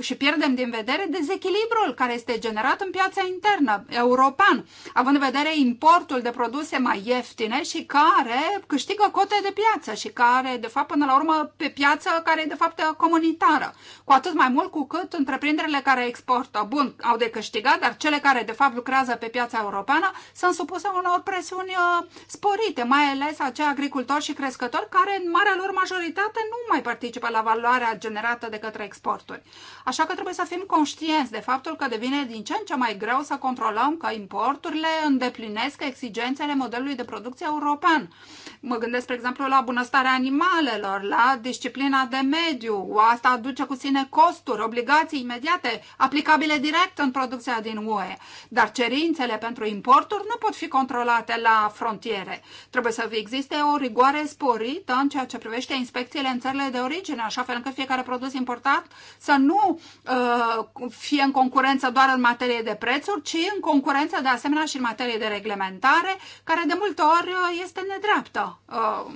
și pierdem din vedere dezechilibrul care este generat în piața internă european, având în vedere importul de produse mai ieftine și care câștigă cote de piață și care, de fapt, până la urmă, pe piață care e, de fapt, comunitară. Cu atât mai mult cu cât întreprinderile care exportă, bun, au de câștigat, dar cele care, de fapt, lucrează pe piața europeană sunt supuse unor presiuni uh, sporite, mai ales acei agricultori și crescători care, în marea lor majoritate, nu mai participă la valoarea generată de către exporturi. Așa că trebuie să fim conștienți de faptul că devine din ce în ce mai greu să controlăm că importurile îndeplinesc exigențele modelului de producție european. Mă gândesc, spre exemplu, la bunăstarea animalelor, la disciplina de mediu. Asta aduce cu sine costuri, obligații imediate, aplicabile direct în producția din UE. Dar cerințele pentru importuri nu pot fi controlate la frontiere. Trebuie să existe o rigoare sporită în ceea ce privește inspecțiile în țările de origine, așa fel încât fiecare produs importat să nu uh, fie în concurență doar în materie de prețuri, ci în concurență de asemenea și în materie de reglementare, care de multe ori uh, este nedreaptă uh,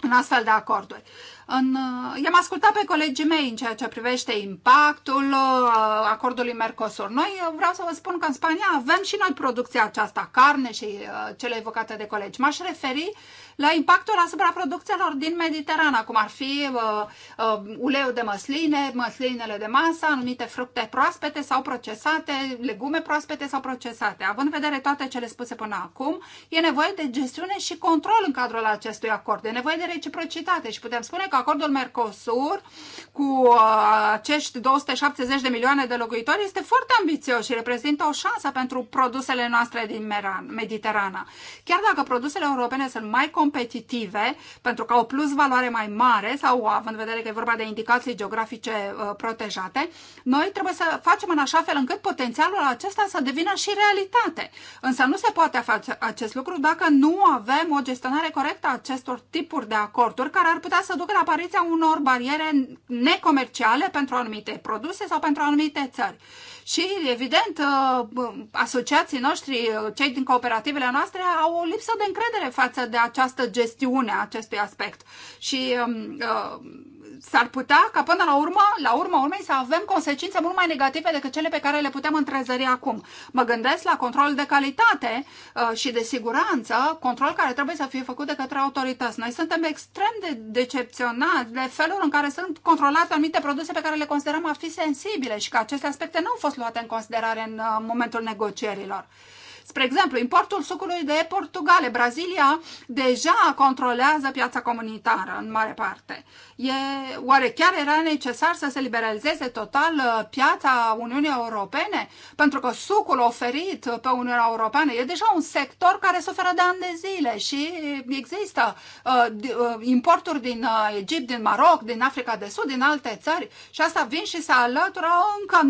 în astfel de acorduri. În, uh, i-am ascultat pe colegii mei în ceea ce privește impactul uh, acordului Mercosur. Noi vreau să vă spun că în Spania avem și noi producția aceasta, carne și cele evocate de colegi. M-aș referi uh, la impactul asupra producțiilor din Mediterana, cum ar fi uh, uh, uleiul de măsline, măslinele de masă, anumite fructe proaspete sau procesate, legume proaspete sau procesate. Având în vedere toate cele spuse până acum, e nevoie de gestiune și control în cadrul acestui acord. E nevoie de reciprocitate și putem spune că acordul Mercosur cu uh, acești 270 de milioane de locuitori este foarte ambițios și reprezintă o șansă pentru produsele noastre din Mediterana. Chiar dacă produsele europene sunt mai competitive pentru că au plus valoare mai mare sau având în vedere că e vorba de indicații geografice uh, protejate, noi trebuie să facem în așa fel încât potențialul acesta să devină și realitate. Însă nu se poate face acest lucru dacă nu avem o gestionare corectă a acestor tipuri de acorduri care ar putea să ducă la apariția unor bariere necomerciale pentru anumite produse sau pentru anumite țări. Și, evident, uh, asociații noștri, uh, cei din cooperativele noastre, au o lipsă de încredere față de această gestiune a acestui aspect. Și um, uh, s-ar putea ca până la urmă, la urma urmei, să avem consecințe mult mai negative decât cele pe care le putem întrezări acum. Mă gândesc la control de calitate uh, și de siguranță, control care trebuie să fie făcut de către autorități. Noi suntem extrem de decepționați de felul în care sunt controlate anumite produse pe care le considerăm a fi sensibile și că aceste aspecte nu au fost luate în considerare în uh, momentul negocierilor. Spre exemplu, importul sucului de Portugale, Brazilia deja controlează piața comunitară în mare parte. E, oare chiar era necesar să se liberalizeze total uh, piața Uniunii Europene? Pentru că sucul oferit pe Uniunea Europeană e deja un sector care suferă de ani de zile și există uh, uh importuri din uh, Egipt, din Maroc, din Africa de Sud, din alte țări și asta vin și se alătură încă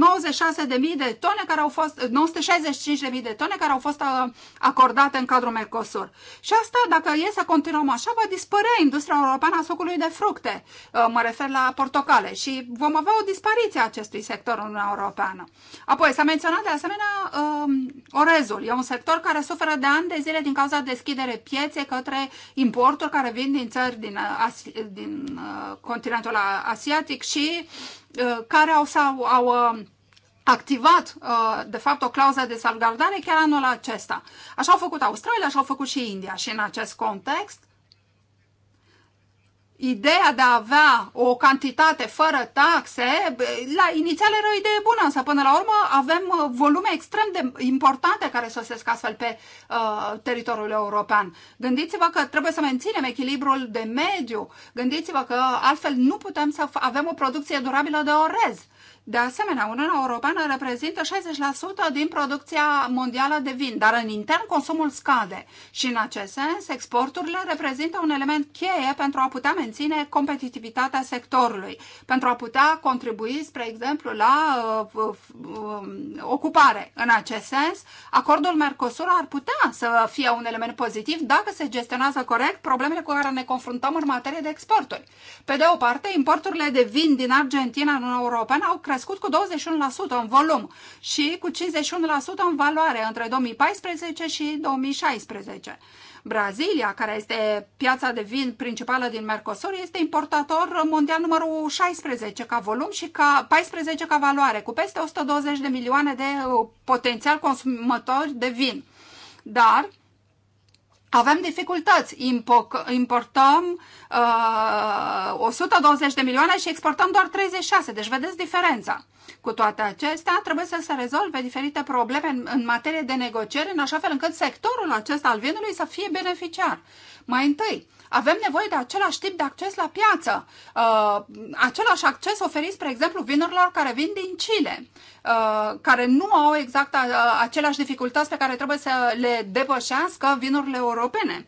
96.000 de tone care au fost 965.000 de tone care au fost uh, acordate în cadrul Mercosur. Și asta, dacă e să continuăm așa, va dispărea industria europeană a sucului de fructe, uh, mă refer la portocale, și vom avea o dispariție a acestui sector în Uniunea Europeană. Apoi, s-a menționat de asemenea um, orezul. E un sector care suferă de ani de zile din cauza deschidere pieței către importuri care vin din țări din, uh, din continentul asiatic și care au, sau, au activat, uh, de fapt, o clauză de salvgardare chiar anul acesta. Așa au făcut Australia, așa au făcut și India. Și în acest context, ideea de a avea o cantitate fără taxe, la inițial era o idee bună, însă până la urmă avem uh, volume extrem de importante care sosesc astfel pe uh, teritoriul european. Gândiți-vă că trebuie să menținem echilibrul de mediu, gândiți-vă că altfel nu putem să avem o producție durabilă de orez. De asemenea, Uniunea Europeană reprezintă 60% din producția mondială de vin, dar în intern consumul scade și în acest sens exporturile reprezintă un element cheie pentru a putea menține competitivitatea sectorului, pentru a putea contribui, spre exemplu, la uh, uh, uh, ocupare. În acest sens, acordul Mercosur ar putea să fie un element pozitiv dacă se gestionează corect problemele cu care ne confruntăm în materie de exporturi. Pe de o parte, importurile de vin din Argentina în Uniunea Europeană au crescut cu 21% în volum și cu 51% în valoare între 2014 și 2016. Brazilia, care este piața de vin principală din Mercosur, este importator mondial numărul 16 ca volum și ca 14 ca valoare, cu peste 120 de milioane de uh, potențial consumatori de vin. Dar avem dificultăți. Importăm uh, 120 de milioane și exportăm doar 36, deci vedeți diferența. Cu toate acestea, trebuie să se rezolve diferite probleme în, în materie de negociere, în așa fel încât sectorul acesta al vinului să fie beneficiar. Mai întâi, avem nevoie de același tip de acces la piață, uh, același acces oferit, spre exemplu, vinurilor care vin din Chile, uh, care nu au exact a, uh, a, aceleași dificultăți pe care trebuie să le depășească vinurile europene.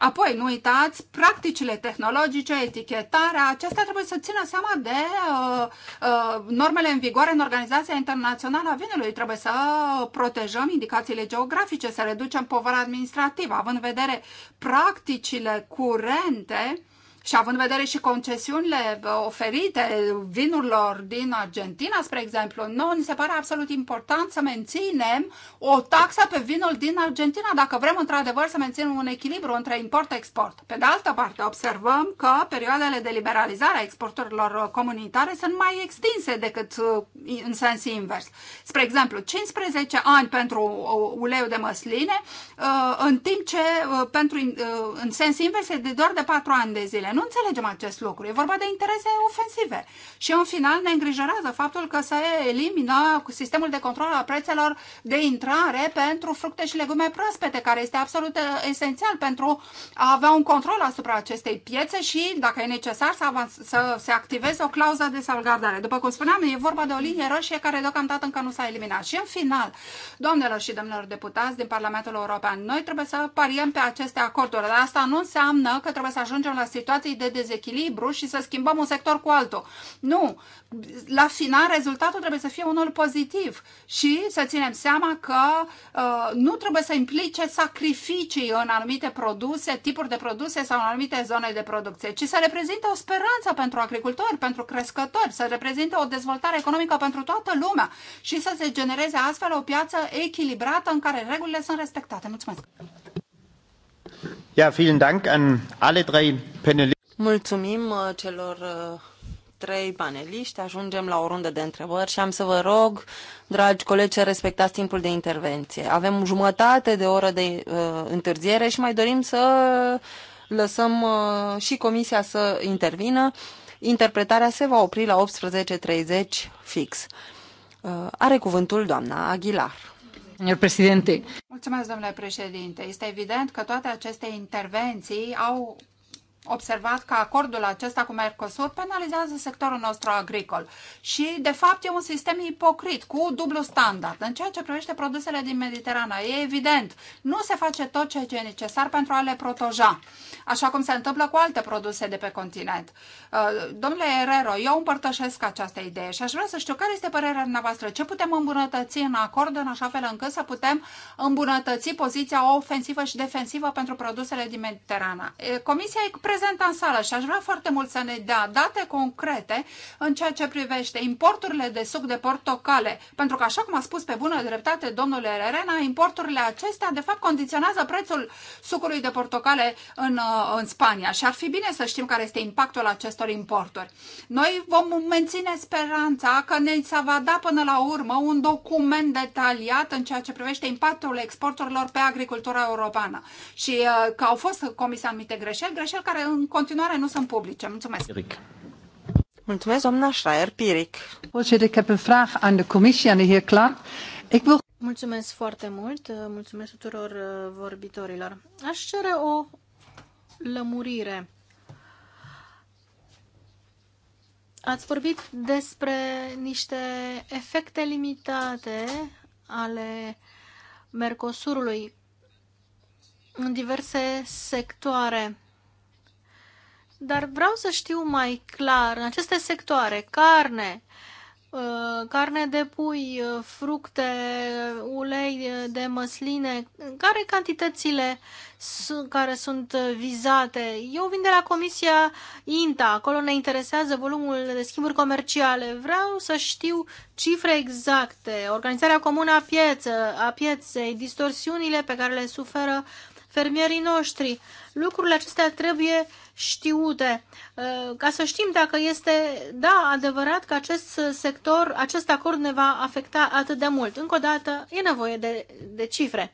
Apoi, nu uitați, practicile tehnologice, etichetarea, acestea trebuie să țină seama de uh, uh, normele în vigoare în Organizația Internațională a Vinului. Trebuie să protejăm indicațiile geografice, să reducem povara administrativă, având în vedere practicile curente uh, și având în vedere și concesiunile oferite vinurilor din Argentina, spre exemplu, nouă ni se pare absolut important să menținem o taxă pe vinul din Argentina, dacă vrem într-adevăr să menținem un echilibru între import-export. Pe de altă parte, observăm că perioadele de liberalizare a exporturilor comunitare sunt mai extinse decât uh, în sens invers. Spre exemplu, 15 ani pentru uh, uleiul de măsline, uh, în timp ce pentru, în sens invers e de doar de 4 ani de zile. Nu înțelegem acest lucru. E vorba de interese ofensive. Și în final ne îngrijorează faptul că se elimină sistemul de control al prețelor de intrare pentru fructe și legume proaspete, care este absolut uh, esențial pentru a avea un control asupra acestei piețe și, dacă e necesar, să, avans- să se activeze o clauză de salvgardare. După cum spuneam, e vorba de o linie roșie care deocamdată încă nu s-a eliminat. Și în final, doamnelor și domnilor deputați din Parlamentul European, noi trebuie să pariem pe aceste acorduri, dar asta nu înseamnă că trebuie să ajungem la situații situații de dezechilibru și să schimbăm un sector cu altul. Nu! La final, rezultatul trebuie să fie unul pozitiv și să ținem seama că uh, nu trebuie să implice sacrificii în anumite produse, tipuri de produse sau în anumite zone de producție, ci să reprezinte o speranță pentru agricultori, pentru crescători, să reprezinte o dezvoltare economică pentru toată lumea și să se genereze astfel o piață echilibrată în care regulile sunt respectate. Mulțumesc! Ja, vielen Dank an alle drei Panelisten. Mulțumim uh, celor uh, trei paneliști. Ajungem la o rundă de întrebări și am să vă rog, dragi colegi, să respectați timpul de intervenție. Avem jumătate de oră de uh, întârziere și mai dorim să lăsăm uh, și comisia să intervină. Interpretarea se va opri la 18.30 fix. Uh, are cuvântul doamna Aguilar. Mulțumesc, domnule președinte. Este evident că toate aceste intervenții au observat că acordul acesta cu Mercosur penalizează sectorul nostru agricol și, de fapt, e un sistem ipocrit, cu dublu standard. În ceea ce privește produsele din Mediterana, e evident, nu se face tot ceea ce e necesar pentru a le proteja, așa cum se întâmplă cu alte produse de pe continent. Uh, domnule Herrero, eu împărtășesc această idee și aș vrea să știu care este părerea dumneavoastră, ce putem îmbunătăți în acord în așa fel încât să putem îmbunătăți poziția ofensivă și defensivă pentru produsele din Mediterana. Comisia e prezentă în sală și aș vrea foarte mult să ne dea date concrete în ceea ce privește importurile de suc de portocale, pentru că, așa cum a spus pe bună dreptate domnule Rerena, importurile acestea, de fapt, condiționează prețul sucului de portocale în, uh, în Spania și ar fi bine să știm care este impactul acestor importuri. Noi vom menține speranța că ne se va da până la urmă un document detaliat în ceea ce privește impactul exporturilor pe agricultura europeană și uh, că au fost comise anumite greșeli, greșeli care care în continuare nu sunt publice. Mulțumesc! Eric. Mulțumesc, doamna Schreier-Piric. Mulțumesc foarte mult, mulțumesc tuturor uh, vorbitorilor. Aș cere o lămurire. Ați vorbit despre niște efecte limitate ale Mercosurului în diverse sectoare dar vreau să știu mai clar în aceste sectoare, carne, uh, carne de pui, uh, fructe, ulei uh, de măsline, care cantitățile care sunt vizate. Eu vin de la Comisia INTA, acolo ne interesează volumul de schimburi comerciale. Vreau să știu cifre exacte, organizarea comună a, pieță, a pieței, distorsiunile pe care le suferă fermierii noștri. Lucrurile acestea trebuie uh, știute, ă, ca să știm dacă este, da, adevărat că acest sector, acest acord ne va afecta atât de mult. Încă o dată, e nevoie de, de cifre.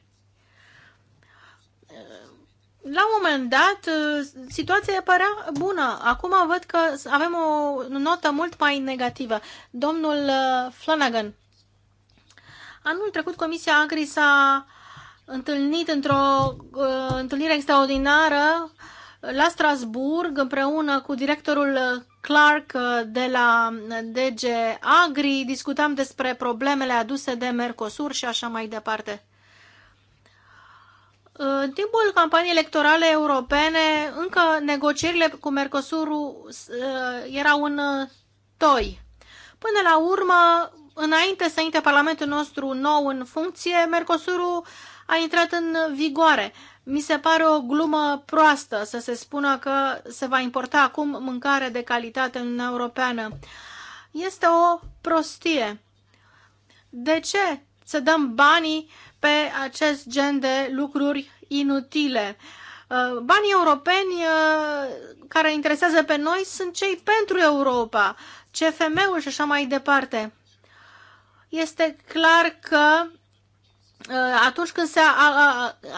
La un moment dat, ă, situația părea bună. Acum văd că avem o notă mult mai negativă. Domnul ă, Flanagan, anul trecut Comisia Agri s-a întâlnit într-o uh, întâlnire extraordinară uh, la Strasburg împreună cu directorul uh, Clark uh, de la uh, DG Agri discutam despre problemele aduse de Mercosur și așa mai departe. În timpul campaniei electorale europene, încă negocierile cu Mercosur erau în toi. Până la urmă, înainte să intre Parlamentul nostru nou în funcție, Mercosurul a intrat în vigoare. Mi se pare o glumă proastă să se spună că se va importa acum mâncare de calitate în Europeană. Este o prostie. De ce să dăm banii pe acest gen de lucruri inutile? Uh, banii europeni uh, care interesează pe noi sunt cei pentru Europa, CFM-ul și așa mai departe. Este clar că Uh, atunci când se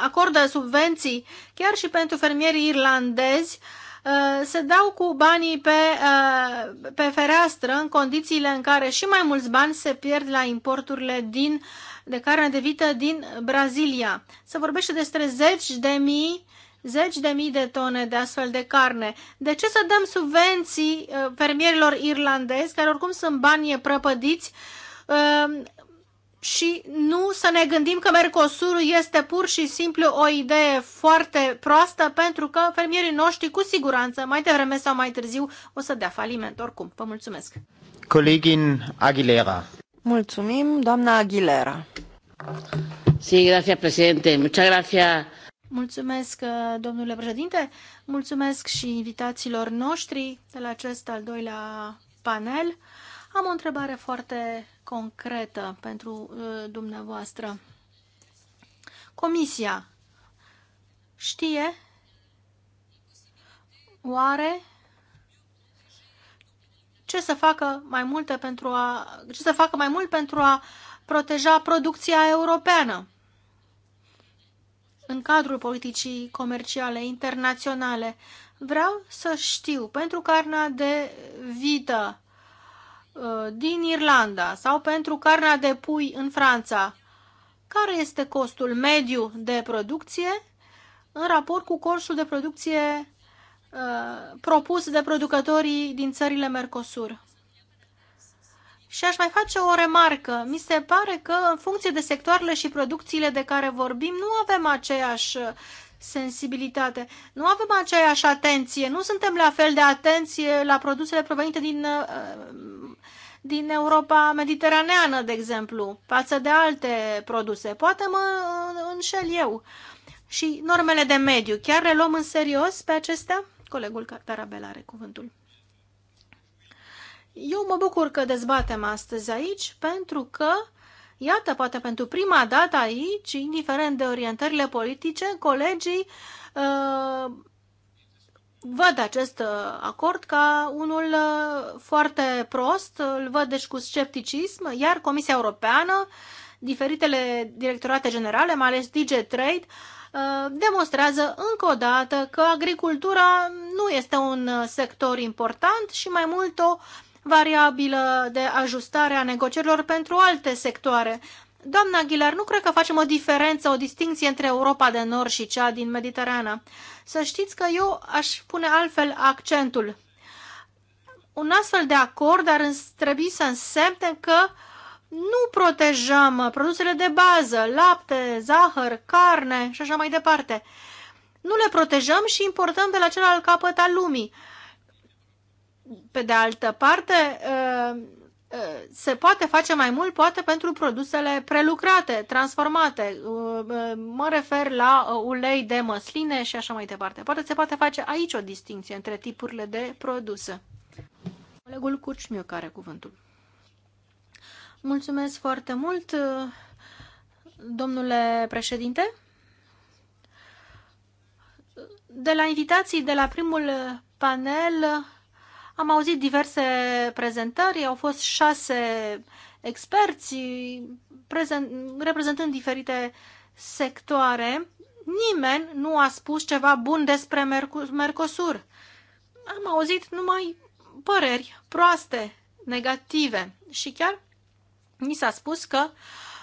acordă subvenții, chiar și pentru fermierii irlandezi, uh, se dau cu banii pe, uh, pe fereastră în condițiile în care și mai mulți bani se pierd la importurile din, de carne de vită din Brazilia. Se vorbește despre zeci de mii zeci de mii de tone de astfel de carne. De ce să dăm subvenții fermierilor irlandezi, care oricum sunt bani prăpădiți, și nu să ne gândim că Mercosurul este pur și simplu o idee foarte proastă pentru că fermierii noștri cu siguranță mai devreme sau mai târziu o să dea faliment oricum. Vă mulțumesc! Colegin Aguilera. Mulțumim, doamna Aguilera. Sí, gracias, presidente. Muchas gracias. Mulțumesc, uh, domnule președinte. Mulțumesc și invitațiilor noștri de la acest al doilea panel. Am o întrebare foarte concretă pentru uh, dumneavoastră. Comisia știe oare ce să facă mai multe pentru a ce să facă mai mult pentru a proteja producția europeană în cadrul politicii comerciale internaționale. Vreau să știu, pentru carnea de vită, Uh, din Irlanda sau pentru carnea de pui în Franța, care este costul mediu de producție în raport cu costul de producție uh, propus de producătorii din țările Mercosur. Și aș mai face o remarcă. Mi se pare că în funcție de sectoarele și producțiile de care vorbim, nu avem aceeași sensibilitate. Nu avem aceeași atenție, nu suntem la fel de atenție la produsele provenite din, uh, din Europa mediteraneană, de exemplu, față de alte produse. Poate mă înșel eu. Și normele de mediu, chiar le luăm în serios pe acestea? Colegul Tarabel are cuvântul. Eu mă bucur că dezbatem astăzi aici, pentru că Iată, poate pentru prima dată aici, indiferent de orientările politice, colegii uh, văd acest uh, acord ca unul uh, foarte prost, îl văd deci cu scepticism, iar Comisia Europeană, diferitele directorate generale, mai ales DG Trade, uh, demonstrează încă o dată că agricultura nu este un sector important și mai mult o variabilă de ajustare a negocierilor pentru alte sectoare. Doamna Aguilar, nu cred că facem o diferență, o distinție între Europa de Nord și cea din Mediterana. Să știți că eu aș pune altfel accentul. Un astfel de acord ar trebui să însemne că nu protejăm produsele de bază, lapte, zahăr, carne și așa mai departe. Nu le protejăm și importăm de la celălalt capăt al lumii. Pe de altă parte, uh, uh, se poate face mai mult, poate pentru produsele prelucrate, transformate. Uh, mă refer la ulei de măsline și așa mai departe. Poate se poate face aici o distinție între tipurile de produse. Colegul Curciu care cuvântul. Mulțumesc foarte mult, domnule președinte. De la invitații de la primul panel am auzit diverse prezentări, au fost șase experți prezent, reprezentând diferite sectoare. Nimeni nu a spus ceva bun despre Mercosur. Am auzit numai păreri proaste, negative și chiar ni s-a spus că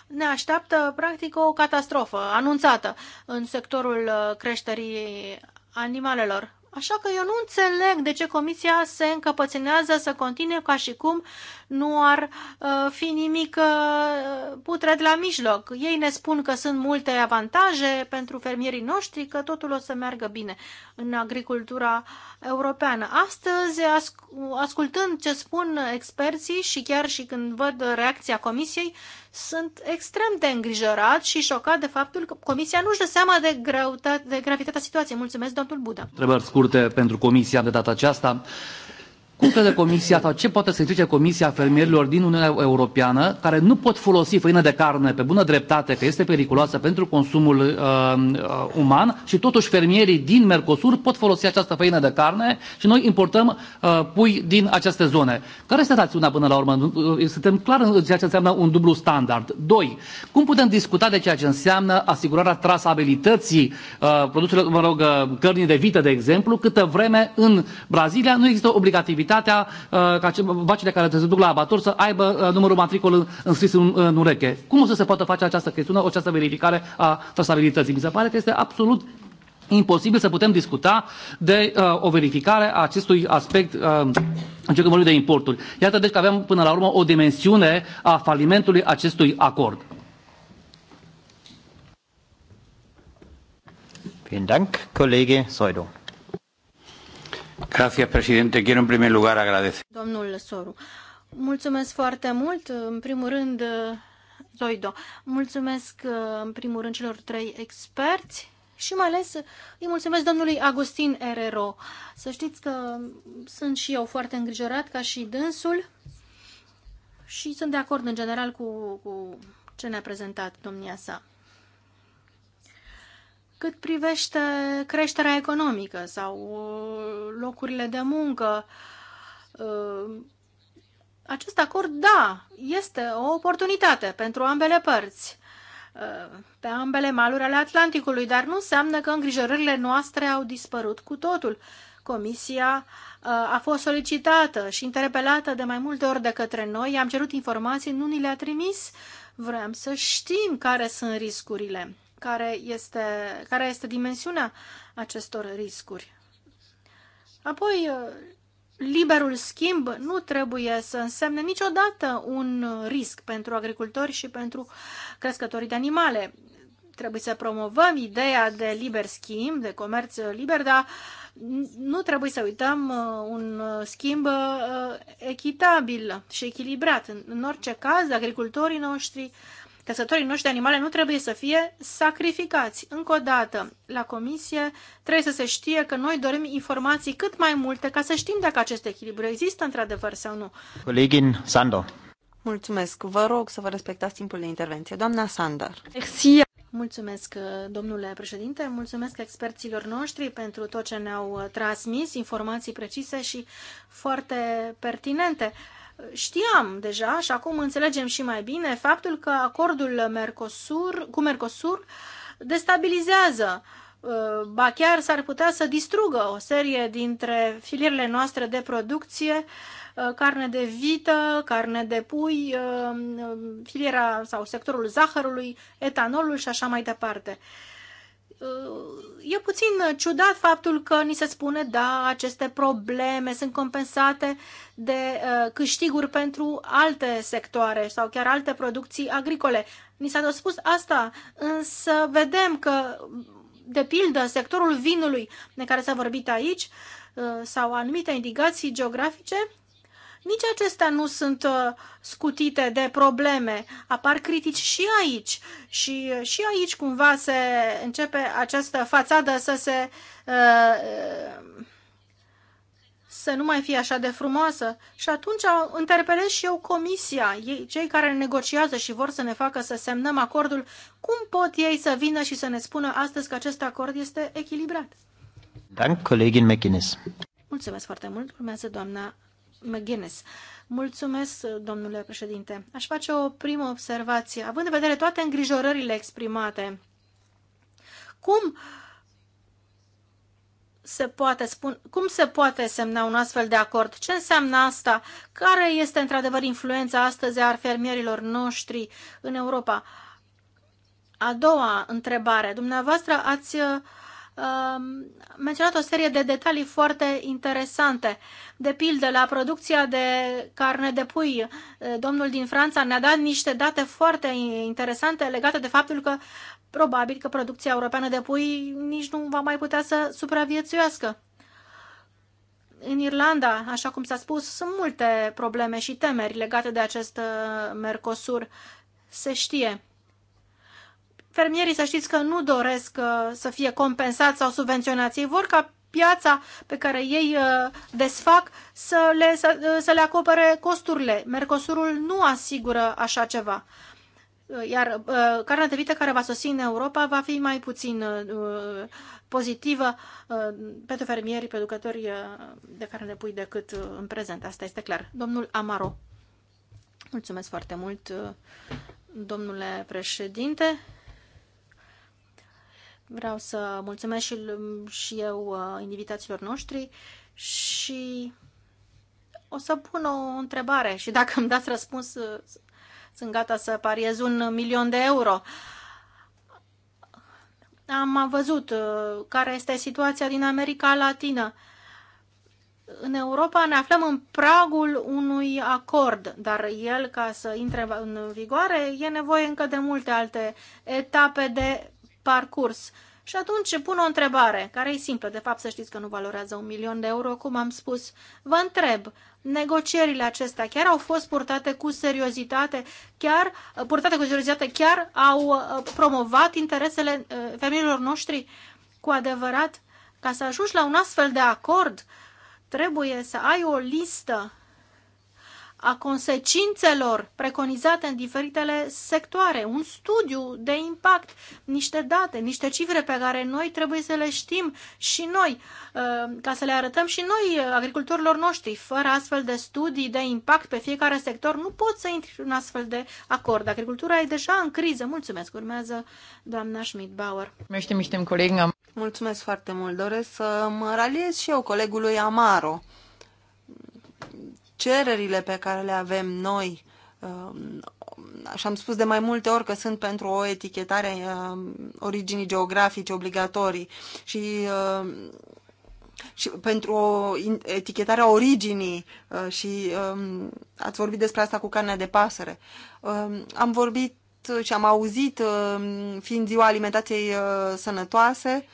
ne așteaptă practic o catastrofă anunțată în sectorul uh, creșterii animalelor. Așa că eu nu înțeleg de ce Comisia se încăpățânează să continue ca și cum nu ar uh, fi nimic uh, putred la mijloc. Ei ne spun că sunt multe avantaje pentru fermierii noștri, că totul o să meargă bine în agricultura europeană. Astăzi, ascultând ce spun experții și chiar și când văd reacția comisiei, sunt extrem de îngrijorat și șocat de faptul că Comisia nu-și dă seama de, greutate, de gravitatea situației. Mulțumesc, domnul Buda. Trebuie scurte pentru Comisia de data aceasta. Cum crede Comisia sau ce poate să explice Comisia fermierilor din Uniunea Europeană care nu pot folosi făină de carne pe bună dreptate, că este periculoasă pentru consumul uh, uh uman și totuși fermierii din Mercosur pot folosi această făină de carne și noi importăm uh, pui din aceste zone. Care este rațiunea până la urmă? Uh, suntem clar în ceea ce înseamnă un dublu standard. Doi, cum putem discuta de ceea ce înseamnă asigurarea trasabilității uh, produselor, mă rog, uh, cărnii de vită, de exemplu, câtă vreme în Brazilia nu există obligativitate activitatea uh, ca vacile care se duc la abator să aibă uh, numărul matricol înscris în, în ureche. Cum o să se poată face această chestiune, această verificare a trasabilității? Mi se pare că este absolut imposibil să putem discuta de uh, o verificare a acestui aspect uh, în ce vorbim de importuri. Iată deci că avem până la urmă o dimensiune a falimentului acestui acord. Vielen Dank, Kollege Seudow. Gracias, președinte. Quiero în primul lugar agradecer. Domnul Soru, mulțumesc foarte mult. În primul rând, Zoido, mulțumesc în primul rând celor trei experți și mai ales îi mulțumesc domnului Agustin Erero. Să știți că sunt și eu foarte îngrijorat ca și dânsul și sunt de acord în general cu, cu ce ne-a prezentat domnia sa. Cât privește creșterea economică sau uh, locurile de muncă, uh, acest acord, da, este o oportunitate pentru ambele părți, uh, pe ambele maluri ale Atlanticului, dar nu înseamnă că îngrijorările noastre au dispărut cu totul. Comisia a fost solicitată și interpelată de mai multe ori de către noi, am cerut informații, nu ni le-a trimis. Vrem să știm care sunt riscurile care este, care este dimensiunea acestor riscuri. Apoi, liberul schimb nu trebuie să însemne niciodată un risc pentru agricultori și pentru crescătorii de animale. Trebuie să promovăm ideea de liber schimb, de comerț liber, dar nu trebuie să uităm uh, un schimb uh, echitabil și echilibrat. În orice caz, agricultorii noștri Căsătorii noștri de animale nu trebuie să fie sacrificați. Încă o dată, la comisie trebuie să se știe că noi dorim informații cât mai multe ca să știm dacă acest echilibru există într-adevăr sau nu. Colegin Sando. Mulțumesc. Vă rog să vă respectați timpul de intervenție. Doamna Sandar. Merci. Mulțumesc, domnule președinte, mulțumesc experților noștri pentru tot ce ne-au transmis, informații precise și foarte pertinente. Știam deja și acum înțelegem și mai bine faptul că acordul Mercosur, cu Mercosur destabilizează uh, ba chiar s-ar putea să distrugă o serie dintre filierele noastre de producție, uh, carne de vită, carne de pui, uh, filiera sau sectorul zahărului, etanolul și așa mai departe. Uh, e puțin ciudat faptul că ni se spune, da, aceste probleme sunt compensate de uh, câștiguri pentru alte sectoare sau chiar alte producții agricole. Ni s-a spus asta, însă vedem că, de pildă, sectorul vinului de care s-a vorbit aici uh, sau anumite indicații geografice nici acestea nu sunt uh, scutite de probleme. Apar critici și aici. Și, uh, și aici cumva se începe această fațadă să se uh, să nu mai fie așa de frumoasă. Și atunci interpelez și eu comisia, ei, cei care negociază și vor să ne facă să semnăm acordul, cum pot ei să vină și să ne spună astăzi că acest acord este echilibrat? Dank, colegin McInnes. Mulțumesc foarte mult. Urmează doamna McGuinness. Mulțumesc, domnule președinte. Aș face o primă observație, având în vedere toate îngrijorările exprimate. Cum se poate, spun, cum se poate semna un astfel de acord? Ce înseamnă asta? Care este într-adevăr influența astăzi a fermierilor noștri în Europa? A doua întrebare. Dumneavoastră ați uh, menționat o serie de detalii foarte interesante. De pildă, la producția de carne de pui, eh, domnul din Franța ne-a dat niște date foarte interesante legate de faptul că probabil că producția europeană de pui nici nu va mai putea să supraviețuiască. În Irlanda, așa cum s-a spus, sunt multe probleme și temeri legate de acest eh, Mercosur. Se știe Fermierii să știți că nu doresc uh, să fie compensați sau subvenționați. Ei vor ca piața pe care ei uh, desfac să le, să, uh, să le acopere costurile. Mercosurul nu asigură așa ceva. Iar uh, carnea de vită care va sosi în Europa va fi mai puțin uh, pozitivă uh, pentru fermieri, producători uh, de carne de pui decât uh, în prezent. Asta este clar. Domnul Amaro. Mulțumesc foarte mult, uh, domnule președinte. Vreau să mulțumesc și, și eu uh, invitațiilor noștri și o să pun o întrebare și dacă îmi dați răspuns, uh, sunt gata să pariez un milion de euro. Am văzut uh, care este situația din America Latină. În Europa ne aflăm în pragul unui acord, dar el, ca să intre în vigoare, e nevoie încă de multe alte etape de parcurs. Și atunci pun o întrebare, care e simplă, de fapt să știți că nu valorează un milion de euro, cum am spus. Vă întreb, negocierile acestea chiar au fost purtate cu seriozitate, chiar purtate cu seriozitate, chiar au uh, promovat interesele uh, femeilor noștri cu adevărat? Ca să ajungi la un astfel de acord, trebuie să ai o listă a consecințelor preconizate în diferitele sectoare, un studiu de impact, niște date, niște cifre pe care noi trebuie să le știm și noi, uh, ca să le arătăm și noi uh, agricultorilor noștri. Fără astfel de studii de impact pe fiecare sector, nu poți să intri în astfel de acord. Agricultura e deja în criză. Mulțumesc. Urmează doamna Schmidt-Bauer. Mulțumesc foarte mult. Doresc să mă raliez și eu colegului Amaro cererile pe care le avem noi, um, și am spus de mai multe ori că sunt pentru o etichetare um, originii geografice obligatorii și, um, și pentru o etichetare a originii uh, și ați vorbit despre asta cu carnea de pasăre. Am vorbit și am auzit, fiind ziua alimentației uh, sănătoase,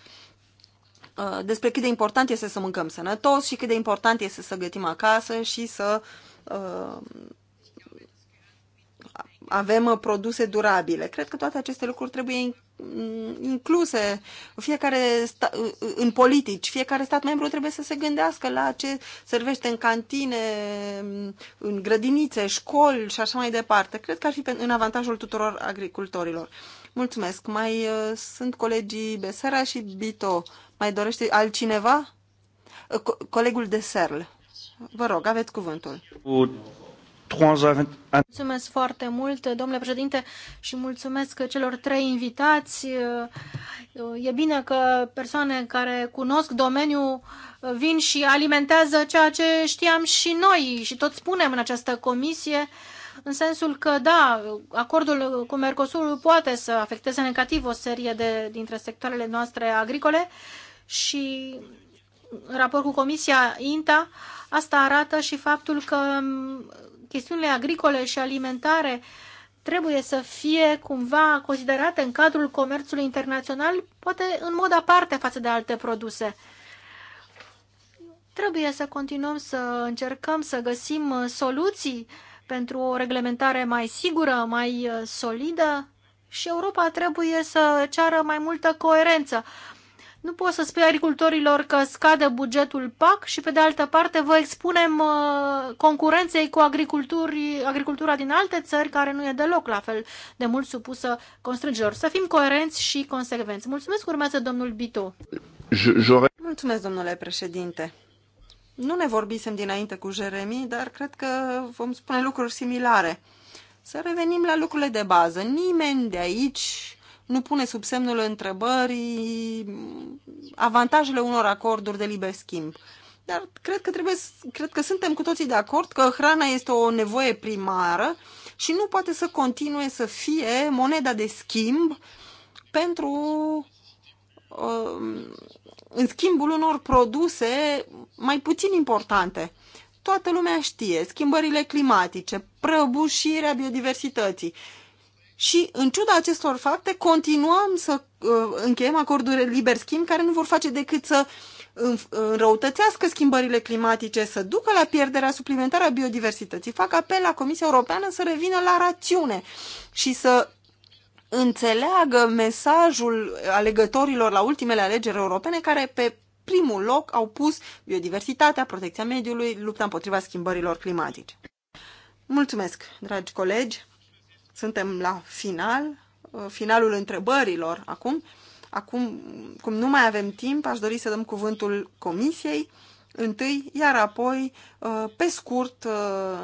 Uh, despre cât de important este să mâncăm sănătos și cât de important este să gătim acasă și să uh, avem produse durabile. Cred că toate aceste lucruri trebuie mm, incluse fiecare sta, uh, uh, în politici. Fiecare stat membru trebuie să se gândească la ce servește în cantine, mm, în grădinițe, școli și așa mai departe. Cred că ar fi în avantajul tuturor agricultorilor. Mulțumesc. Mai sunt colegii Besera și Bito mai dorește altcineva? colegul de Serl. Vă rog, aveți cuvântul. Mulțumesc foarte mult, domnule președinte, și mulțumesc celor trei invitați. E bine că persoane care cunosc domeniul vin și alimentează ceea ce știam și noi și tot spunem în această comisie, în sensul că, da, acordul cu Mercosur poate să afecteze negativ o serie de, dintre sectoarele noastre agricole, și în raport cu Comisia INTA, asta arată și faptul că mm, chestiunile agricole și alimentare trebuie să fie cumva considerate în cadrul comerțului internațional, poate în mod aparte față de alte produse. Trebuie să continuăm să încercăm să găsim uh, soluții pentru o reglementare mai sigură, mai uh, solidă și Europa trebuie să ceară mai multă coerență nu poți să spui agricultorilor că scade bugetul PAC și pe de altă parte vă expunem uh, concurenței cu agriculturi, agricultura din alte țări care nu e deloc la fel de mult supusă constrângerilor. Să fim coerenți și consecvenți. Mulțumesc, urmează domnul Bito. Mulțumesc, domnule președinte. Nu ne vorbisem dinainte cu Jeremy, dar cred că vom spune lucruri similare. Să revenim la lucrurile de bază. Nimeni de aici nu pune sub semnul întrebării avantajele unor acorduri de liber schimb. Dar cred că, trebuie, cred că suntem cu toții de acord că hrana este o nevoie primară și nu poate să continue să fie moneda de schimb pentru um, în schimbul unor produse mai puțin importante. Toată lumea știe schimbările climatice, prăbușirea biodiversității, și, în ciuda acestor fapte, continuăm să uh, încheiem acorduri liber schimb care nu vor face decât să înrăutățească schimbările climatice, să ducă la pierderea suplimentară a biodiversității. Fac apel la Comisia Europeană să revină la rațiune și să înțeleagă mesajul alegătorilor la ultimele alegeri europene care pe primul loc au pus biodiversitatea, protecția mediului, lupta împotriva schimbărilor climatice. Mulțumesc, dragi colegi! Suntem la final, uh, finalul întrebărilor acum. Acum, cum nu mai avem timp, aș dori să dăm cuvântul comisiei întâi, iar apoi, uh, pe scurt, uh,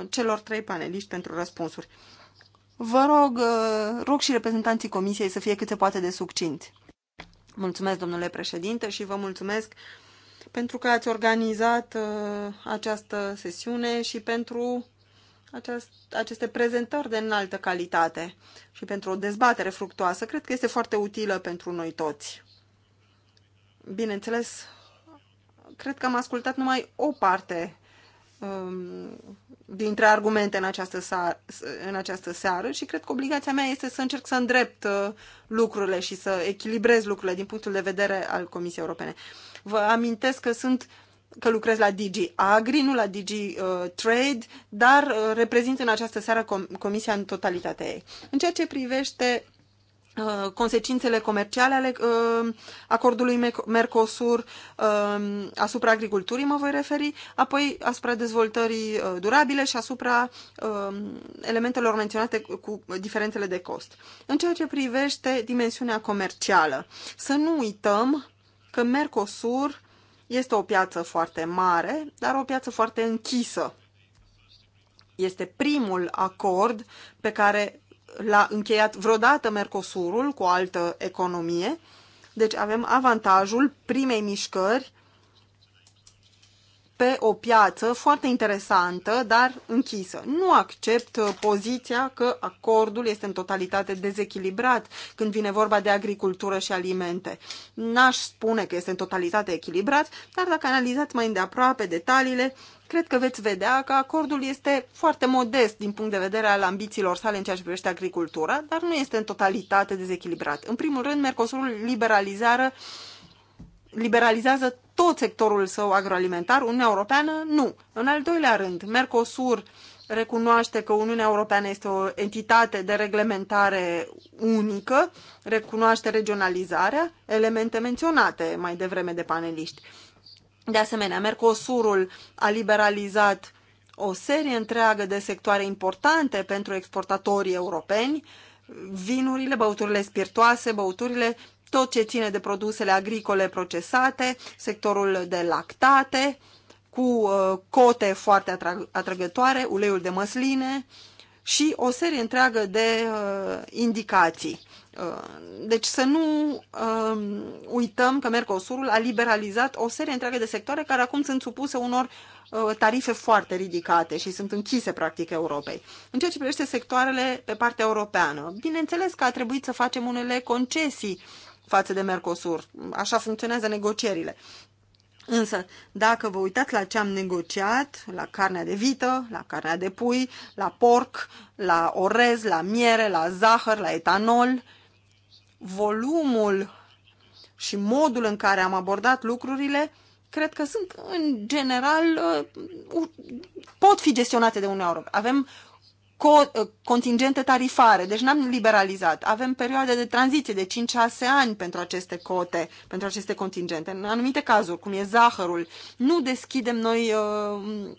celor trei paneliști pentru răspunsuri. Vă rog, rog și reprezentanții comisiei să fie cât se poate de succinți. Mulțumesc, domnule președinte, și vă mulțumesc pentru că ați organizat această sesiune și pentru aceast, aceste prezentări de înaltă calitate și pentru o dezbatere fructoasă. Cred că este foarte utilă pentru noi toți. Bineînțeles, cred că am ascultat numai o parte um, dintre argumente în această, seară, în această seară și cred că obligația mea este să încerc să îndrept uh, lucrurile și să echilibrez lucrurile din punctul de vedere al Comisiei Europene. Vă amintesc că sunt că lucrez la Digi Agri, nu la Digi uh, Trade, dar uh, reprezint în această seară comisia în totalitatea ei. În ceea ce privește uh, consecințele comerciale ale acordului Mercosur um, asupra agriculturii mă voi referi, apoi asupra dezvoltării durabile și asupra um, elementelor menționate cu diferențele de cost. În ceea ce privește dimensiunea comercială, să nu uităm că Mercosur este o piață foarte mare, dar o piață foarte închisă. Este primul acord pe care l-a încheiat vreodată Mercosurul cu o altă economie. Deci avem avantajul primei mișcări pe o piață foarte interesantă, dar închisă. Nu accept uh, poziția că acordul este în totalitate dezechilibrat când vine vorba de agricultură și alimente. N-aș spune că este în totalitate echilibrat, dar dacă analizați mai îndeaproape detaliile, cred că veți vedea că acordul este foarte modest din punct de vedere al ambițiilor sale în ceea ce privește agricultura, dar nu este în totalitate dezechilibrat. În primul rând, Mercosurul liberalizează liberalizează tot sectorul său agroalimentar, Uniunea Europeană nu. În al doilea rând, Mercosur recunoaște că Uniunea Europeană este o entitate de reglementare unică, recunoaște regionalizarea, elemente menționate mai devreme de paneliști. De asemenea, Mercosurul a liberalizat o serie întreagă de sectoare importante pentru exportatorii europeni, vinurile, băuturile spiritoase, băuturile tot ce ține de produsele agricole procesate, sectorul de lactate, cu uh, cote foarte atrăgătoare, uleiul de măsline și o serie întreagă de uh, indicații. Uh, deci să nu um, uităm că Mercosurul a liberalizat o serie întreagă de sectoare care acum sunt supuse unor tarife foarte ridicate și sunt închise practic Europei. În ceea ce privește sectoarele pe partea europeană, bineînțeles că a trebuit să facem unele concesii față de Mercosur. Așa funcționează negocierile. Însă, dacă vă uitați la ce am negociat, la carnea de vită, la carnea de pui, la porc, la orez, la miere, la zahăr, la etanol, volumul și modul în care am abordat lucrurile, cred că sunt, în general, uh, pot fi gestionate de Uniunea Europeană. Avem co- uh, contingente tarifare, deci n-am liberalizat. Avem perioade de tranziție de 5-6 ani pentru aceste cote, pentru aceste contingente. În anumite cazuri, cum e zahărul, nu deschidem noi uh,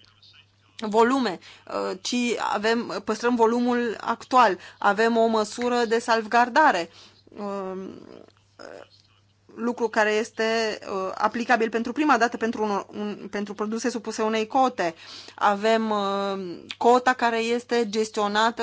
volume, uh, ci avem, păstrăm volumul actual. Avem o măsură de salvgardare lucru care este uh, aplicabil pentru prima dată pentru, un, un, pentru produse supuse unei cote. Avem uh, cota care este gestionată,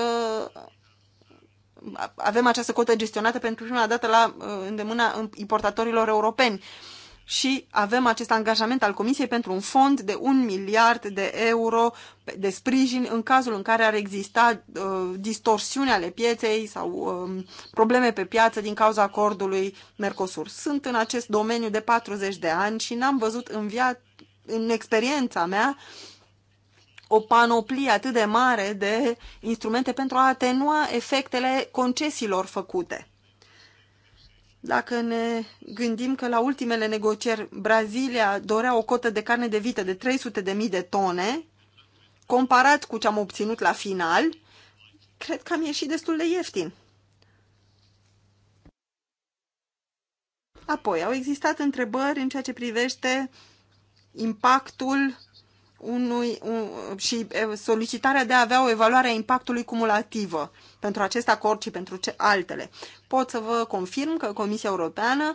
avem această cotă gestionată pentru prima dată la uh, îndemâna importatorilor europeni. Uh, și avem acest angajament al Comisiei pentru un fond de un miliard de euro de sprijin în cazul în care ar exista uh, distorsiuni ale pieței sau uh, probleme pe piață din cauza acordului Mercosur. Sunt în acest domeniu de 40 de ani și n-am văzut în, via- în experiența mea o panoplie atât de mare de instrumente pentru a atenua efectele concesiilor făcute dacă ne gândim că la ultimele negocieri Brazilia dorea o cotă de carne de vită de 300.000 de tone, comparat cu ce am obținut la final, cred că am ieșit destul de ieftin. Apoi, au existat întrebări în ceea ce privește impactul unui, un, și solicitarea de a avea o evaluare a impactului cumulativă pentru acest acord și pentru ce, altele. Pot să vă confirm că Comisia Europeană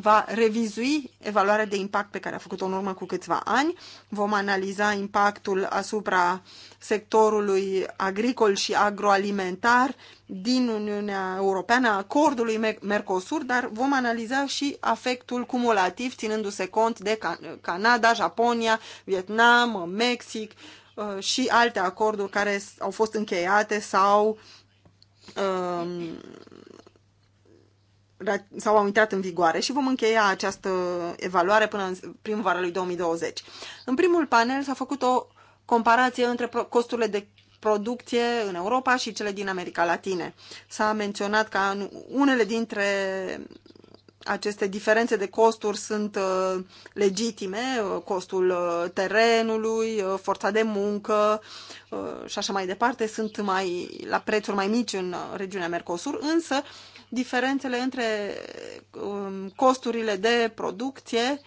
va revizui evaluarea de impact pe care a făcut-o în urmă cu câțiva ani. Vom analiza impactul asupra sectorului agricol și agroalimentar din Uniunea Europeană, acordului Mercosur, dar vom analiza și afectul cumulativ, ținându-se cont de Canada, Japonia, Vietnam, Mexic uh, și alte acorduri care au fost încheiate sau um, sau au intrat în vigoare și vom încheia această evaluare până în primăvara lui 2020. În primul panel s-a făcut o comparație între costurile de producție în Europa și cele din America Latine. S-a menționat că unele dintre aceste diferențe de costuri sunt uh, legitime, uh, costul uh, terenului, forța de muncă și așa mai departe, sunt mai la prețuri mai mici în regiunea Mercosur, însă diferențele între um, costurile de producție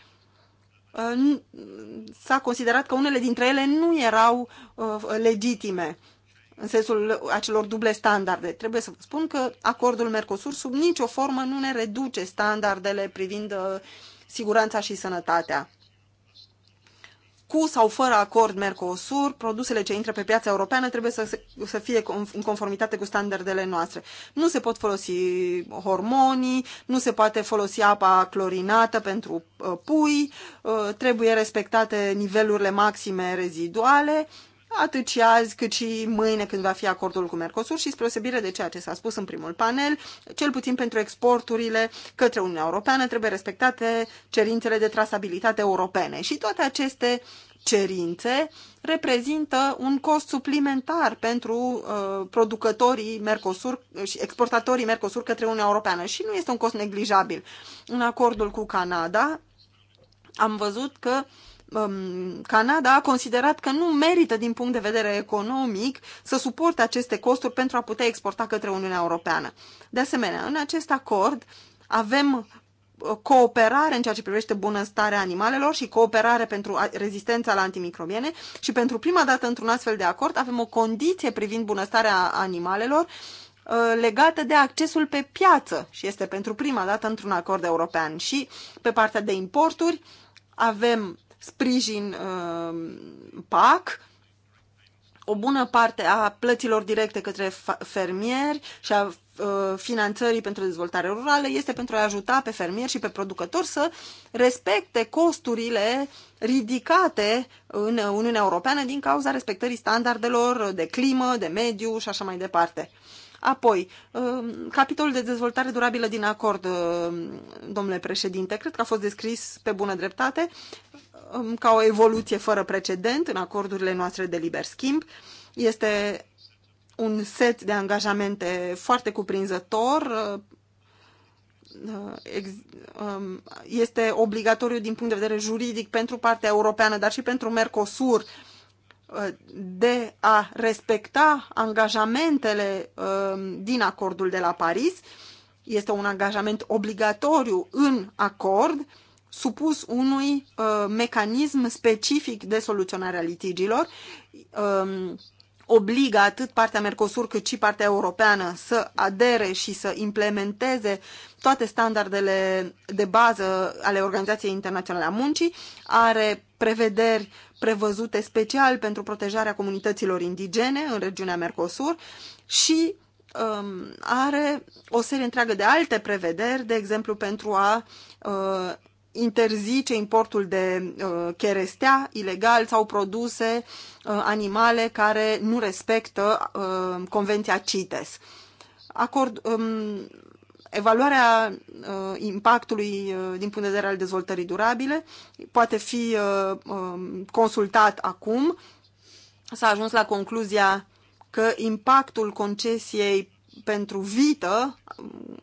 s-a considerat că unele dintre ele nu erau uh, legitime în sensul acelor duble standarde. Trebuie să vă spun că acordul Mercosur sub nicio formă nu ne reduce standardele privind uh, siguranța și sănătatea cu sau fără acord Mercosur, produsele ce intră pe piața europeană trebuie să, să fie în conformitate cu standardele noastre. Nu se pot folosi hormonii, nu se poate folosi apa clorinată pentru uh, pui, uh, trebuie respectate nivelurile maxime reziduale atât și azi cât și mâine când va fi acordul cu Mercosur și spre de ceea ce s-a spus în primul panel, cel puțin pentru exporturile către Uniunea Europeană trebuie respectate cerințele de trasabilitate europene și toate aceste cerințe reprezintă un cost suplimentar pentru uh, producătorii Mercosur și exportatorii Mercosur către Uniunea Europeană și nu este un cost neglijabil. În acordul cu Canada am văzut că uh, Um, Canada a considerat că nu merită din punct de vedere economic să suporte aceste costuri pentru a putea exporta către Uniunea Europeană. De asemenea, în acest acord avem uh, cooperare în ceea ce privește bunăstarea animalelor și cooperare pentru rezistența la antimicrobiene și pentru prima dată într-un astfel de acord avem o condiție privind bunăstarea animalelor uh, legată de accesul pe piață și este pentru prima dată într-un acord european și pe partea de importuri avem sprijin uh, PAC, o bună parte a plăților directe către fermieri și a uh, finanțării pentru dezvoltare rurală este pentru a ajuta pe fermieri și pe producători să respecte costurile ridicate în Uniunea Europeană din cauza respectării standardelor de climă, de mediu și așa mai departe. Apoi, um, capitolul de dezvoltare durabilă din acord, um, domnule președinte, cred că a fost descris pe bună dreptate um, ca o evoluție fără precedent în acordurile noastre de liber schimb. Este un set de angajamente foarte cuprinzător uh, uh, este obligatoriu din punct de vedere juridic pentru partea europeană, dar și pentru Mercosur de a respecta angajamentele um, din acordul de la Paris. Este un angajament obligatoriu în acord, supus unui uh, mecanism specific de soluționare a litigilor um, obligă atât partea Mercosur cât și partea europeană să adere și să implementeze toate standardele de bază ale Organizației Internaționale a Muncii, are prevederi prevăzute special pentru protejarea comunităților indigene în regiunea Mercosur și um, are o serie întreagă de alte prevederi, de exemplu pentru a uh, interzice importul de uh, cherestea ilegal sau produse uh, animale care nu respectă uh, convenția CITES. Acord, um, evaluarea uh, impactului uh, din punct de vedere al dezvoltării durabile poate fi uh, uh, consultat acum. S-a ajuns la concluzia că impactul concesiei pentru vită, um,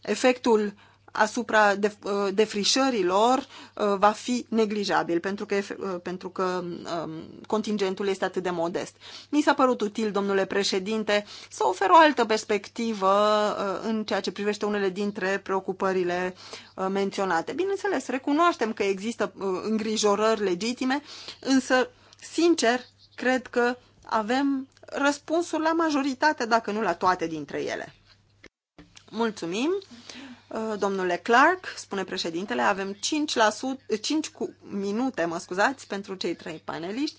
efectul uh, asupra uh, defrișărilor uh, va fi neglijabil pentru că, uh, pentru că um, contingentul este atât de modest. Mi s-a părut util, domnule președinte, să ofer o altă perspectivă în ceea ce privește unele dintre preocupările menționate. Bineînțeles, recunoaștem că există îngrijorări legitime, însă, sincer, cred că avem răspunsul la majoritate, dacă nu la toate dintre ele. Mulțumim! Uh, domnule Clark, spune președintele, avem 5, la 5 cu minute, mă scuzați, pentru cei trei paneliști.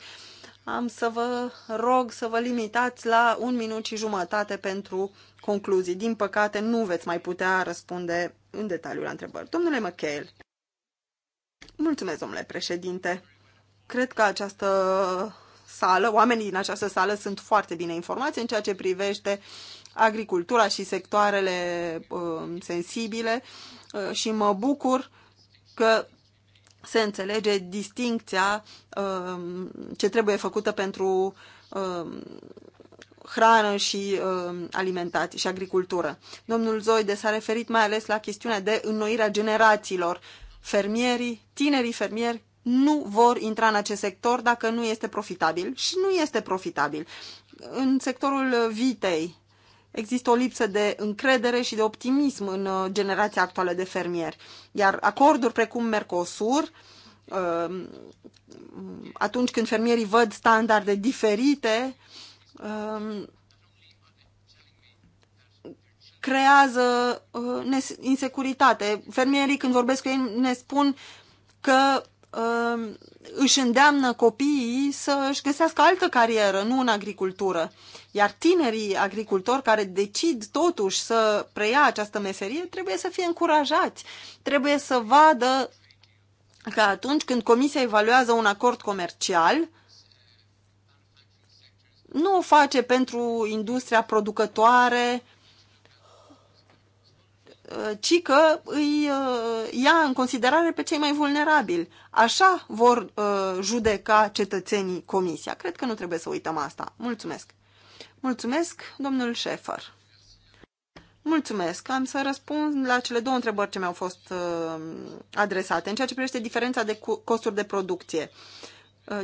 Am să vă rog să vă limitați la un minut și jumătate pentru concluzii. Din păcate, nu veți mai putea răspunde în detaliu la întrebări. Domnule McHale. Mulțumesc, domnule președinte. Cred că această sală, oamenii din această sală sunt foarte bine informați în ceea ce privește agricultura și sectoarele uh, sensibile uh, și mă bucur că se înțelege distincția uh, ce trebuie făcută pentru hrană și alimentație și agricultură. Domnul Zoide s-a referit mai ales la chestiunea de înnoirea generațiilor. Fermierii, tinerii fermieri nu vor intra în acest sector dacă nu este profitabil și nu este profitabil. În sectorul vitei, există o lipsă de încredere și de optimism în uh, generația actuală de fermieri. Iar acorduri precum Mercosur, uh, atunci când fermierii văd standarde diferite, uh, creează insecuritate. Fermierii, când vorbesc cu ei, ne spun că Um, își îndeamnă copiii să își găsească altă carieră, nu în agricultură. Iar tinerii agricultori care decid totuși să preia această meserie trebuie să fie încurajați, trebuie să vadă că atunci când comisia evaluează un acord comercial, nu o face pentru industria producătoare Uh, ci că îi uh, ia în considerare pe cei mai vulnerabili. Așa vor uh, judeca cetățenii comisia. Cred că nu trebuie să uităm asta. Mulțumesc. Mulțumesc, domnul Șefer. Mulțumesc. Am să răspund la cele două întrebări ce mi-au fost adresate. În ceea ce privește diferența de costuri de producție.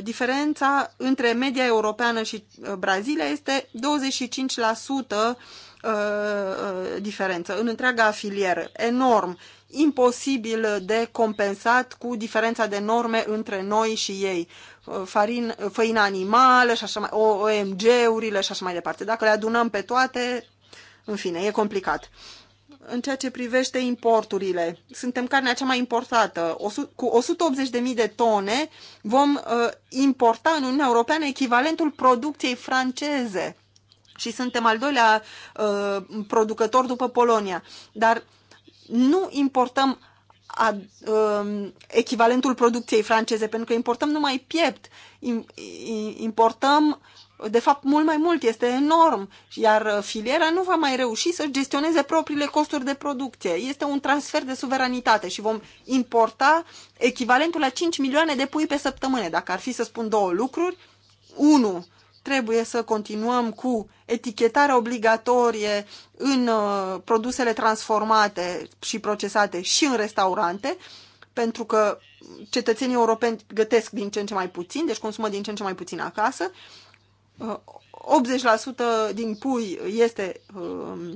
Diferența între media europeană și Brazilia este 25% Uh, uh, diferență în întreaga filieră, enorm, imposibil de compensat cu diferența de norme între noi și ei. Uh, farin, făina animală și așa mai, OMG-urile și așa mai departe. Dacă le adunăm pe toate, în fine, e complicat. În ceea ce privește importurile, suntem carnea cea mai importată. Cu 180.000 de tone vom uh, importa în Uniunea Europeană echivalentul producției franceze și suntem al doilea uh, producător după Polonia, dar nu importăm a, uh, um, echivalentul producției franceze, pentru că importăm numai piept, importăm de fapt mult mai mult, este enorm, iar uh, filiera nu va mai reuși să gestioneze propriile costuri de producție. Este un transfer de suveranitate și vom importa echivalentul la 5 milioane de pui pe săptămână. Dacă ar fi să spun două lucruri, unu. Trebuie să continuăm cu etichetarea obligatorie în uh, produsele transformate și procesate și în restaurante, pentru că cetățenii europeni gătesc din ce în ce mai puțin, deci consumă din ce în ce mai puțin acasă. 80% uh, din pui este uh,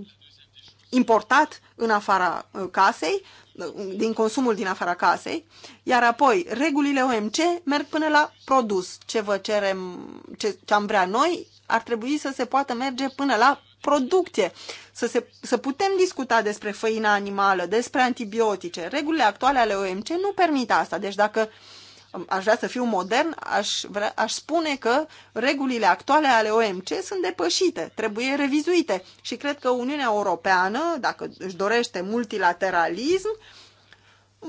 importat în afara uh, casei, uh, din consumul din afara casei, iar apoi regulile OMC merg până la produs. Ce vă cerem, ce, ce am vrea noi, ar trebui să se poată merge până la producție, să, se, să putem discuta despre făina animală, despre antibiotice. Regulile actuale ale OMC nu permit asta. Deci dacă uh, aș vrea să fiu modern, aș, vrea, aș spune că regulile actuale ale OMC sunt depășite, trebuie revizuite. Și cred că Uniunea Europeană, dacă își dorește multilateralism,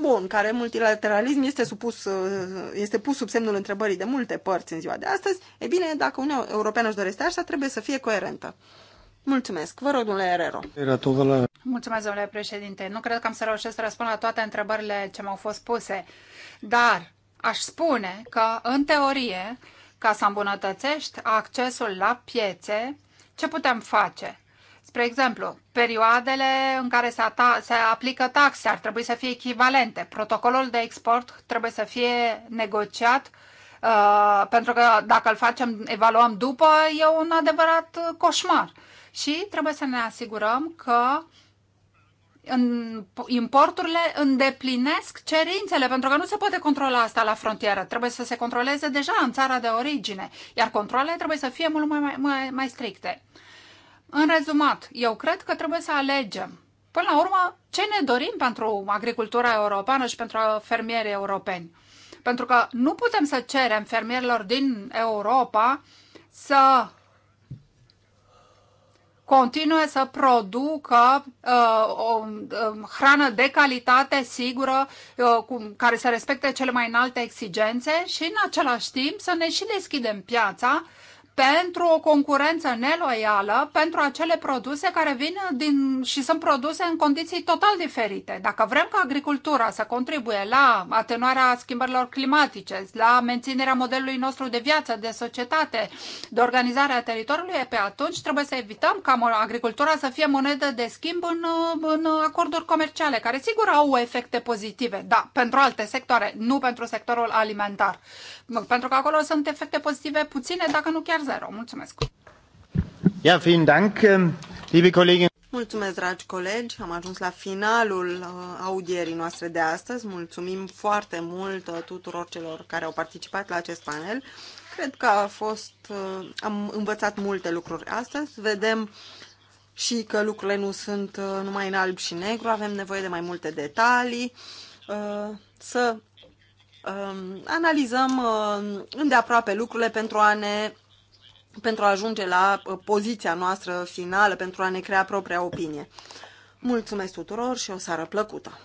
bun, care multilateralism este, supus, este pus sub semnul întrebării de multe părți în ziua de astăzi, e bine, dacă Uniunea Europeană își dorește asta, trebuie să fie coerentă. Mulțumesc. Vă rog, domnule Herero. Mulțumesc, domnule președinte. Nu cred că am să reușesc să răspund la toate întrebările ce m-au fost puse, dar aș spune că, în teorie, ca să îmbunătățești accesul la piețe, ce putem face? Spre exemplu, perioadele în care se, se aplică taxe ar trebui să fie echivalente. Protocolul de export trebuie să fie negociat uh, pentru că dacă îl facem, evaluăm după, e un adevărat coșmar. Și trebuie să ne asigurăm că uh, în importurile îndeplinesc cerințele, pentru că nu se poate controla asta la frontieră. Trebuie să se controleze deja în țara de origine, iar controlele trebuie să fie mult mai, mai, mai stricte. În rezumat, eu cred că trebuie să alegem, până la urmă, ce ne dorim pentru agricultura europeană și pentru fermierii europeni. Pentru că nu putem să cerem fermierilor din Europa să continue să producă uh, o uh, hrană de calitate, sigură, uh, cu, care să respecte cele mai înalte exigențe și în același timp să ne și deschidem piața uh, pentru o concurență neloială pentru acele produse care vin din, și sunt produse în condiții total diferite. Dacă vrem ca agricultura să contribuie la atenuarea schimbărilor climatice, la menținerea modelului nostru de viață, de societate, de organizare a teritoriului, pe atunci trebuie să evităm ca agricultura să fie monedă de schimb în, în acorduri comerciale, care sigur au efecte pozitive, da, pentru alte sectoare, nu pentru sectorul alimentar. Pentru că acolo sunt efecte pozitive puține, dacă nu chiar zero. Mulțumesc! Ja, vielen Dank, ähm, liebe Kollegin. Mulțumesc, dragi colegi! Am ajuns la finalul uh, audierii noastre de astăzi. Mulțumim foarte mult uh, tuturor celor care au participat la acest panel. Cred că a fost, uh, am învățat multe lucruri astăzi. Vedem și că lucrurile nu sunt numai în alb și negru, avem nevoie de mai multe detalii, să um, analizăm îndeaproape lucrurile pentru a ne pentru a ajunge la uh, poziția noastră finală, pentru a ne crea propria opinie. Mulțumesc tuturor și o seară plăcută!